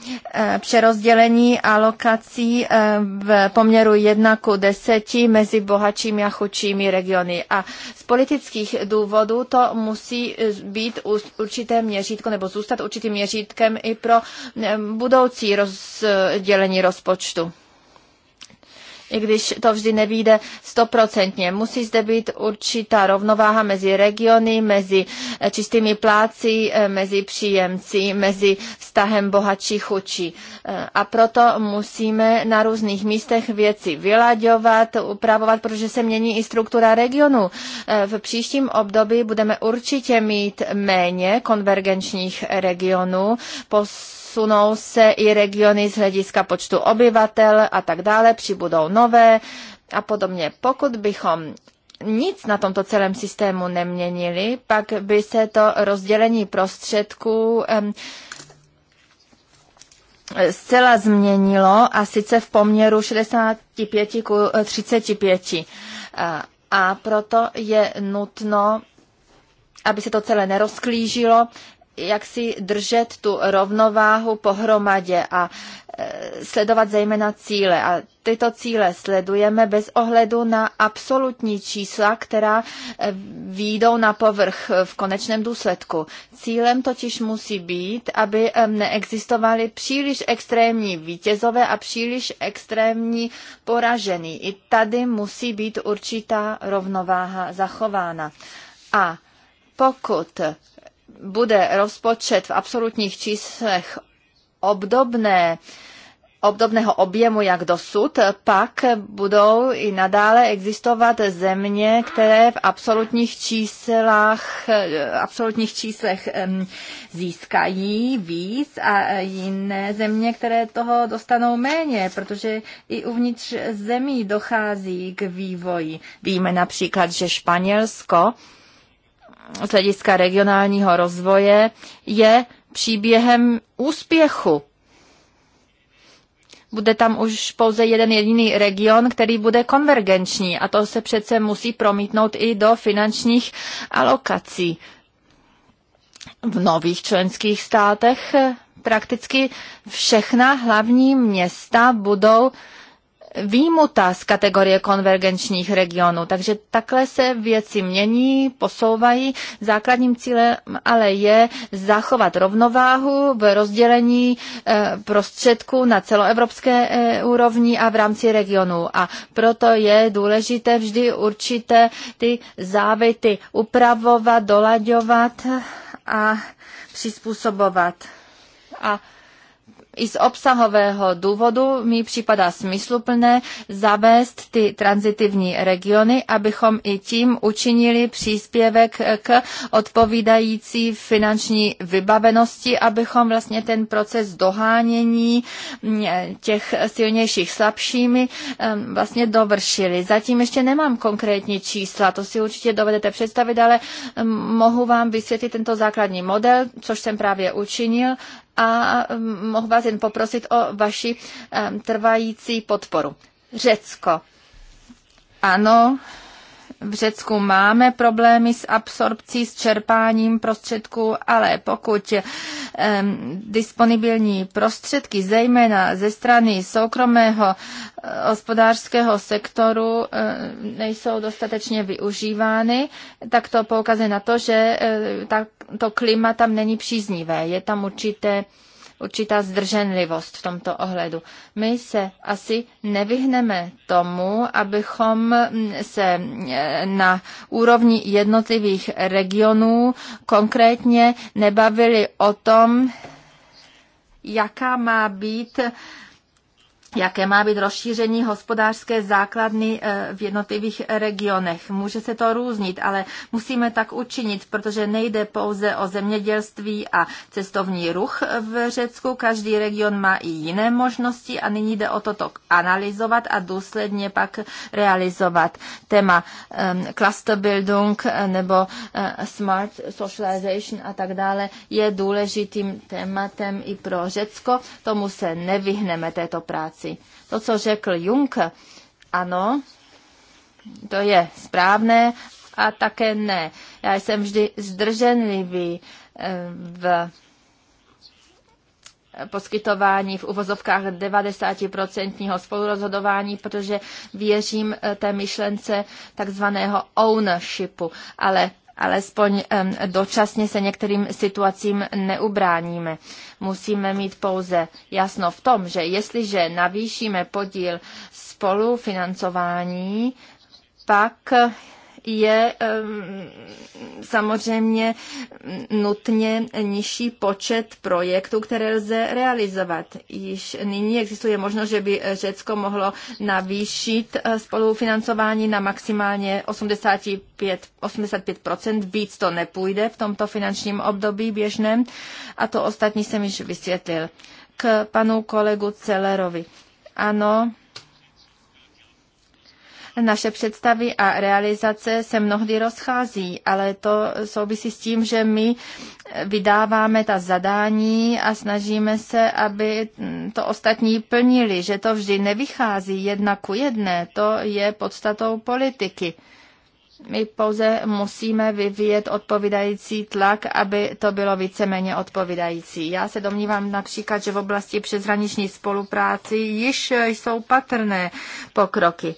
přerozdělení alokací v poměru 1 ku 10 mezi bohatšími a chudšími regiony. A z politických důvodů to musí e, být určité měřítko nebo zůstat určitým měřítkem i pro budoucí rozdělení rozpočtu i když to vždy nevíde stoprocentně. Musí zde být určitá rovnováha mezi regiony, mezi eh, čistými pláci, eh, mezi příjemci, mezi vztahem bohatší chučí. Eh, a proto musíme na různých místech věci vylaďovat, upravovat, protože se mění i struktura regionu. V příštím období budeme určitě mít méně konvergenčních regionů. Pos posunou se i regiony z hlediska počtu obyvatel a tak dále, přibudou nové a podobně. Pokud bychom nic na tomto celém systému neměnili, pak by se to rozdělení prostředků zcela změnilo a sice v poměru 65 k 35. A proto je nutno, aby se to celé nerozklížilo, jak si držet tu rovnováhu pohromadě a e, sledovat zejména cíle. A tyto cíle sledujeme bez ohledu na absolutní čísla, která e, výjdou na povrch v konečném důsledku. Cílem totiž musí být, aby e, neexistovaly příliš extrémní vítězové a příliš extrémní poražený. I tady musí být určitá rovnováha zachována. A pokud bude rozpočet v absolutních číslech obdobné obdobného objemu jak dosud, pak budou i nadále existovat země, které v absolutních číslech, absolutních číslech získají víc a jiné země, které toho dostanou méně, protože i uvnitř zemí dochází k vývoji. Víme například, že Španělsko z hlediska regionálního rozvoje je příběhem úspěchu. Bude tam už pouze jeden jediný region, který bude konvergenční a to se přece musí promítnout i do finančních alokací. V nových členských státech prakticky všechna hlavní města budou výjimuta z kategorie konvergenčních regionů. Takže takhle se věci mění, posouvají. Základním cílem ale je zachovat rovnováhu v rozdělení eh, prostředků na celoevropské eh, úrovni a v rámci regionu. A proto je důležité vždy určité ty závity upravovat, dolaďovat a přizpůsobovat. A i z obsahového důvodu mi připadá smysluplné zavést ty transitivní regiony, abychom i tím učinili příspěvek k odpovídající finanční vybavenosti, abychom vlastně ten proces dohánění mm, těch silnějších slabšími vlastně dovršili. Zatím ještě nemám konkrétní čísla, to si určitě dovedete představit, ale mohu vám vysvětlit tento základní model, což jsem právě učinil a um, mohu vás jen poprosit o vaši um, trvající podporu. Řecko. Ano, v Řecku máme problémy s absorpcí, s čerpáním prostředků, ale pokud um, disponibilní prostředky, zejména ze strany soukromého eh, hospodářského sektoru, eh, nejsou dostatečně využívány, tak to poukazuje na to, že eh, to klima tam není příznivé. Je tam určité určitá zdrženlivost v tomto ohledu. My se asi nevyhneme tomu, abychom mm, se e, na úrovni jednotlivých regionů konkrétně nebavili o tom, jaká má být jaké má být rozšíření hospodářské základny eh, v jednotlivých regionech. Může se to různit, ale musíme tak učinit, protože nejde pouze o zemědělství a cestovní ruch v Řecku. Každý region má i jiné možnosti a nyní jde o toto analyzovat a důsledně pak realizovat. Téma ehm, building eh, nebo eh, smart socialization a tak dále je důležitým tématem i pro Řecko. Tomu se nevyhneme této práci věci. To, co řekl Jung, ano, to je správné a také ne. Já jsem vždy zdrženlivý eh, v poskytování v uvozovkách 90% spolurozhodování, protože věřím eh, té myšlence takzvaného ownershipu. Ale alespoň dočasně se některým situacím neubráníme. Musíme mít pouze jasno v tom, že jestliže navýšíme podíl spolufinancování, pak je samozřejmě nutně nižší počet projektů, které lze realizovat. Již nyní existuje možnost, že by Řecko mohlo navýšit eh, spolufinancování na maximálně 85, 85%. Víc to nepůjde v tomto finančním období běžném a to ostatní jsem již vysvětlil. K panu kolegu Celerovi. Ano, naše představy a realizace se mnohdy rozchází, ale to souvisí s tím, že my vydáváme ta zadání a snažíme se, aby to ostatní plnili, že to vždy nevychází jedna ku jedné. To je podstatou politiky. My pouze musíme vyvíjet odpovídající tlak, aby to bylo víceméně odpovídající. Já se domnívám například, že v oblasti přeshraniční spolupráci již jsou patrné pokroky.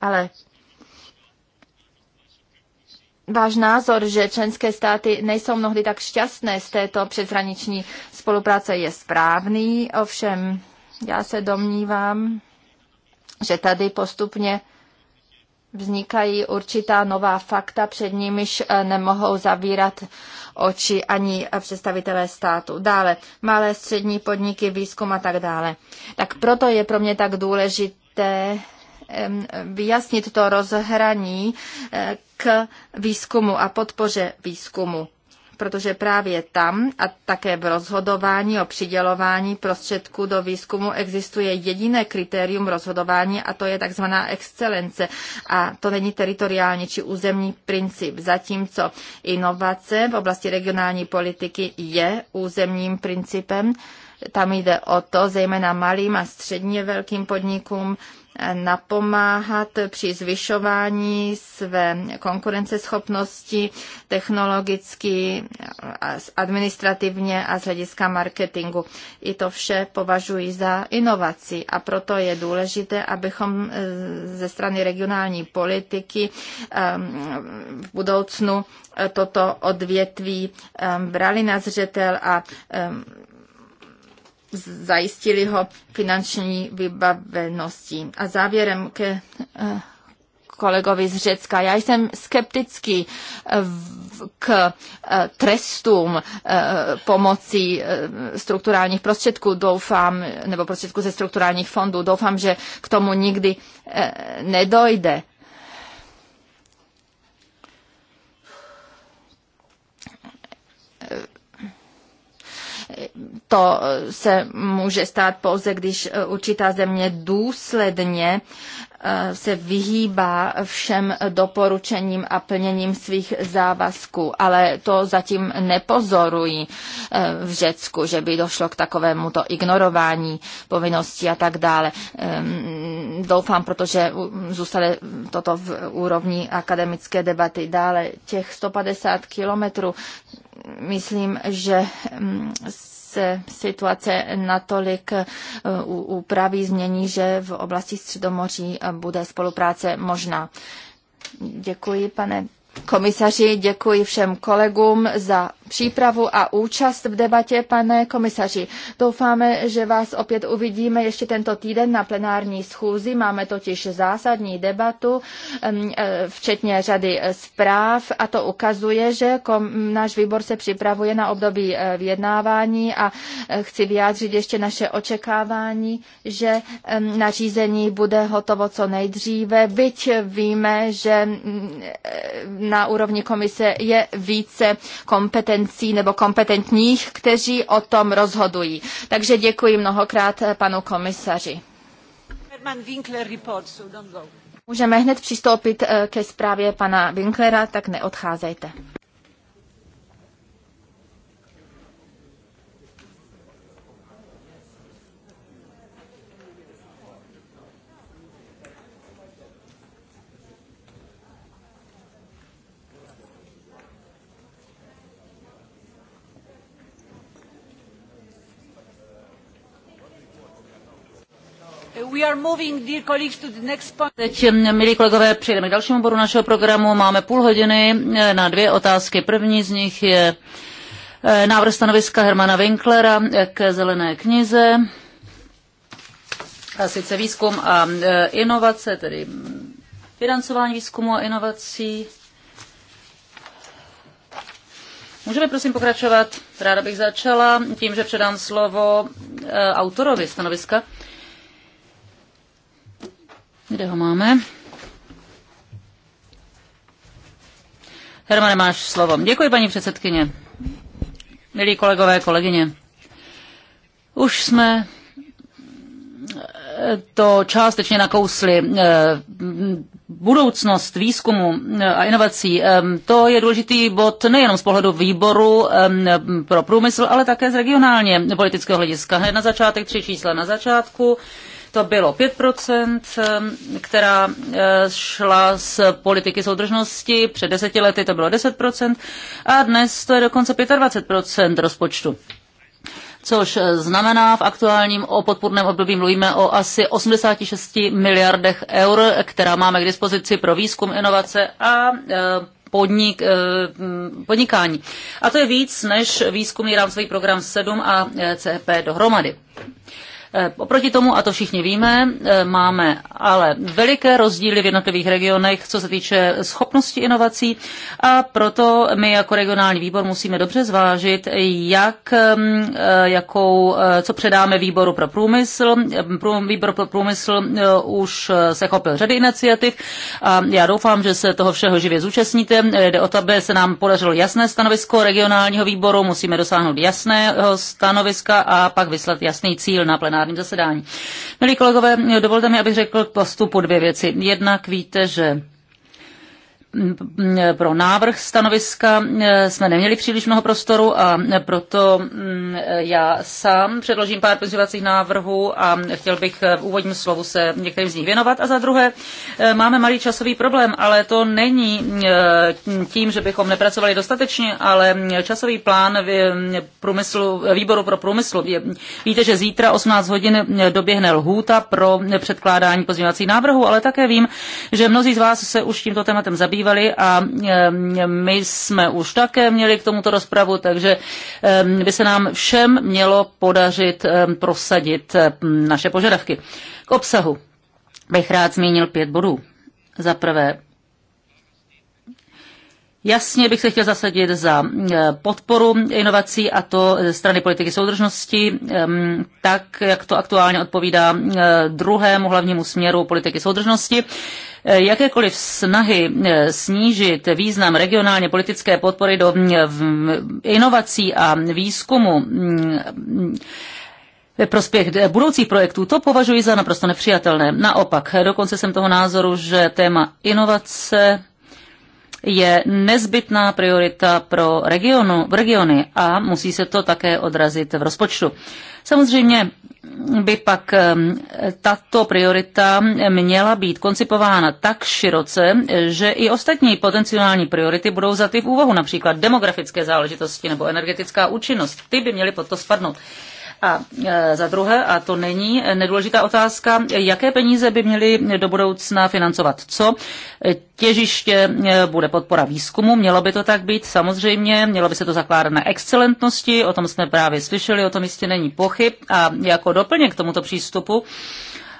Ale váš názor, že členské státy nejsou mnohdy tak šťastné z této přeshraniční spolupráce, je správný. Ovšem, já se domnívám, že tady postupně vznikají určitá nová fakta, před nimiž eh, nemohou zavírat oči ani eh, představitelé státu. Dále, malé střední podniky, výzkum a tak dále. Tak proto je pro mě tak důležité vyjasnit to rozhraní eh, k výzkumu a podpoře výzkumu protože právě tam a také v rozhodování o přidělování prostředků do výzkumu existuje jediné kritérium rozhodování a to je takzvaná excelence a to není teritoriální či územní princip, zatímco inovace v oblasti regionální politiky je územním principem. Tam jde o to, zejména malým a středně velkým podnikům, napomáhat při zvyšování své konkurenceschopnosti technologicky, administrativně a z hlediska marketingu. I to vše považuji za inovaci a proto je důležité, abychom e, ze strany regionální politiky e, v budoucnu e, toto odvětví brali na zřetel a zajistili ho finanční vybaveností. A závěrem ke eh, kolegovi z Řecka. Já jsem skeptický eh, k eh, trestům pomocí strukturálních prostředků, doufám, nebo prostředků ze strukturálních fondů. Doufám, že k tomu nikdy nedojde. to se může stát pouze, když eh, určitá země důsledně Eh, se vyhýbá všem doporučením a plněním svých závazků, ale to zatím nepozorují eh, v Řecku, že by došlo k takovému to ignorování povinností a tak dále. Ehm, doufám, protože zůstane toto v úrovni akademické debaty dále. Těch 150 kilometrů, myslím, že mm, se situace natolik eh, upraví, změní, že v oblasti Středomoří eh, bude spolupráce možná. Děkuji, pane komisaři, děkuji všem kolegům za přípravu a účast v debatě, pane komisaři. Doufáme, že vás opět uvidíme ještě tento týden na plenární schůzi. Máme totiž zásadní debatu, e, včetně řady zpráv a to ukazuje, že náš výbor se připravuje na období e, vyjednávání a e, chci vyjádřit ještě naše očekávání, že nařízení bude hotovo co nejdříve, byť víme, že mm, na úrovni komise je více kompetence kompetencí nebo kompetentních, kteří o tom rozhodují. Takže děkuji mnohokrát eh, panu komisaři. Můžeme hned přistoupit eh, ke zprávě pana Winklera, tak neodcházejte. Teď, milí kolegové, přejdeme k dalšímu bodu našeho programu. Máme půl hodiny eh, na dvě otázky. První z nich je eh, návrh stanoviska Hermana Winklera eh, k zelené knize. A sice výzkum a inovace, tedy mm, financování výzkumu a inovací. Můžeme prosím pokračovat? Ráda bych začala tím, že předám slovo autorovi stanoviska. Kde ho máme? Hermane, máš slovo. Děkuji, paní předsedkyně. Milí kolegové, kolegyně. Už jsme eh, to částečně nakousli. Eh, budoucnost výzkumu eh, a inovací, to je důležitý bod nejenom z pohledu výboru pro průmysl, ale také z regionálně politického hlediska. Hned na začátek tři čísla na začátku to bylo 5%, která eh, šla z politiky soudržnosti, před deseti lety to bylo 10% a dnes to je dokonce 25% rozpočtu což eh, znamená v aktuálním o podpůrném období mluvíme o asi 86 miliardech eur, která máme k dispozici pro výzkum, inovace a eh, podnik, mm, podnikání. A to je víc než výzkumný rámcový program 7 a CP dohromady. Eh, oproti tomu, a to všichni víme, eh, máme ale veliké rozdíly v jednotlivých regionech, co se týče schopnosti inovací a proto my jako regionální výbor musíme dobře zvážit, jak, eh, jakou, co předáme výboru pro průmysl. Výbor pro průmysl už se chopil řady iniciativ a já doufám, že se toho všeho živě zúčastníte. Jde o to, aby se nám podařilo jasné stanovisko regionálního výboru, musíme dosáhnout jasného stanoviska a pak vyslat jasný cíl na plenární plenárním zasedání. Milí kolegové, dovolte mi, abych řekl k postupu dvě věci. Jednak víte, že pro návrh stanoviska eh, jsme neměli příliš mnoho prostoru a proto mm, eh, já sám předložím pár pozměňovacích návrhů a chtěl bych eh, v úvodním slovu se některým z nich věnovat. A za druhé, máme malý časový problém, ale to není tím, že bychom nepracovali dostatečně, ale časový plán průmyslu, výboru pro průmysl. Víte, že zítra 18 hodin doběhne lhůta pro předkládání pozměňovacích návrhů, ale také vím, že mnozí z vás se už tímto tématem zabývají zabývali a my jsme už také měli k tomuto rozpravu, takže by se nám všem mělo podařit prosadit naše požadavky. K obsahu bych rád zmínil pět bodů. Za prvé, Jasně bych se chtěl zasadit za eh, podporu inovací a to strany politiky soudržnosti, tak jak to aktuálně odpovídá eh, druhému hlavnímu směru politiky soudržnosti. Eh, jakékoliv snahy snížit význam regionálně politické podpory do mm, inovací a výzkumu mm, ve prospěch budoucích projektů, to považuji za naprosto nepřijatelné. Naopak, dokonce jsem toho názoru, že téma inovace je nezbytná priorita pro regionu, regiony a musí se to také odrazit v rozpočtu. Samozřejmě by pak tato priorita měla být koncipována tak široce, že i ostatní potenciální priority budou za ty v úvahu, například demografické záležitosti nebo energetická účinnost. Ty by měly pod to spadnout. A e, za druhé, a to není nedůležitá otázka, jaké peníze by měly do budoucna financovat co? Těžiště e, bude podpora výzkumu, mělo by to tak být samozřejmě, mělo by se to zakládat na excelentnosti, o tom jsme právě slyšeli, o tom jistě není pochyb. A jako doplněk k tomuto přístupu,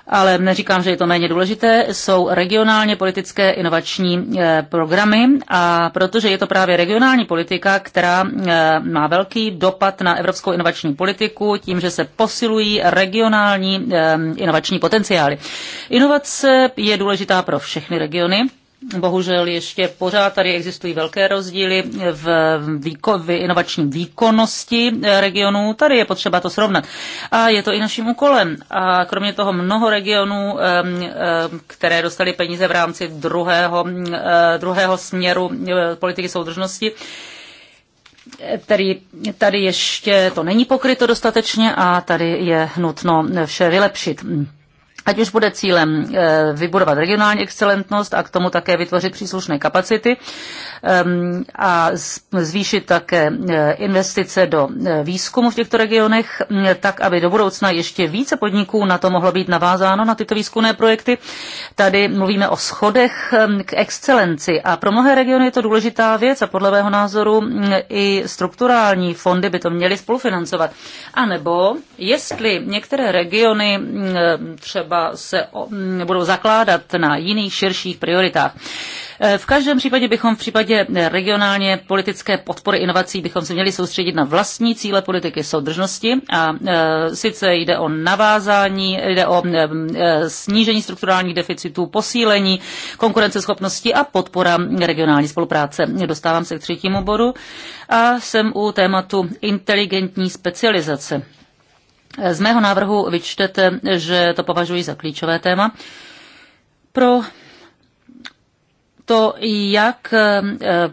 ale neříkám, že je to méně důležité, jsou regionálně politické inovační eh, programy a protože je to právě regionální politika, která eh, má velký dopad na evropskou inovační politiku tím, že se posilují regionální eh, inovační potenciály. Inovace je důležitá pro všechny regiony Bohužel ještě pořád tady existují velké rozdíly v, výko, v inovační výkonnosti eh, regionů. Tady je potřeba to srovnat. A je to i naším úkolem. A kromě toho mnoho regionů, které dostali peníze v rámci druhého, eh, druhého směru eh, politiky soudržnosti, Tady, tady ještě to není pokryto dostatečně a tady je nutno vše vylepšit. Ať už bude cílem eh, vybudovat regionální excelentnost a k tomu také vytvořit příslušné kapacity ehm, a zvýšit také eh, investice do eh, výzkumu v těchto regionech, mm, tak aby do budoucna ještě více podniků na to mohlo být navázáno na tyto výzkumné projekty. Tady mluvíme o schodech ehm, k excelenci a pro mnohé regiony je to důležitá věc a podle mého názoru mm, i strukturální fondy by to měly spolufinancovat. A nebo jestli některé regiony mm, třeba třeba se mm, budou zakládat na jiných širších prioritách. E, v každém případě bychom v případě regionálně politické podpory inovací bychom se měli soustředit na vlastní cíle politiky soudržnosti a e, sice jde o navázání, jde o e, snížení strukturálních deficitů, posílení konkurenceschopnosti a podpora regionální spolupráce. Dostávám se k třetímu bodu a jsem u tématu inteligentní specializace. Z mého návrhu vyčtete, že to považuji za klíčové téma pro to, jak eh,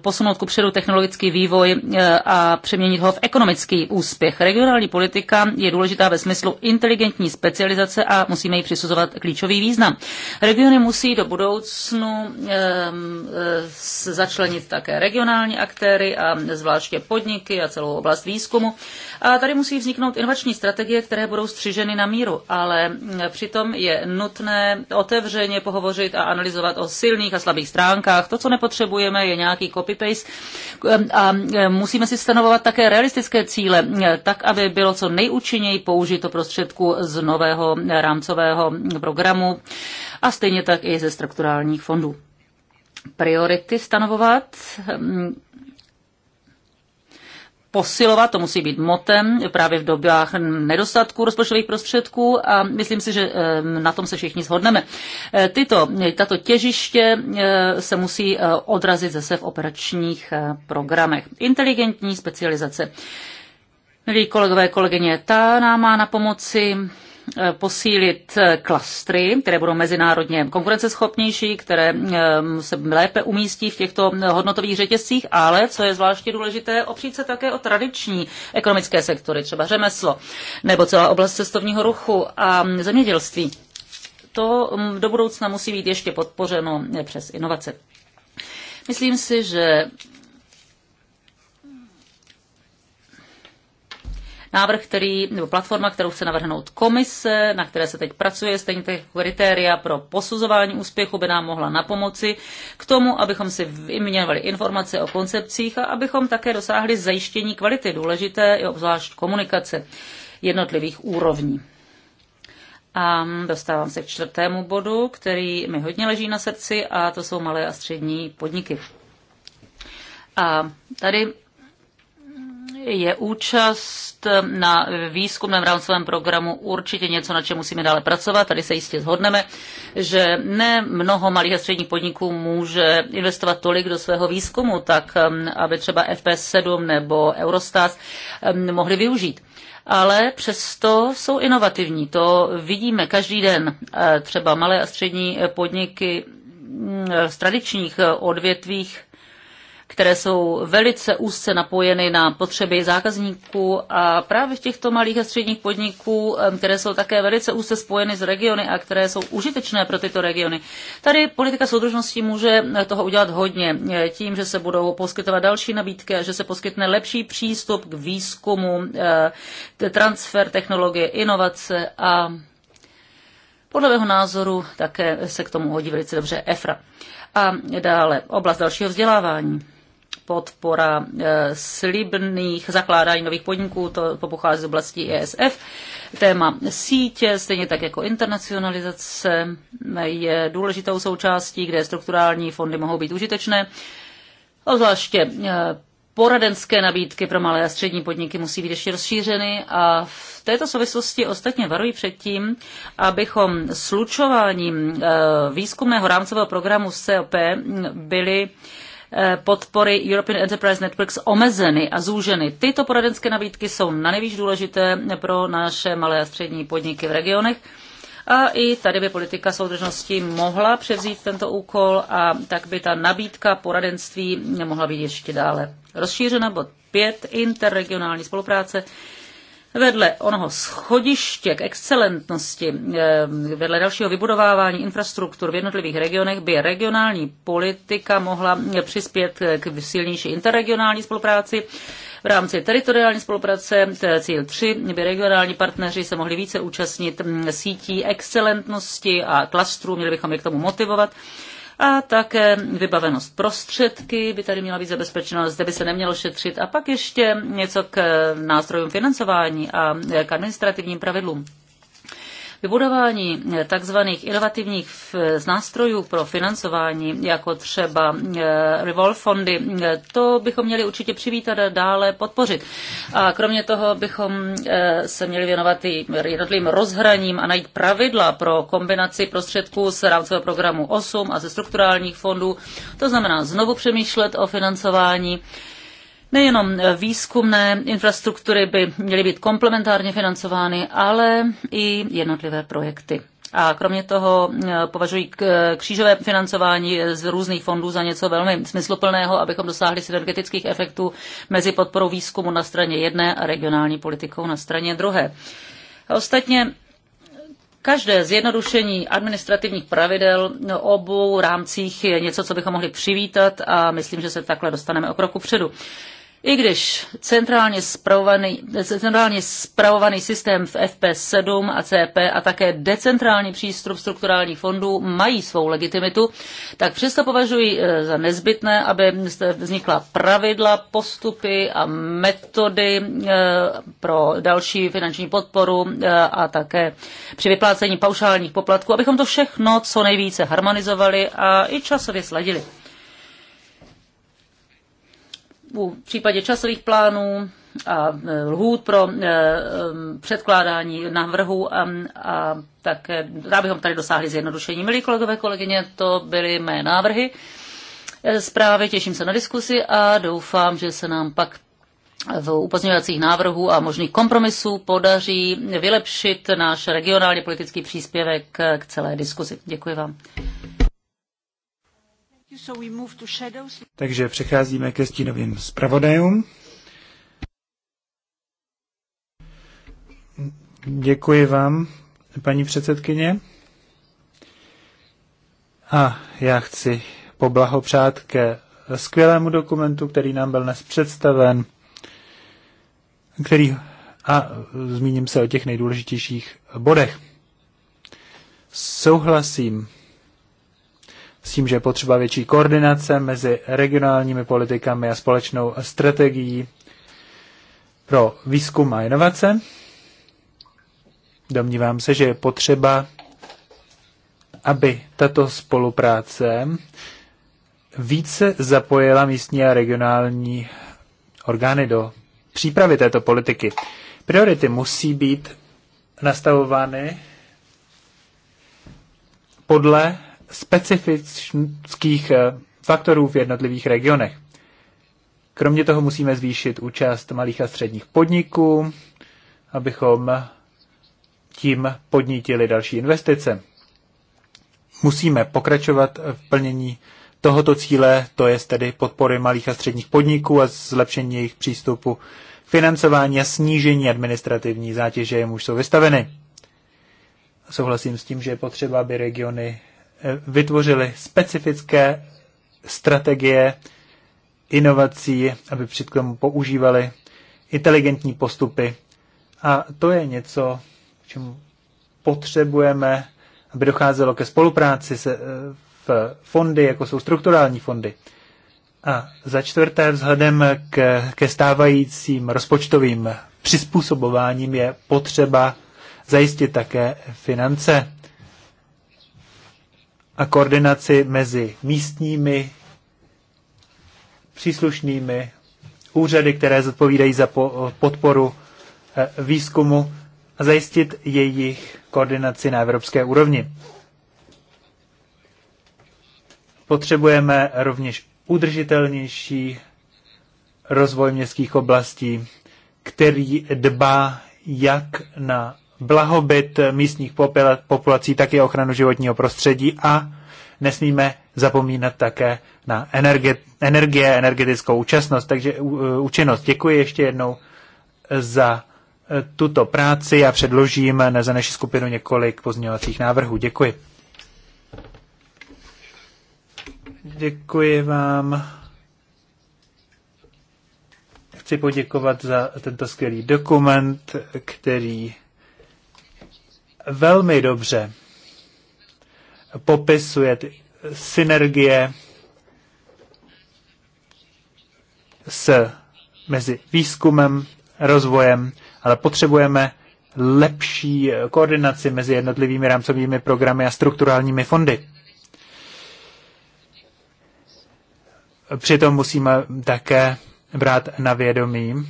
posunout kupředu technologický vývoj eh, a přeměnit ho v ekonomický úspěch. Regionální politika je důležitá ve smyslu inteligentní specializace a musíme jí přisuzovat klíčový význam. Regiony musí do budoucnu ehm, začlenit také regionální aktéry a zvláště podniky a celou oblast výzkumu. A tady musí vzniknout inovační strategie, které budou střiženy na míru, ale mm, přitom je nutné otevřeně pohovořit a analyzovat o silných a slabých stránkách stránkách. To, co nepotřebujeme, je nějaký copy-paste a musíme si stanovovat také realistické cíle, tak, aby bylo co nejúčinněji použito prostředku z nového rámcového programu a stejně tak i ze strukturálních fondů priority stanovovat posilovat, to musí být motem právě v dobách nedostatku rozpočtových prostředků a myslím si, že na tom se všichni shodneme. E, tyto, tato těžiště e, se musí e, odrazit zase v operačních programech. Inteligentní specializace. Milí kolegové, kolegyně, ta nám má na pomoci Eh, posílit eh, klastry, které budou mezinárodně konkurenceschopnější, které eh, se lépe umístí v těchto hodnotových řetězcích, ale co je zvláště důležité, opřít se také o tradiční ekonomické sektory, třeba řemeslo nebo celá oblast cestovního ruchu a zemědělství. To mm, do budoucna musí být ještě podpořeno přes inovace. Myslím si, že návrh, který, nebo platforma, kterou chce navrhnout komise, na které se teď pracuje, stejně ty kritéria pro posuzování úspěchu by nám mohla napomoci k tomu, abychom si vyměňovali informace o koncepcích a abychom také dosáhli zajištění kvality, důležité i obzvlášť komunikace jednotlivých úrovní. A dostávám se k čtvrtému bodu, který mi hodně leží na srdci, a to jsou malé a střední podniky. A tady je účast na výzkumném rámcovém programu určitě něco, na čem musíme dále pracovat. Tady se jistě zhodneme, že ne mnoho malých a středních podniků může investovat tolik do svého výzkumu, tak um, aby třeba FP7 nebo Eurostat um, mohli využít ale přesto jsou inovativní. To vidíme každý den. Uh, třeba malé a střední podniky v um, tradičních odvětvích které jsou velice úzce napojeny na potřeby zákazníků a právě v těchto malých a středních podniků, které jsou také velice úzce spojeny s regiony a které jsou užitečné pro tyto regiony. Tady politika soudržnosti může toho udělat hodně e, tím, že se budou poskytovat další nabídky a že se poskytne lepší přístup k výzkumu, e, transfer technologie, inovace a podle mého názoru také se k tomu hodí velice dobře EFRA. A dále oblast dalšího vzdělávání podpora e, slibných zakládání nových podniků, to, to pochází z oblasti ESF. Téma sítě, stejně tak jako internacionalizace, je důležitou součástí, kde strukturální fondy mohou být užitečné. Ozvláště e, poradenské nabídky pro malé a střední podniky musí být ještě rozšířeny a v této souvislosti ostatně varují před tím, abychom slučováním e, výzkumného rámcového programu COP byli Eh, podpory European Enterprise Networks omezeny a zúženy. Tyto poradenské nabídky jsou na nejvíc důležité pro naše malé a střední podniky v regionech. A i tady by politika soudržnosti mohla převzít tento úkol a tak by ta nabídka poradenství mohla být ještě dále rozšířena. Bod 5. Interregionální spolupráce vedle onoho schodiště k excelentnosti, eh, vedle dalšího vybudovávání infrastruktur v jednotlivých regionech by regionální politika mohla přispět k silnější interregionální spolupráci. V rámci teritoriální spolupráce, cíl 3, by regionální partneři se mohli více účastnit mm, sítí excelentnosti a klastrů, měli bychom je k tomu motivovat. A také vybavenost prostředky by tady měla být zabezpečena, zde by se nemělo šetřit. A pak ještě něco k eh, nástrojům financování a k administrativním pravidlům. Vybudování eh, tzv. inovativních eh, nástrojů pro financování, jako třeba eh, revolve fondy, to bychom měli určitě přivítat a dále podpořit. A kromě toho bychom se měli věnovat i jednotlivým rozhraním a najít pravidla pro kombinaci prostředků z rámcového programu 8 a ze strukturálních fondů. To znamená znovu přemýšlet o financování Nejenom eh, výzkumné infrastruktury by měly být komplementárně financovány, ale i jednotlivé projekty. A kromě toho eh, považuji eh, křížové financování z různých fondů za něco velmi smysluplného, abychom dosáhli synergetických efektů mezi podporou výzkumu na straně jedné a regionální politikou na straně druhé. A ostatně Každé zjednodušení administrativních pravidel obou rámcích je něco, co bychom mohli přivítat a myslím, že se takhle dostaneme o kroku předu. I když centrálně spravovaný, centrálně spravovaný systém v FP7 a CP a také decentrální přístup strukturálních fondů mají svou legitimitu, tak přesto považuji eh, za nezbytné, aby vznikla pravidla, postupy a metody eh, pro další finanční podporu eh, a také při vyplácení paušálních poplatků, abychom to všechno co nejvíce harmonizovali a i časově sladili v případě časových plánů a e, lhůt pro e, e, předkládání návrhů a, a tak rád bychom tady dosáhli zjednodušení. Milí kolegové, kolegyně, to byly mé návrhy zprávy, těším se na diskusi a doufám, že se nám pak v upozňovacích návrhů a možných kompromisů podaří vylepšit náš regionálně politický příspěvek k celé diskuzi. Děkuji vám. Takže přecházíme ke stínovým zpravodajům. Děkuji vám, paní předsedkyně. A já chci poblahopřát ke skvělému dokumentu, který nám byl dnes představen, který, a zmíním se o těch nejdůležitějších bodech. Souhlasím s tím, že je potřeba větší koordinace mezi regionálními politikami a společnou strategií pro výzkum a inovace. Domnívám se, že je potřeba, aby tato spolupráce více zapojila místní a regionální orgány do přípravy této politiky. Priority musí být nastavovány podle specifických eh, faktorů v jednotlivých regionech. Kromě toho musíme zvýšit účast malých a středních podniků, abychom tím podnítili další investice. Musíme pokračovat v plnění tohoto cíle, to je tedy podpory malých a středních podniků a zlepšení jejich přístupu financování a snížení administrativní zátěže, jemuž jsou vystaveny. Souhlasím s tím, že je potřeba, aby regiony vytvořili specifické strategie inovací, aby při tomu používali inteligentní postupy. A to je něco, čemu potřebujeme, aby docházelo ke spolupráci se, v fondy, jako jsou strukturální fondy. A za čtvrté, vzhledem k, ke stávajícím rozpočtovým přizpůsobováním je potřeba zajistit také finance a koordinaci mezi místními příslušnými úřady, které zodpovídají za podporu eh, výzkumu a zajistit jejich koordinaci na evropské úrovni. Potřebujeme rovněž udržitelnější rozvoj městských oblastí, který dbá jak na blahobyt místních populací, tak i ochranu životního prostředí a nesmíme zapomínat také na energie, energie energetickou účastnost, takže e, účinnost. Děkuji ještě jednou za e, tuto práci. a předložím za naši skupinu několik pozměňovacích návrhů. Děkuji. Děkuji vám. Chci poděkovat za tento skvělý dokument, který velmi dobře popisuje synergie s, mezi výzkumem, rozvojem, ale potřebujeme lepší koordinaci mezi jednotlivými rámcovými programy a strukturálními fondy. Přitom musíme také brát na vědomí,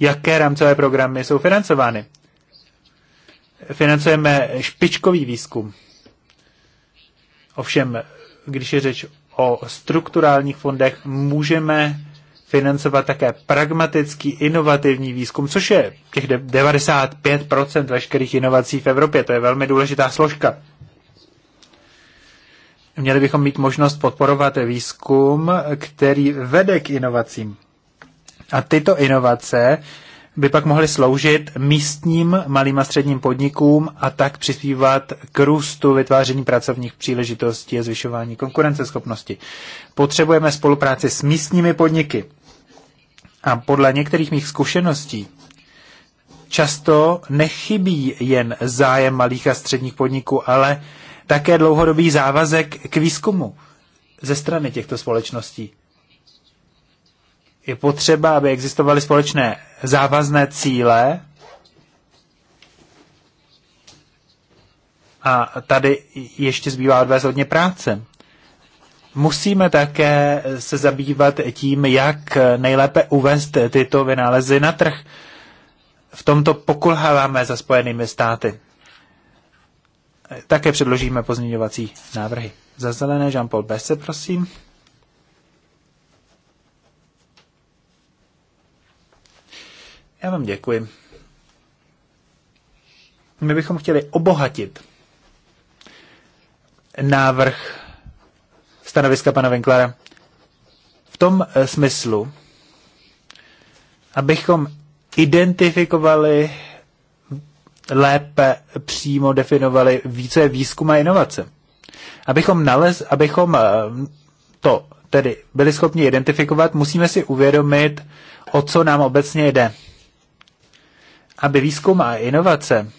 jaké rámcové programy jsou financovány financujeme špičkový výzkum. Ovšem, když je řeč o strukturálních fondech, můžeme financovat také pragmatický, inovativní výzkum, což je těch 95% veškerých inovací v Evropě. To je velmi důležitá složka. Měli bychom mít možnost podporovat výzkum, který vede k inovacím. A tyto inovace by pak mohly sloužit místním malým a středním podnikům a tak přispívat k růstu vytváření pracovních příležitostí a zvyšování konkurenceschopnosti. Potřebujeme spolupráci s místními podniky. A podle některých mých zkušeností často nechybí jen zájem malých a středních podniků, ale také dlouhodobý závazek k výzkumu ze strany těchto společností je potřeba, aby existovaly společné závazné cíle. A tady ještě zbývá odvést hodně práce. Musíme také se zabývat tím, jak nejlépe uvést tyto vynálezy na trh. V tomto pokulháváme za Spojenými státy. Také předložíme pozměňovací návrhy. Za zelené Jean-Paul Besse, prosím. Já vám děkuji. My bychom chtěli obohatit návrh stanoviska pana Winklera v tom eh, smyslu, abychom identifikovali lépe přímo definovali, více je výzkum a inovace. Abychom, nalez, abychom eh, to tedy byli schopni identifikovat, musíme si uvědomit, o co nám obecně jde aby výzkum a inovace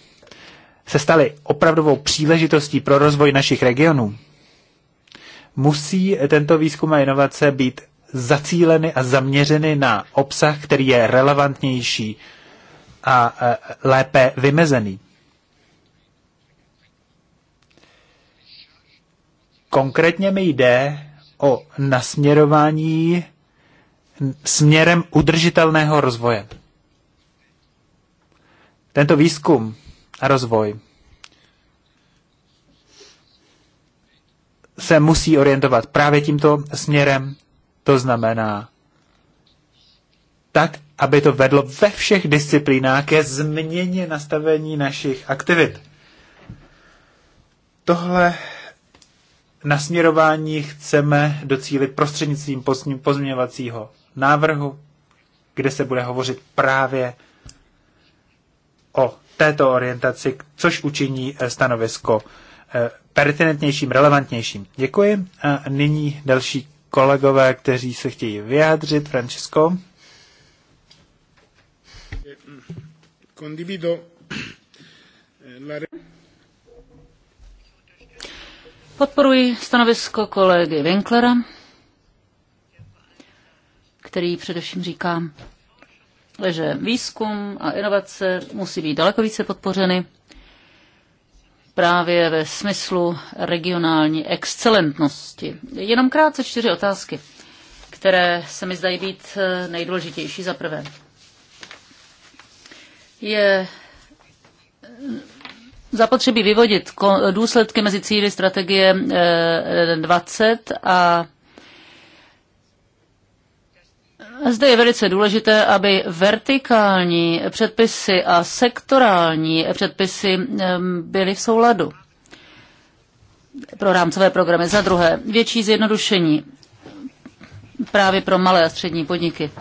se staly opravdovou příležitostí pro rozvoj našich regionů, musí tento výzkum a inovace být zacíleny a zaměřeny na obsah, který je relevantnější a e, lépe vymezený. Konkrétně mi jde o nasměrování směrem udržitelného rozvoje. Tento výzkum a rozvoj se musí orientovat právě tímto směrem, to znamená tak, aby to vedlo ve všech disciplínách ke změně nastavení našich aktivit. Tohle nasměrování chceme docílit prostřednictvím pozměňovacího návrhu, kde se bude hovořit právě této orientaci, což učiní eh, stanovisko eh, pertinentnějším, relevantnějším. Děkuji. A nyní další kolegové, kteří se chtějí vyjádřit. Francesco. Condivido eh, Podporuji stanovisko kolegy Winklera, který především říká, že výzkum a inovace musí být daleko více podpořeny právě ve smyslu regionální excelentnosti. Jenom krátce čtyři otázky, které se mi zdají být eh, nejdůležitější za prvé. Je eh, zapotřebí vyvodit důsledky mezi cíly strategie 20 eh, a zde je velice důležité, aby vertikální předpisy a sektorální předpisy byly v souladu pro rámcové programy. Za druhé, větší zjednodušení právě pro malé a střední podniky.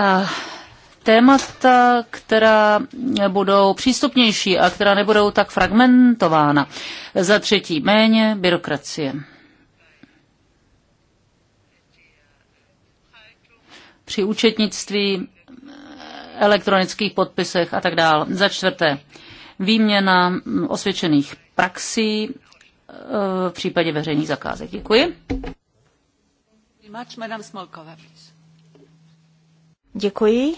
A témata, která budou přístupnější a která nebudou tak fragmentována. Za třetí, méně byrokracie. při účetnictví, elektronických podpisech a tak dále. Za čtvrté, výměna osvědčených praxí e, v případě veřejných zakázek. Děkuji. Děkuji.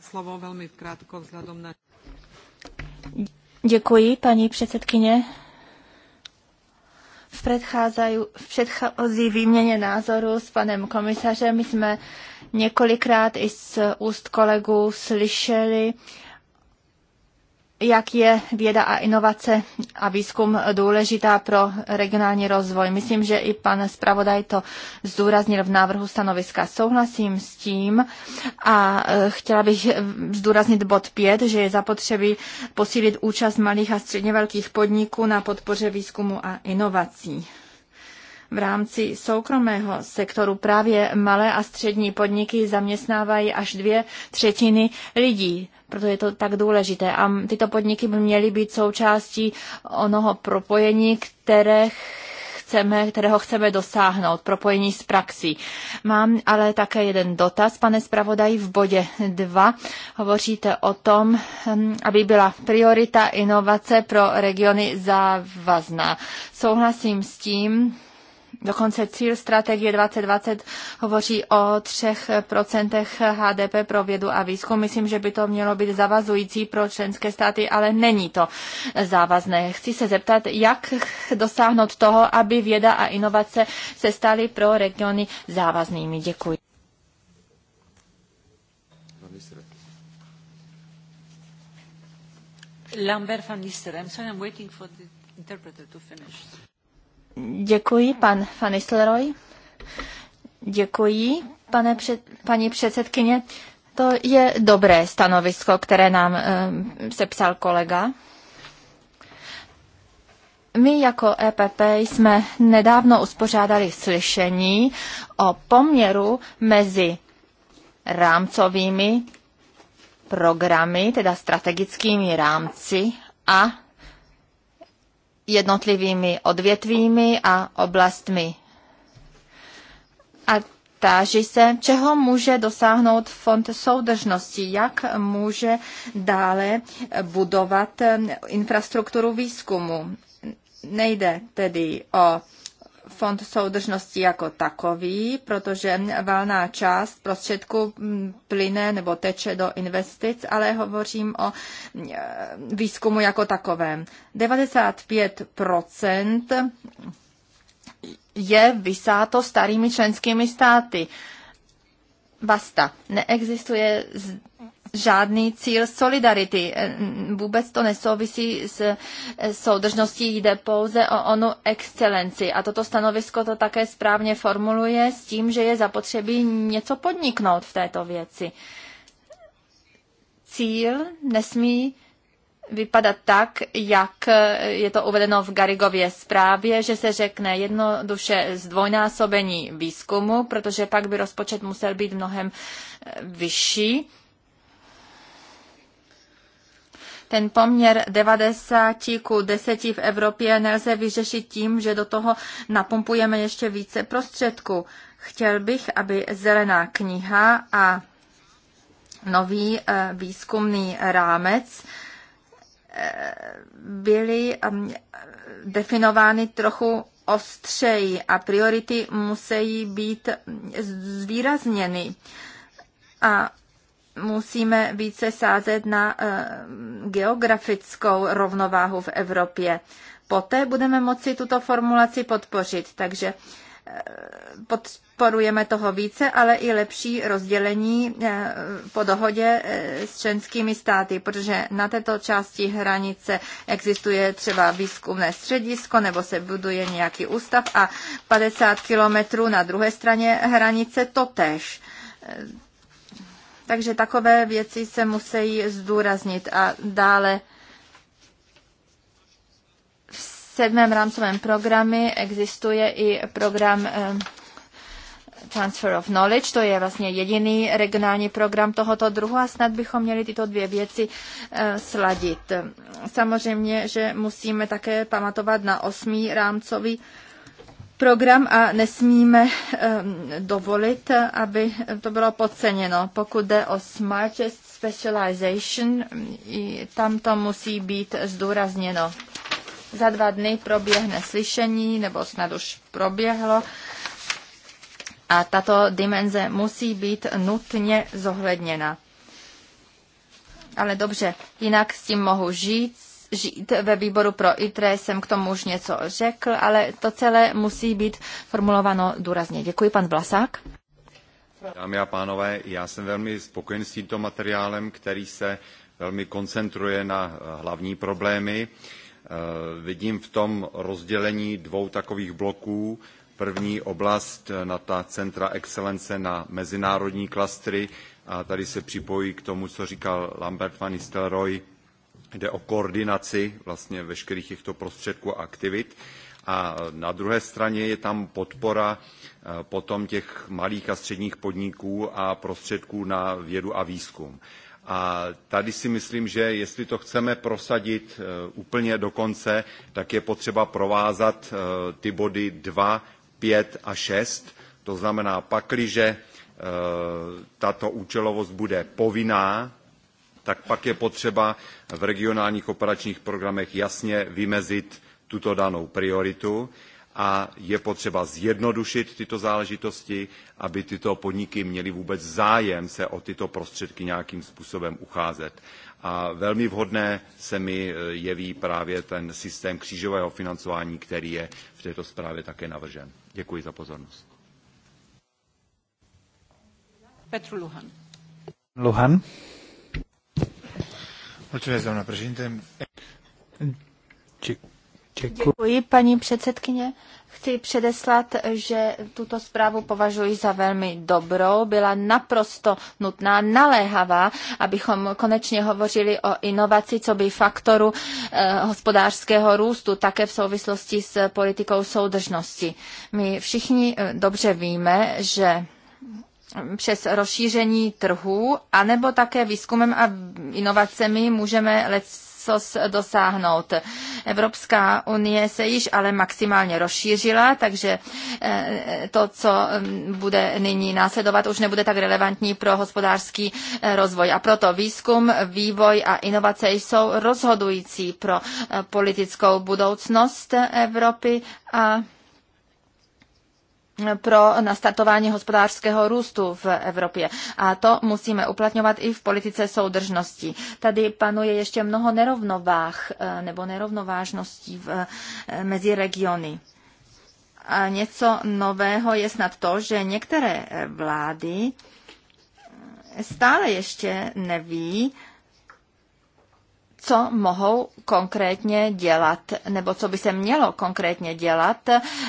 Slovo velmi krátko vzhledem na... Děkuji, paní předsedkyně v, předchozí výměně názoru s panem komisařem jsme několikrát i z úst kolegů slyšeli, jak je věda a inovace a výzkum důležitá pro regionální rozvoj. Myslím, že i pan zpravodaj to zdůraznil v návrhu stanoviska. Souhlasím s tím a e, chtěla bych zdůraznit bod 5, že je zapotřebí posílit účast malých a středně velkých podniků na podpoře výzkumu a inovací. V rámci soukromého sektoru právě malé a střední podniky zaměstnávají až dvě třetiny lidí proto je to tak důležité. A tyto podniky by měly být součástí onoho propojení, které chceme, kterého chceme dosáhnout, propojení s praxí. Mám ale také jeden dotaz, pane zpravodaji, v bodě 2 hovoříte o tom, hm, aby byla priorita inovace pro regiony závazná. Souhlasím s tím, Dokonce cíl strategie 2020 hovoří o 3% HDP pro vědu a výzkum. Myslím, že by to mělo být zavazující pro členské státy, ale není to závazné. Chci se zeptat, jak dosáhnout toho, aby věda a inovace se staly pro regiony závaznými. Děkuji. Lambert van Nistelrooy. I'm sorry, I'm waiting for the interpreter to finish. Děkuji, pan Fanisleroy. Děkuji, pane před, paní předsedkyně. To je dobré stanovisko, které nám e, sepsal kolega. My jako EPP jsme nedávno uspořádali slyšení o poměru mezi rámcovými programy, teda strategickými rámci a jednotlivými odvětvími a oblastmi. A táží se, čeho může dosáhnout fond soudržnosti, jak může dále budovat eh, infrastrukturu výzkumu. Nejde tedy o fond soudržnosti jako takový, protože valná část prostředků mm, plyne nebo teče do investic, ale hovořím o e, výzkumu jako takovém. 95 je vysáto starými členskými státy. Basta. Neexistuje žádný cíl solidarity. Vůbec to nesouvisí s soudržností, jde pouze o onu excelenci. A toto stanovisko to také správně formuluje s tím, že je zapotřebí něco podniknout v této věci. Cíl nesmí vypadat tak, jak je to uvedeno v Garigově zprávě, že se řekne jednoduše zdvojnásobení výzkumu, protože pak by rozpočet musel být mnohem vyšší Ten poměr 90 ku 10 v Evropě nelze vyřešit tím, že do toho napumpujeme ještě více prostředků. Chtěl bych, aby zelená kniha a nový eh, výzkumný rámec eh, byly ehm, definovány trochu ostřeji a priority musí být mm, zvýrazněny. A musíme více sázet na eh, geografickou rovnováhu v Evropě. Poté budeme moci tuto formulaci podpořit, takže eh, podporujeme toho více, ale i lepší rozdělení eh, po dohodě s členskými státy, protože na této části hranice existuje třeba výzkumné středisko nebo se buduje nějaký ústav a 50 kilometrů na druhé straně hranice to totež takže takové věci se musí zdůraznit. A dále v sedmém rámcovém programu existuje i program eh, Transfer of Knowledge, to je vlastně jediný regionální program tohoto druhu a snad bychom měli tyto dvě věci eh, sladit. Samozřejmě, že musíme také pamatovat na osmý rámcový program a nesmíme eh, dovolit, aby to bylo podceněno. Pokud jde o smartest specialization, tam to musí být zdůrazněno. Za dva dny proběhne slyšení, nebo snad už proběhlo, a tato dimenze musí být nutně zohledněna. Ale dobře, jinak s tím mohu žít, žít. Ve výboru pro ITRE jsem k tomu už něco řekl, ale to celé musí být formulováno důrazně. Děkuji, pan Vlasák. Dámy a pánové, já jsem velmi spokojen s tímto materiálem, který se velmi koncentruje na eh, hlavní problémy. Eh, vidím v tom rozdělení dvou takových bloků. První oblast eh, na ta centra excelence na mezinárodní klastry a tady se připojí k tomu, co říkal Lambert van Nistelrooy jde o koordinaci vlastně veškerých těchto prostředků a aktivit. A na druhé straně je tam podpora eh, potom těch malých a středních podniků a prostředků na vědu a výzkum. A tady si myslím, že jestli to chceme prosadit eh, úplně do konce, tak je potřeba provázat eh, ty body 2, 5 a 6. To znamená, pakliže tato účelovost bude povinná, tak pak je potřeba v regionálních operačních programech jasně vymezit tuto danou prioritu a je potřeba zjednodušit tyto záležitosti, aby tyto podniky měly vůbec zájem se o tyto prostředky nějakým způsobem ucházet. A velmi vhodné se mi e, jeví právě ten systém křížového financování, který je v této zprávě také navržen. Děkuji za pozornost. Petr Luhan. Luhan. Mulțumesc, doamna președinte. Děkuji, paní předsedkyně. Chci předeslat, že tuto zprávu považuji za velmi dobrou. Byla naprosto nutná, naléhavá, abychom konečně hovořili o inovaci, co by faktoru eh, hospodářského růstu, také v souvislosti s politikou soudržnosti. My všichni eh, dobře víme, že přes rozšíření trhu, anebo také výzkumem a inovacemi můžeme lecos dosáhnout. Evropská unie se již ale maximálně rozšířila, takže eh, to, co mm, bude nyní následovat, už nebude tak relevantní pro hospodářský eh, rozvoj. A proto výzkum, vývoj a inovace jsou rozhodující pro eh, politickou budoucnost Evropy a pro nastartování hospodářského růstu v Evropě. A to musíme uplatňovat i v politice soudržnosti. Tady panuje ještě mnoho nerovnovách eh, nebo nerovnovážností v, eh, mezi regiony. A něco nového je snad to, že některé eh, vlády stále ještě neví, co mohou konkrétně dělat, nebo co by se mělo konkrétně dělat,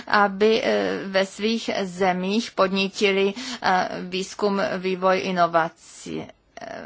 aby eh, ve svých zemích podnítili eh, výzkum, vývoj, inovací eh,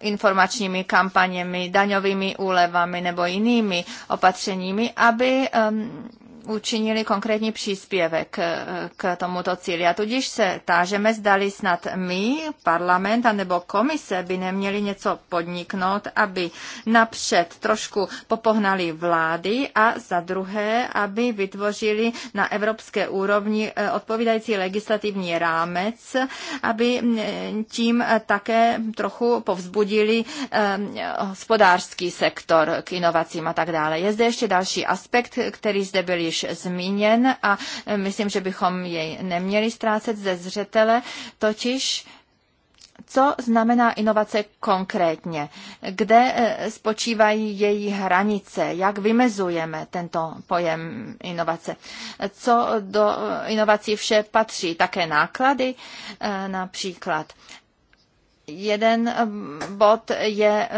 informačními kampaněmi, daňovými úlevami nebo jinými opatřeními, aby ehm, učinili konkrétní příspěvek eh, k tomuto cíli. A tudíž se tážeme, zdali snad my, parlament anebo komise by neměli něco podniknout, aby napřed trošku popohnali vlády a za druhé, aby vytvořili na evropské úrovni eh, odpovídající legislativní rámec, aby eh, tím také trochu povzbudili hospodářský sektor k inovacím a tak dále. Je zde ještě další aspekt, který zde byl již již zmíněn a myslím, že bychom jej neměli ztrácet ze zřetele, totiž co znamená inovace konkrétně? Kde eh, spočívají její hranice? Jak vymezujeme tento pojem inovace? Co do eh, inovací vše patří? Také náklady eh, například. Jeden bod je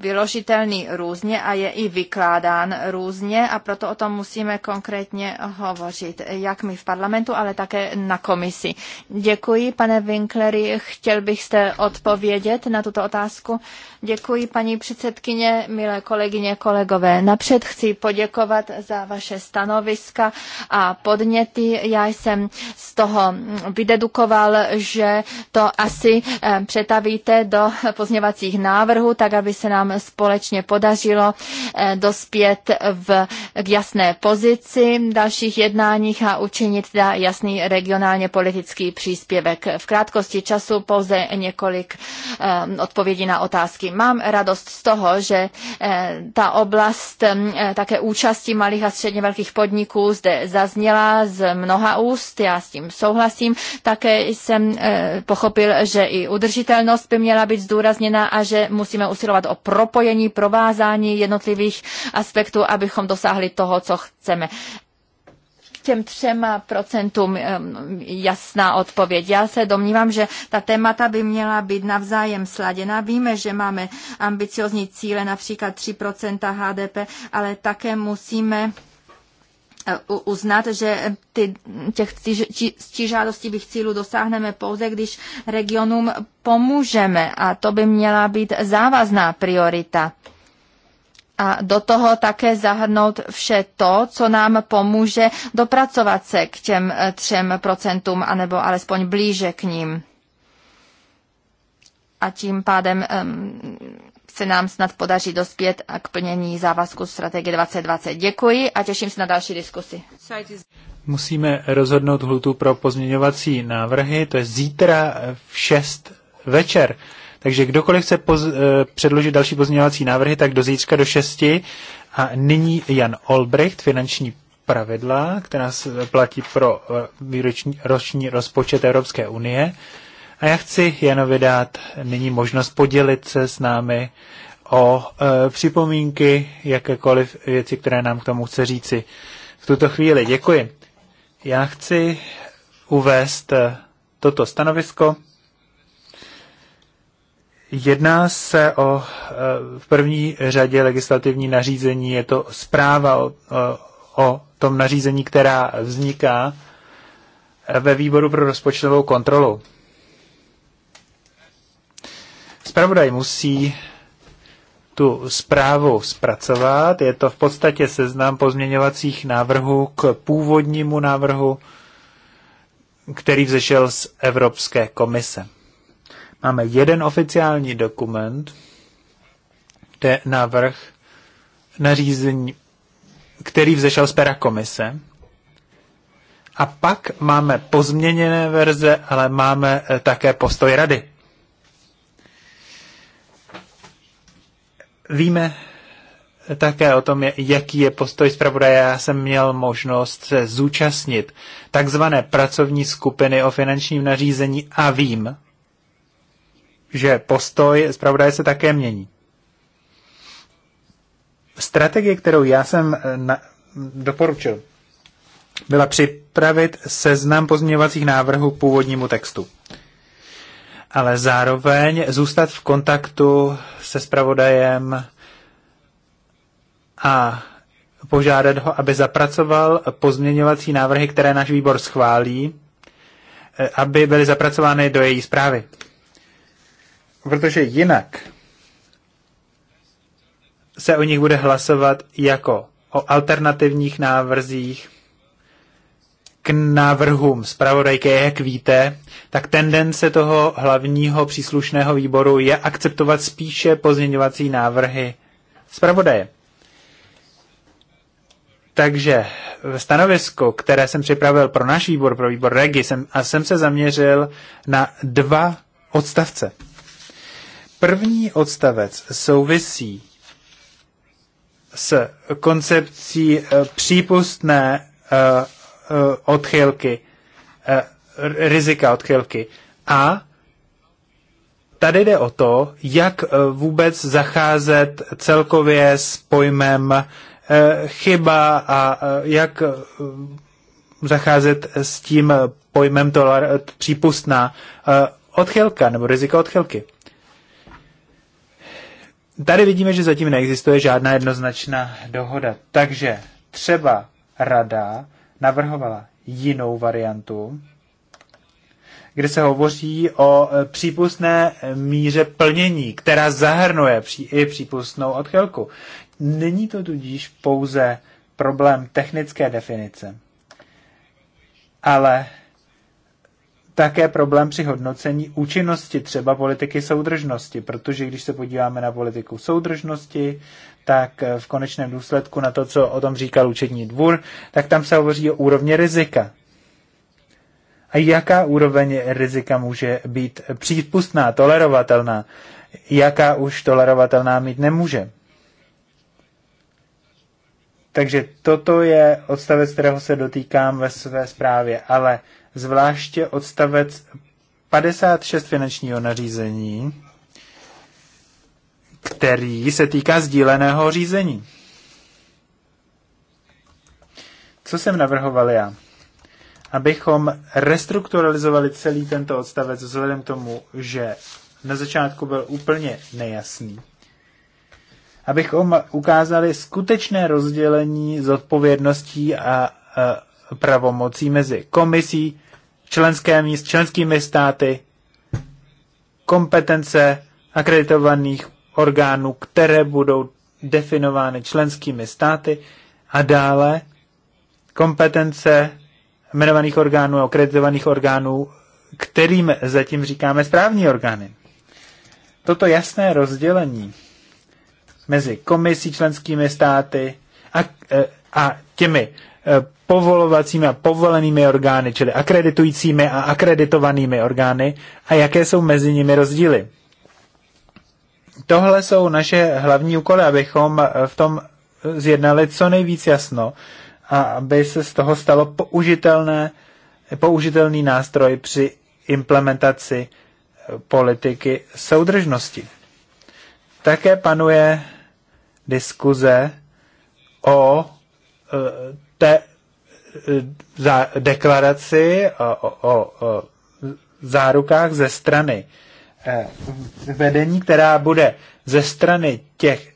vyložitelný různě a je i vykládán různě a proto o tom musíme konkrétně hovořit, jak my v parlamentu, ale také na komisi. Děkuji, pane Winklery, chtěl bych jste odpovědět na tuto otázku. Děkuji, paní předsedkyně, milé kolegyně, kolegové. Napřed chci poděkovat za vaše stanoviska a podněty. Já jsem z toho vydedukoval, že to asi eh, přetavíte do pozněvacích návrhů, tak aby se nám společně podařilo eh, dospět v, k jasné pozici dalších jednáních a učinit teda jasný regionálně politický příspěvek. V krátkosti času pouze několik eh, odpovědí na otázky. Mám radost z toho, že eh, ta oblast také účasti malých a středně velkých podniků zde zazněla z mnoha úst, já s tím souhlasím. Také jsem pochopil, že i udržitelnost by měla být zdůrazněna a že musíme usilovat usilovat o propojení, provázání jednotlivých aspektů, abychom dosáhli toho, co chceme těm třema procentům jasná odpověď. Já se domnívám, že ta témata by měla být navzájem sladěna. Víme, že máme ambiciozní cíle, například 3% HDP, ale také musíme uznat, že ty, těch bych cílů dosáhneme pouze, když regionům pomůžeme a to by měla být závazná priorita. A do toho také zahrnout vše to, co nám pomůže dopracovat se k těm eh, třem procentům, anebo alespoň blíže k ním. A tím pádem um, se nám snad podaří dospět a k plnění závazku strategie 2020. Děkuji a těším se na další diskusi. Musíme rozhodnout hlutu pro pozměňovací návrhy, to je zítra v 6 večer. Takže kdokoliv chce poz- eh, předložit další pozměňovací návrhy, tak do zítřka do 6. A nyní Jan Olbricht, finanční pravidla, která platí pro eh, výroční roční rozpočet Evropské unie. A já chci Janovi dát nyní možnost podělit se s námi o e, připomínky, jakékoliv věci, které nám k tomu chce říci. V tuto chvíli děkuji. Já chci uvést e, toto stanovisko. Jedná se o e, v první řadě legislativní nařízení, je to zpráva o, o, e, o tom nařízení, která vzniká ve výboru pro rozpočtovou kontrolu. Spravodaj musí tu zprávu zpracovat. Je to v podstatě seznam pozměňovacích návrhů k původnímu návrhu, který vzešel z Evropské komise. Máme jeden oficiální dokument, to je návrh nařízení, který vzešel z pera komise. A pak máme pozměněné verze, ale máme eh, také postoj rady. Víme také o tom, jaký je postoj zpravodaje. Já jsem měl možnost se zúčastnit takzvané pracovní skupiny o finančním nařízení a vím, že postoj zpravodaje se také mění. Strategie, kterou já jsem eh, na, doporučil, byla připravit seznam pozměňovacích návrhů k původnímu textu ale zároveň zůstat v kontaktu se spravodajem a požádat ho, aby zapracoval pozměňovací návrhy, které náš výbor schválí, eh, aby byly zapracovány do její zprávy. Protože jinak se o nich bude hlasovat jako o alternativních návrzích k návrhům zpravodajky, jak víte, tak tendence toho hlavního příslušného výboru je akceptovat spíše pozměňovací návrhy zpravodaje. Takže v stanovisko, které jsem připravil pro náš výbor, pro výbor Regi, jsem, a jsem se zaměřil na dva odstavce. První odstavec souvisí s koncepcí eh, přípustné eh, Eh, odchylky, eh, rizika odchylky. A tady jde o to, jak eh, vůbec zacházet celkově s pojmem chyba a jak zacházet s tím pojmem toler- přípustná odchylka nebo riziko odchylky. Tady vidíme, že zatím neexistuje žádná jednoznačná dohoda. Takže třeba rada navrhovala jinou variantu, kde se hovoří o e, přípustné míře plnění, která zahrnuje i přípustnou odchylku. Není to tudíž pouze problém technické definice, ale také problém při hodnocení účinnosti třeba politiky soudržnosti, protože když se podíváme na politiku soudržnosti, tak eh, v konečném důsledku na to, co o tom říkal účetní dvůr, tak tam se hovoří o úrovně rizika. A jaká úroveň rizika může být přípustná, tolerovatelná, jaká už tolerovatelná mít nemůže. Takže toto je odstavec, kterého se dotýkám ve své zprávě, ale zvláště odstavec 56 finančního nařízení, který se týká sdíleného řízení. Co jsem navrhoval já? Abychom restrukturalizovali celý tento odstavec vzhledem k tomu, že na začátku byl úplně nejasný. Abychom ukázali skutečné rozdělení zodpovědností a, a pravomocí mezi komisí, členskými, členskými státy, kompetence akreditovaných orgánů, které budou definovány členskými státy a dále kompetence jmenovaných orgánů a akreditovaných orgánů, kterým zatím říkáme správní orgány. Toto jasné rozdělení mezi komisí členskými státy a, eh, a těmi Eh, povolovacími a povolenými orgány, čili akreditujícími a akreditovanými orgány a jaké jsou mezi nimi rozdíly. Tohle jsou naše hlavní úkoly, abychom eh, v tom zjednali co nejvíc jasno a aby se z toho stalo použitelné, použitelný nástroj při implementaci eh, politiky soudržnosti. Také panuje diskuze o té e, za deklaraci o, o, o zárukách ze strany e, vedení, která bude ze strany těch e,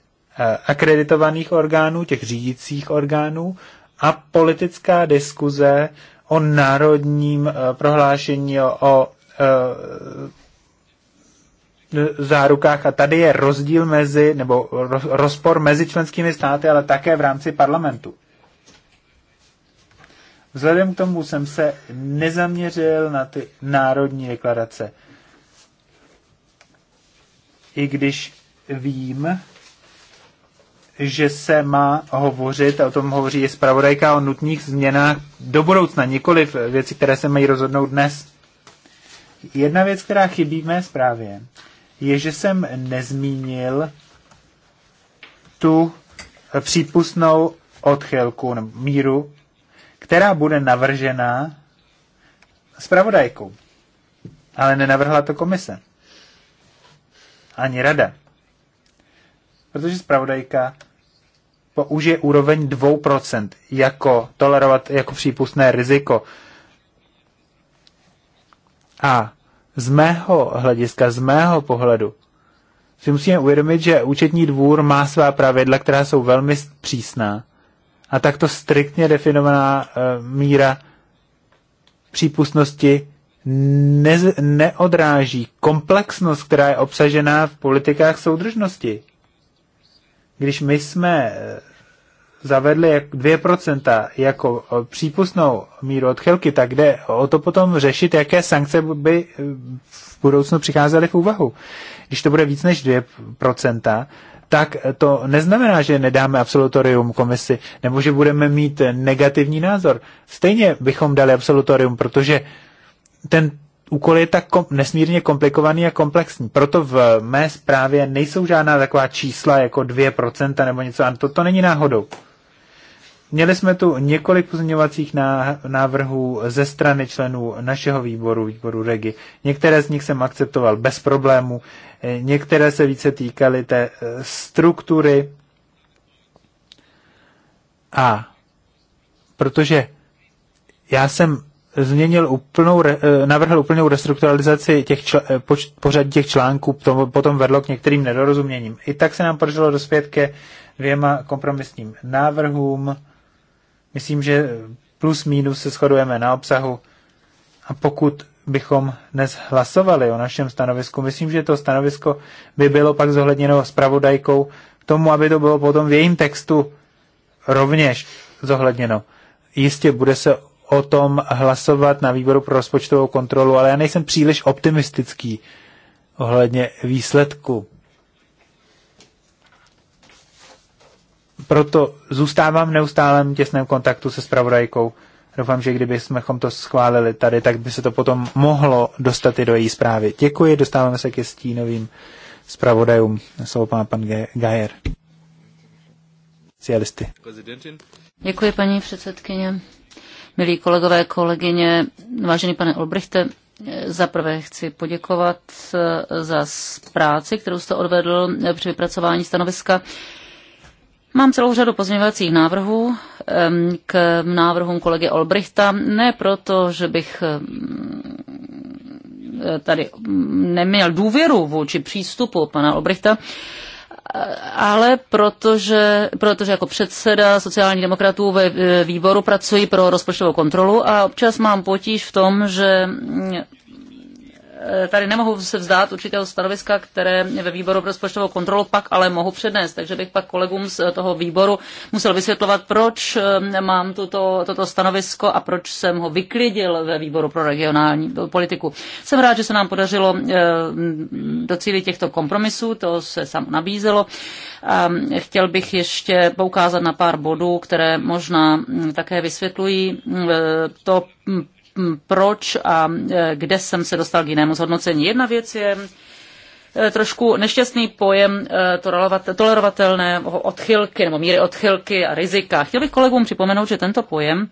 akreditovaných orgánů, těch řídících orgánů a politická diskuze o národním prohlášení o, o zárukách a tady je rozdíl mezi, nebo rozpor mezi členskými státy, ale také v rámci parlamentu. Vzhledem k tomu jsem se nezaměřil na ty národní deklarace. I když vím, že se má hovořit, a o tom hovoří i zpravodajka, o nutných změnách do budoucna, nikoli věci, které se mají rozhodnout dnes. Jedna věc, která chybí v mé zprávě, je, že jsem nezmínil tu přípustnou odchylku nebo míru která bude navržena zpravodajkou. Ale nenavrhla to komise. Ani rada. Protože zpravodajka použije úroveň 2% jako tolerovat jako přípustné riziko. A z mého hlediska, z mého pohledu, si musíme uvědomit, že účetní dvůr má svá pravidla, která jsou velmi přísná. A takto striktně definovaná eh, míra přípustnosti ne, neodráží komplexnost, která je obsažená v politikách soudržnosti. Když my jsme eh, zavedli jak 2% jako eh, přípustnou míru odchylky, tak jde o to potom řešit, jaké sankce by v budoucnu přicházely v úvahu. Když to bude víc než 2%, tak to neznamená, že nedáme absolutorium komisi nebo že budeme mít negativní názor. Stejně bychom dali absolutorium, protože ten úkol je tak kom- nesmírně komplikovaný a komplexní. Proto v mé zprávě nejsou žádná taková čísla jako 2% nebo něco, a to, to není náhodou. Měli jsme tu několik pozměňovacích návrhů ze strany členů našeho výboru, výboru REGI. Některé z nich jsem akceptoval bez problému, eh, některé se více týkaly té eh, struktury. A protože já jsem změnil úplnou, eh, navrhl úplnou restrukturalizaci těch čl, poč, pořadí těch článků, to potom vedlo k některým nedorozuměním. I tak se nám podařilo dospět ke dvěma kompromisním návrhům Myslím, že plus minus se shodujeme na obsahu a pokud bychom dnes hlasovali o našem stanovisku, myslím, že to stanovisko by bylo pak zohledněno zpravodajkou k tomu, aby to bylo potom v jejím textu rovněž zohledněno. Jistě bude se o tom hlasovat na výboru pro rozpočtovou kontrolu, ale já nejsem příliš optimistický ohledně výsledku. proto zůstávám v neustálém těsném kontaktu se spravodajkou. Doufám, že kdybychom to schválili tady, tak by se to potom mohlo dostat i do její zprávy. Děkuji, dostáváme se ke stínovým zpravodajům. Slovo pan, pan Gajer. Cialisty. Děkuji, paní předsedkyně. Milí kolegové, kolegyně, vážený pane Olbrichte, Zaprvé chci poděkovat eh, za práci, kterou jste odvedl eh, při vypracování stanoviska. Mám celou řadu pozměňovacích návrhů k návrhům kolegy Olbrichta, ne proto, že bych tady neměl důvěru vůči přístupu pana Olbrichta, ale protože, protože jako předseda sociální demokratů ve e, výboru pracuji pro rozpočtovou kontrolu a občas mám potíž v tom, že Eh, tady nemohu se vzdát určitého stanoviska, které ve výboru pro rozpočtovou kontrolu pak ale mohu přednést. Takže bych pak kolegům z toho výboru musel vysvětlovat, proč eh, mám tuto, toto stanovisko a proč jsem ho vyklidil ve výboru pro regionální politiku. Jsem rád, že se nám podařilo eh, docílit těchto kompromisů, to se samo nabízelo. A chtěl bych ještě poukázat na pár bodů, které možná hm, také vysvětlují hm, to, hm, proč a e, kde jsem se dostal k jinému zhodnocení. Jedna věc je, e, trošku nešťastný pojem e, tolerovatelné odchylky nebo míry odchylky a rizika. Chtěl bych kolegům připomenout, že tento pojem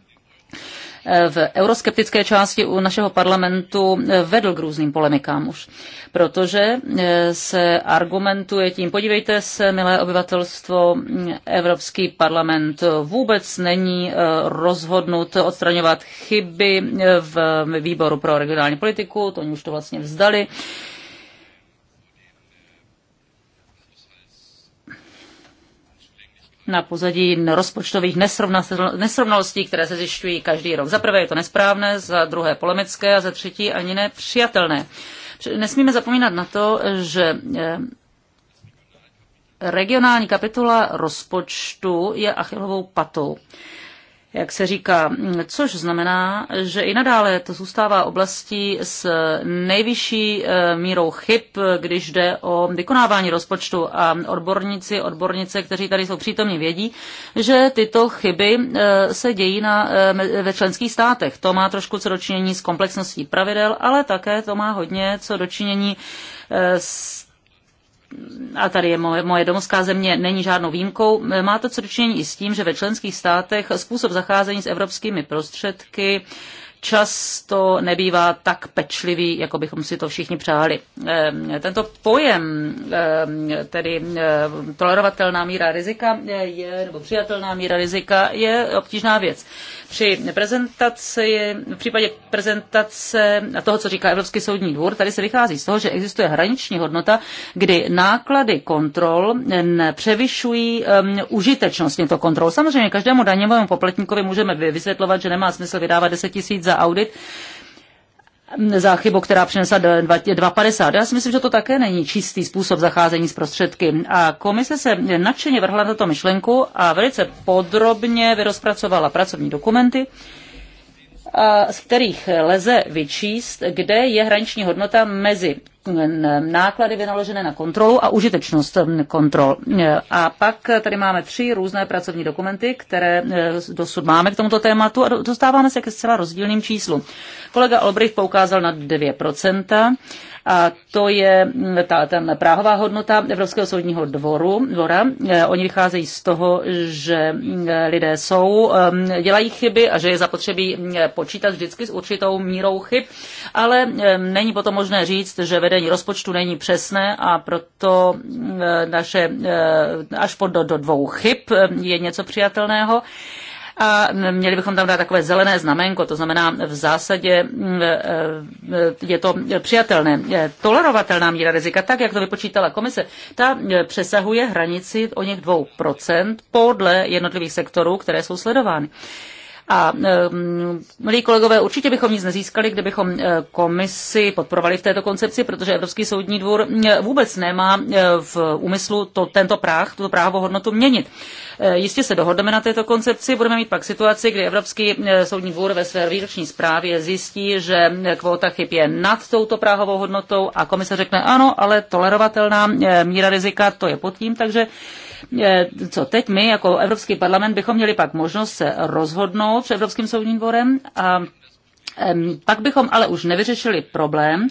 v euroskeptické části u našeho parlamentu eh, vedl k různým polemikám už, protože eh, se argumentuje tím, podívejte se, milé obyvatelstvo, mm, Evropský parlament vůbec není eh, rozhodnut odstraňovat chyby v výboru pro regionální politiku, to oni už to vlastně vzdali. na pozadí rozpočtových nesrovnalostí, které se zjišťují každý rok. Za prvé je to nesprávné, za druhé polemické a za třetí ani nepřijatelné. Nesmíme zapomínat na to, že eh, regionální kapitola rozpočtu je achilovou patou jak se říká, což znamená, že i nadále to zůstává oblastí s nejvyšší eh, mírou chyb, když jde o vykonávání rozpočtu a odborníci, odbornice, kteří tady jsou přítomní, vědí, že tyto chyby eh, se dějí na, eh, ve členských státech. To má trošku co dočinění s komplexností pravidel, ale také to má hodně co dočinění s a tady je moje, moje domovská země, není žádnou výjimkou, má to co dočinění i s tím, že ve členských státech způsob zacházení s evropskými prostředky často nebývá tak pečlivý, jako bychom si to všichni přáli. Ehm, tento pojem, ehm, tedy ehm, tolerovatelná míra rizika, je, nebo přijatelná míra rizika, je obtížná věc při prezentaci, v případě prezentace a toho, co říká Evropský soudní dvůr, tady se vychází z toho, že existuje hraniční hodnota, kdy náklady kontrol převyšují um, užitečnost těchto kontrol. Samozřejmě každému daňovému poplatníkovi můžeme vysvětlovat, že nemá smysl vydávat 10 tisíc za audit, za chybu, která přinesla 2,50. Já si myslím, že to také není čistý způsob zacházení s prostředky. A komise se nadšeně vrhla na tuto myšlenku a velice podrobně vyrozpracovala pracovní dokumenty z kterých lze vyčíst, kde je hraniční hodnota mezi náklady vynaložené na kontrolu a užitečnost kontrol. A pak tady máme tři různé pracovní dokumenty, které e, dosud máme k tomuto tématu a dostáváme se ke zcela rozdílným číslům. Kolega Olbrich poukázal na 2% a to je mm, ta, ten práhová hodnota Evropského soudního dvoru, dvora. E, oni vycházejí z toho, že mm, lidé jsou, dělají chyby a že je zapotřebí mm, počítat vždycky s určitou mírou chyb, ale není potom možné říct, že vedení rozpočtu není přesné a proto naše e, až pod do, do dvou chyb je něco přijatelného. A měli bychom tam dát takové zelené znamenko, to znamená v zásadě mm, e, e, je to přijatelné. Tolerovatelná míra rizika, tak jak to vypočítala komise, ta e, přesahuje hranici o něch 2% podle jednotlivých sektorů, které jsou sledovány. A milí kolegové, určitě bychom nic nezískali, kdybychom eh, komisi podporovali v této koncepci, protože Evropský soudní dvůr eh, vůbec nemá eh, v úmyslu to, tento práh, tuto právo hodnotu měnit. Jistě se dohodneme na této koncepci, budeme mít pak situaci, kdy Evropský soudní dvůr ve své výroční zprávě zjistí, že kvota chyb je nad touto práhovou hodnotou a komise řekne ano, ale tolerovatelná míra rizika, to je pod tím, takže co teď my jako Evropský parlament bychom měli pak možnost se rozhodnout před Evropským soudním dvorem a pak bychom ale už nevyřešili problém.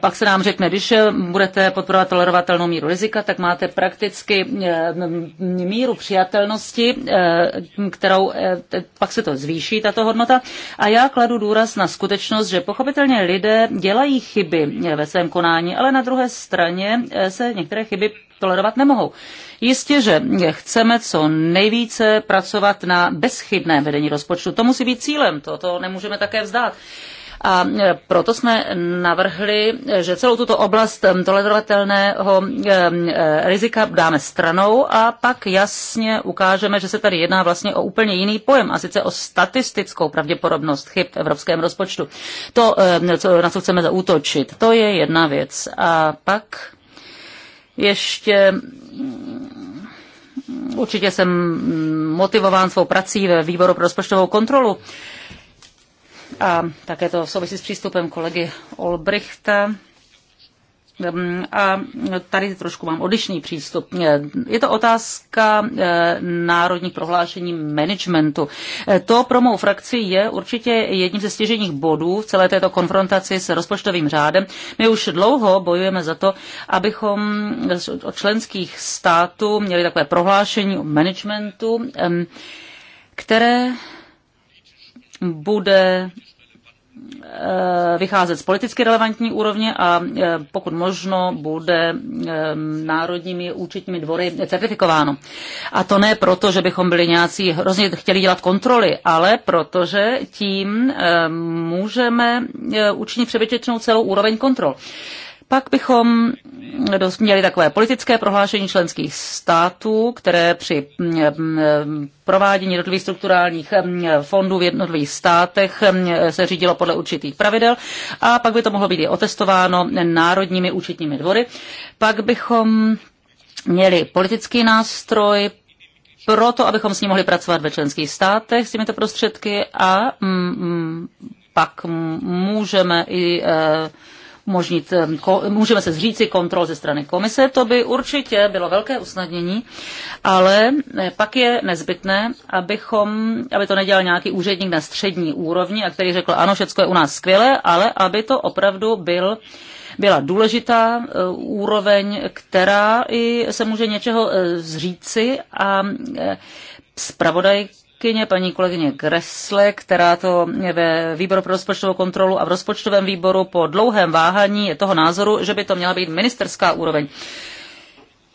Pak se nám řekne, když budete podporovat tolerovatelnou míru rizika, tak máte prakticky míru přijatelnosti, kterou e, pak se to zvýší, tato hodnota. A já kladu důraz na skutečnost, že pochopitelně lidé dělají chyby e, ve svém konání, ale na druhé straně e, se některé chyby tolerovat nemohou. Jistě, že chceme co nejvíce pracovat na bezchybném vedení rozpočtu. To musí být cílem, to, to nemůžeme také vzdát. A e, proto jsme navrhli, že celou tuto oblast e, tolerovatelného e, rizika dáme stranou a pak jasně ukážeme, že se tady jedná vlastně o úplně jiný pojem, a sice o statistickou pravděpodobnost chyb v evropském rozpočtu. To, na co chceme zaútočit, to je jedna věc. A pak ještě mm, určitě jsem motivován svou prací ve výboru pro rozpočtovou kontrolu. A také to souvisí s přístupem kolegy Olbrichta. Ehm, a tady trošku mám odlišný přístup. Je to otázka eh, národních prohlášení managementu. Eh, to pro mou frakci je určitě jedním ze stěženích bodů v celé této konfrontaci s rozpočtovým řádem. My už dlouho bojujeme za to, abychom od členských států měli takové prohlášení o managementu, ehm, které bude Eh, vycházet z politicky relevantní úrovně a eh, pokud možno bude eh, národními účetními dvory certifikováno. A to ne proto, že bychom byli nějací hrozně chtěli dělat kontroly, ale protože tím můžeme učinit přebytečnou celou úroveň kontrol. Pak bychom měli takové politické prohlášení členských států, které při mm, mm, provádění jednotlivých strukturálních mm, fondů v jednotlivých státech se řídilo podle určitých pravidel a pak by to mohlo být i otestováno národními účetními dvory. Pak bychom měli politický nástroj proto, abychom s ním mohli pracovat ve členských státech s těmito prostředky a m- pak můžeme i e- umožnit, můžeme se zříci kontrol ze strany komise, to by určitě bylo velké usnadnění, ale eh, pak je nezbytné, abychom, aby to nedělal nějaký úředník na střední úrovni, a který řekl, ano, všechno je u nás skvělé, ale aby to opravdu byl byla důležitá eh, úroveň, která i se může něčeho eh, zříci a zpravodaj předsedkyně, paní kolegyně Gresle, která to ve výboru pro rozpočtovou kontrolu a v rozpočtovém výboru po dlouhém váhání je toho názoru, že by to měla být ministerská úroveň.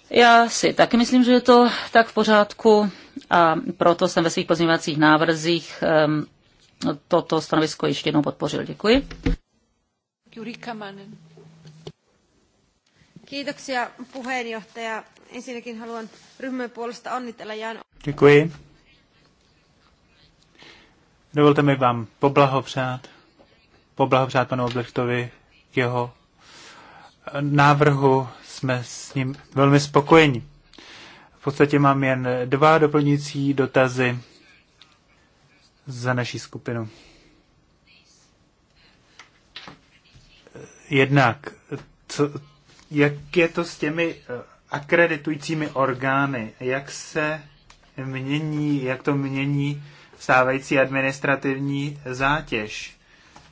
Já si taky myslím, že je to tak v pořádku a proto jsem ve svých pozměňovacích návrzích um, toto stanovisko ještě jednou podpořil. Děkuji. Jurika Mannen. Kiitoksia puheenjohtaja. Ensinnäkin haluan ryhmän puolesta onnitella Jan. Děkuji. Dovolte mi vám poblahopřát, poblahopřát panu Oblechtovi k jeho návrhu. Jsme s ním velmi spokojeni. V podstatě mám jen dva doplňující dotazy za naší skupinu. Jednak, co, jak je to s těmi eh, akreditujícími orgány? Jak se mění, jak to mění stávající administrativní zátěž.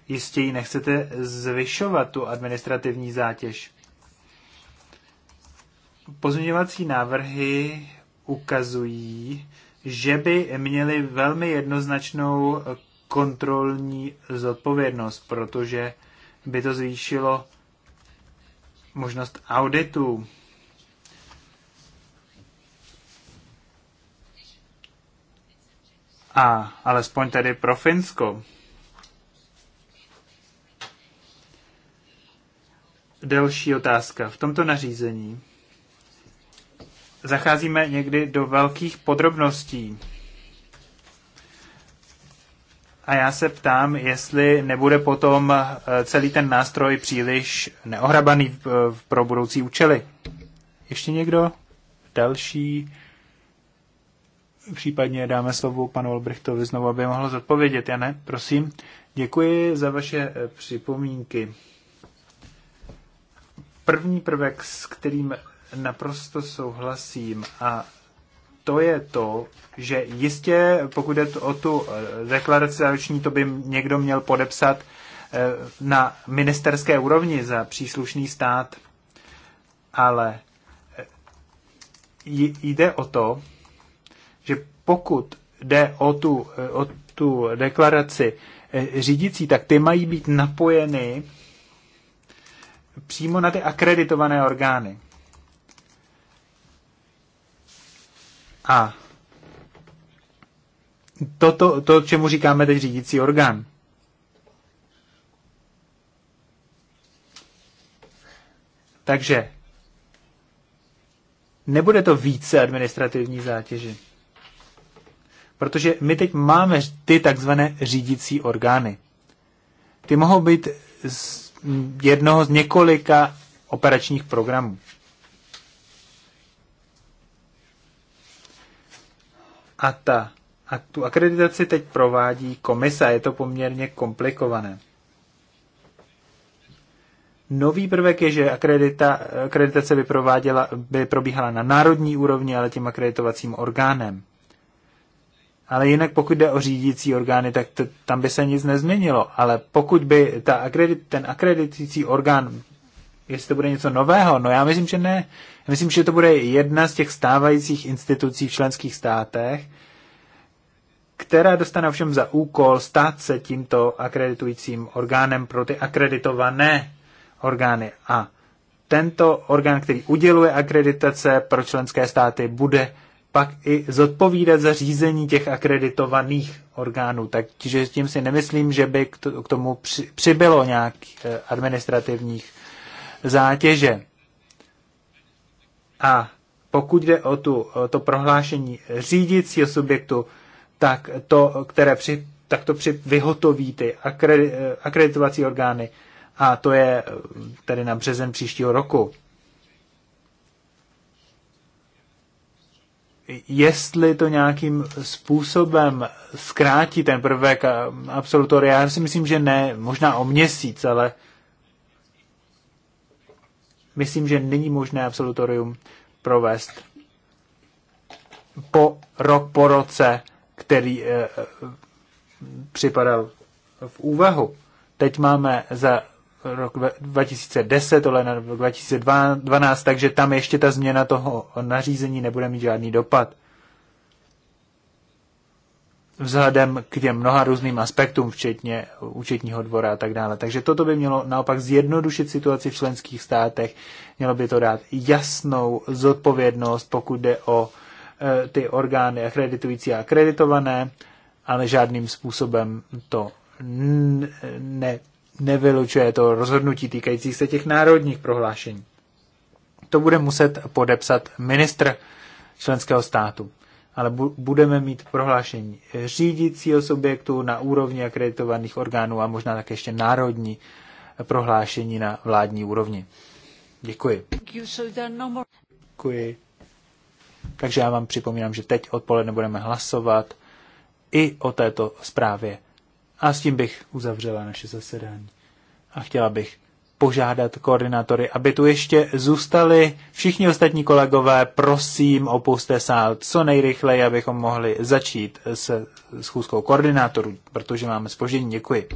Jistě ji nechcete zvyšovat, tu administrativní zátěž. Pozměňovací návrhy ukazují, že by měli velmi jednoznačnou kontrolní zodpovědnost, protože by to zvýšilo možnost auditu A alespoň tedy pro Finsko. Delší otázka. V tomto nařízení zacházíme někdy do velkých podrobností. A já se ptám, jestli nebude potom eh, celý ten nástroj příliš neohrabaný eh, pro budoucí účely. Ještě někdo? Další? případně dáme slovo panu Albrechtovi znovu, aby mohl zodpovědět. Jane, prosím. Děkuji za vaše eh, připomínky. První prvek, s kterým naprosto souhlasím, a to je to, že jistě, pokud je to o tu eh, deklaraci záruční, to by někdo měl podepsat eh, na ministerské úrovni za příslušný stát, ale jde o to, pokud jde o tu, o tu deklaraci eh, řídící, tak ty mají být napojeny přímo na ty akreditované orgány. A toto, to, čemu říkáme teď řídící orgán. Takže nebude to více administrativní zátěže. Protože my teď máme ty takzvané řídící orgány. Ty mohou být z jednoho z několika operačních programů. A, ta, a tu akreditaci teď provádí komisa. Je to poměrně komplikované. Nový prvek je, že akredita, akreditace by, by probíhala na národní úrovni, ale tím akreditovacím orgánem. Ale jinak pokud jde o řídící orgány, tak to, tam by se nic nezměnilo. Ale pokud by ta akredit, ten akreditující orgán, jestli to bude něco nového, no já myslím, že ne. Já myslím, že to bude jedna z těch stávajících institucí v členských státech, která dostane ovšem za úkol stát se tímto akreditujícím orgánem pro ty akreditované orgány. A tento orgán, který uděluje akreditace pro členské státy, bude pak i zodpovídat za řízení těch akreditovaných orgánů. Takže s tím si nemyslím, že by k tomu přibylo nějak eh, administrativních zátěže. A pokud jde o tu, o to prohlášení řídícího subjektu, tak to, které při, tak to při vyhotoví ty eh, akreditovací orgány a to je eh, tedy na březen příštího roku. jestli to nějakým způsobem zkrátí ten prvek absolutoria, já si myslím, že ne, možná o měsíc, ale myslím, že není možné absolutorium provést po rok po roce, který eh, eh připadal v úvahu. Teď máme za rok 2010, ale na rok 2012, takže tam ještě ta změna toho nařízení nebude mít žádný dopad. Vzhledem k těm mnoha různým aspektům, včetně účetního dvora a tak dále. Takže toto by mělo naopak zjednodušit situaci v členských státech, mělo by to dát jasnou zodpovědnost, pokud jde o e, ty orgány akreditující a akreditované, ale žádným způsobem to ne, nevylučuje to rozhodnutí týkající se těch národních prohlášení. To bude muset podepsat ministr členského státu. Ale bu- budeme mít prohlášení řídícího subjektu na úrovni akreditovaných orgánů a možná také ještě národní prohlášení na vládní úrovni. Děkuji. No Děkuji. Takže já vám připomínám, že teď odpoledne budeme hlasovat i o této zprávě a s tím bych uzavřela naše zasedání. A chtěla bych požádat koordinátory, aby tu ještě zůstali. Všichni ostatní kolegové, prosím, opuste sál co nejrychleji, abychom mohli začít se schůzkou koordinátorů, protože máme spoždění. Děkuji.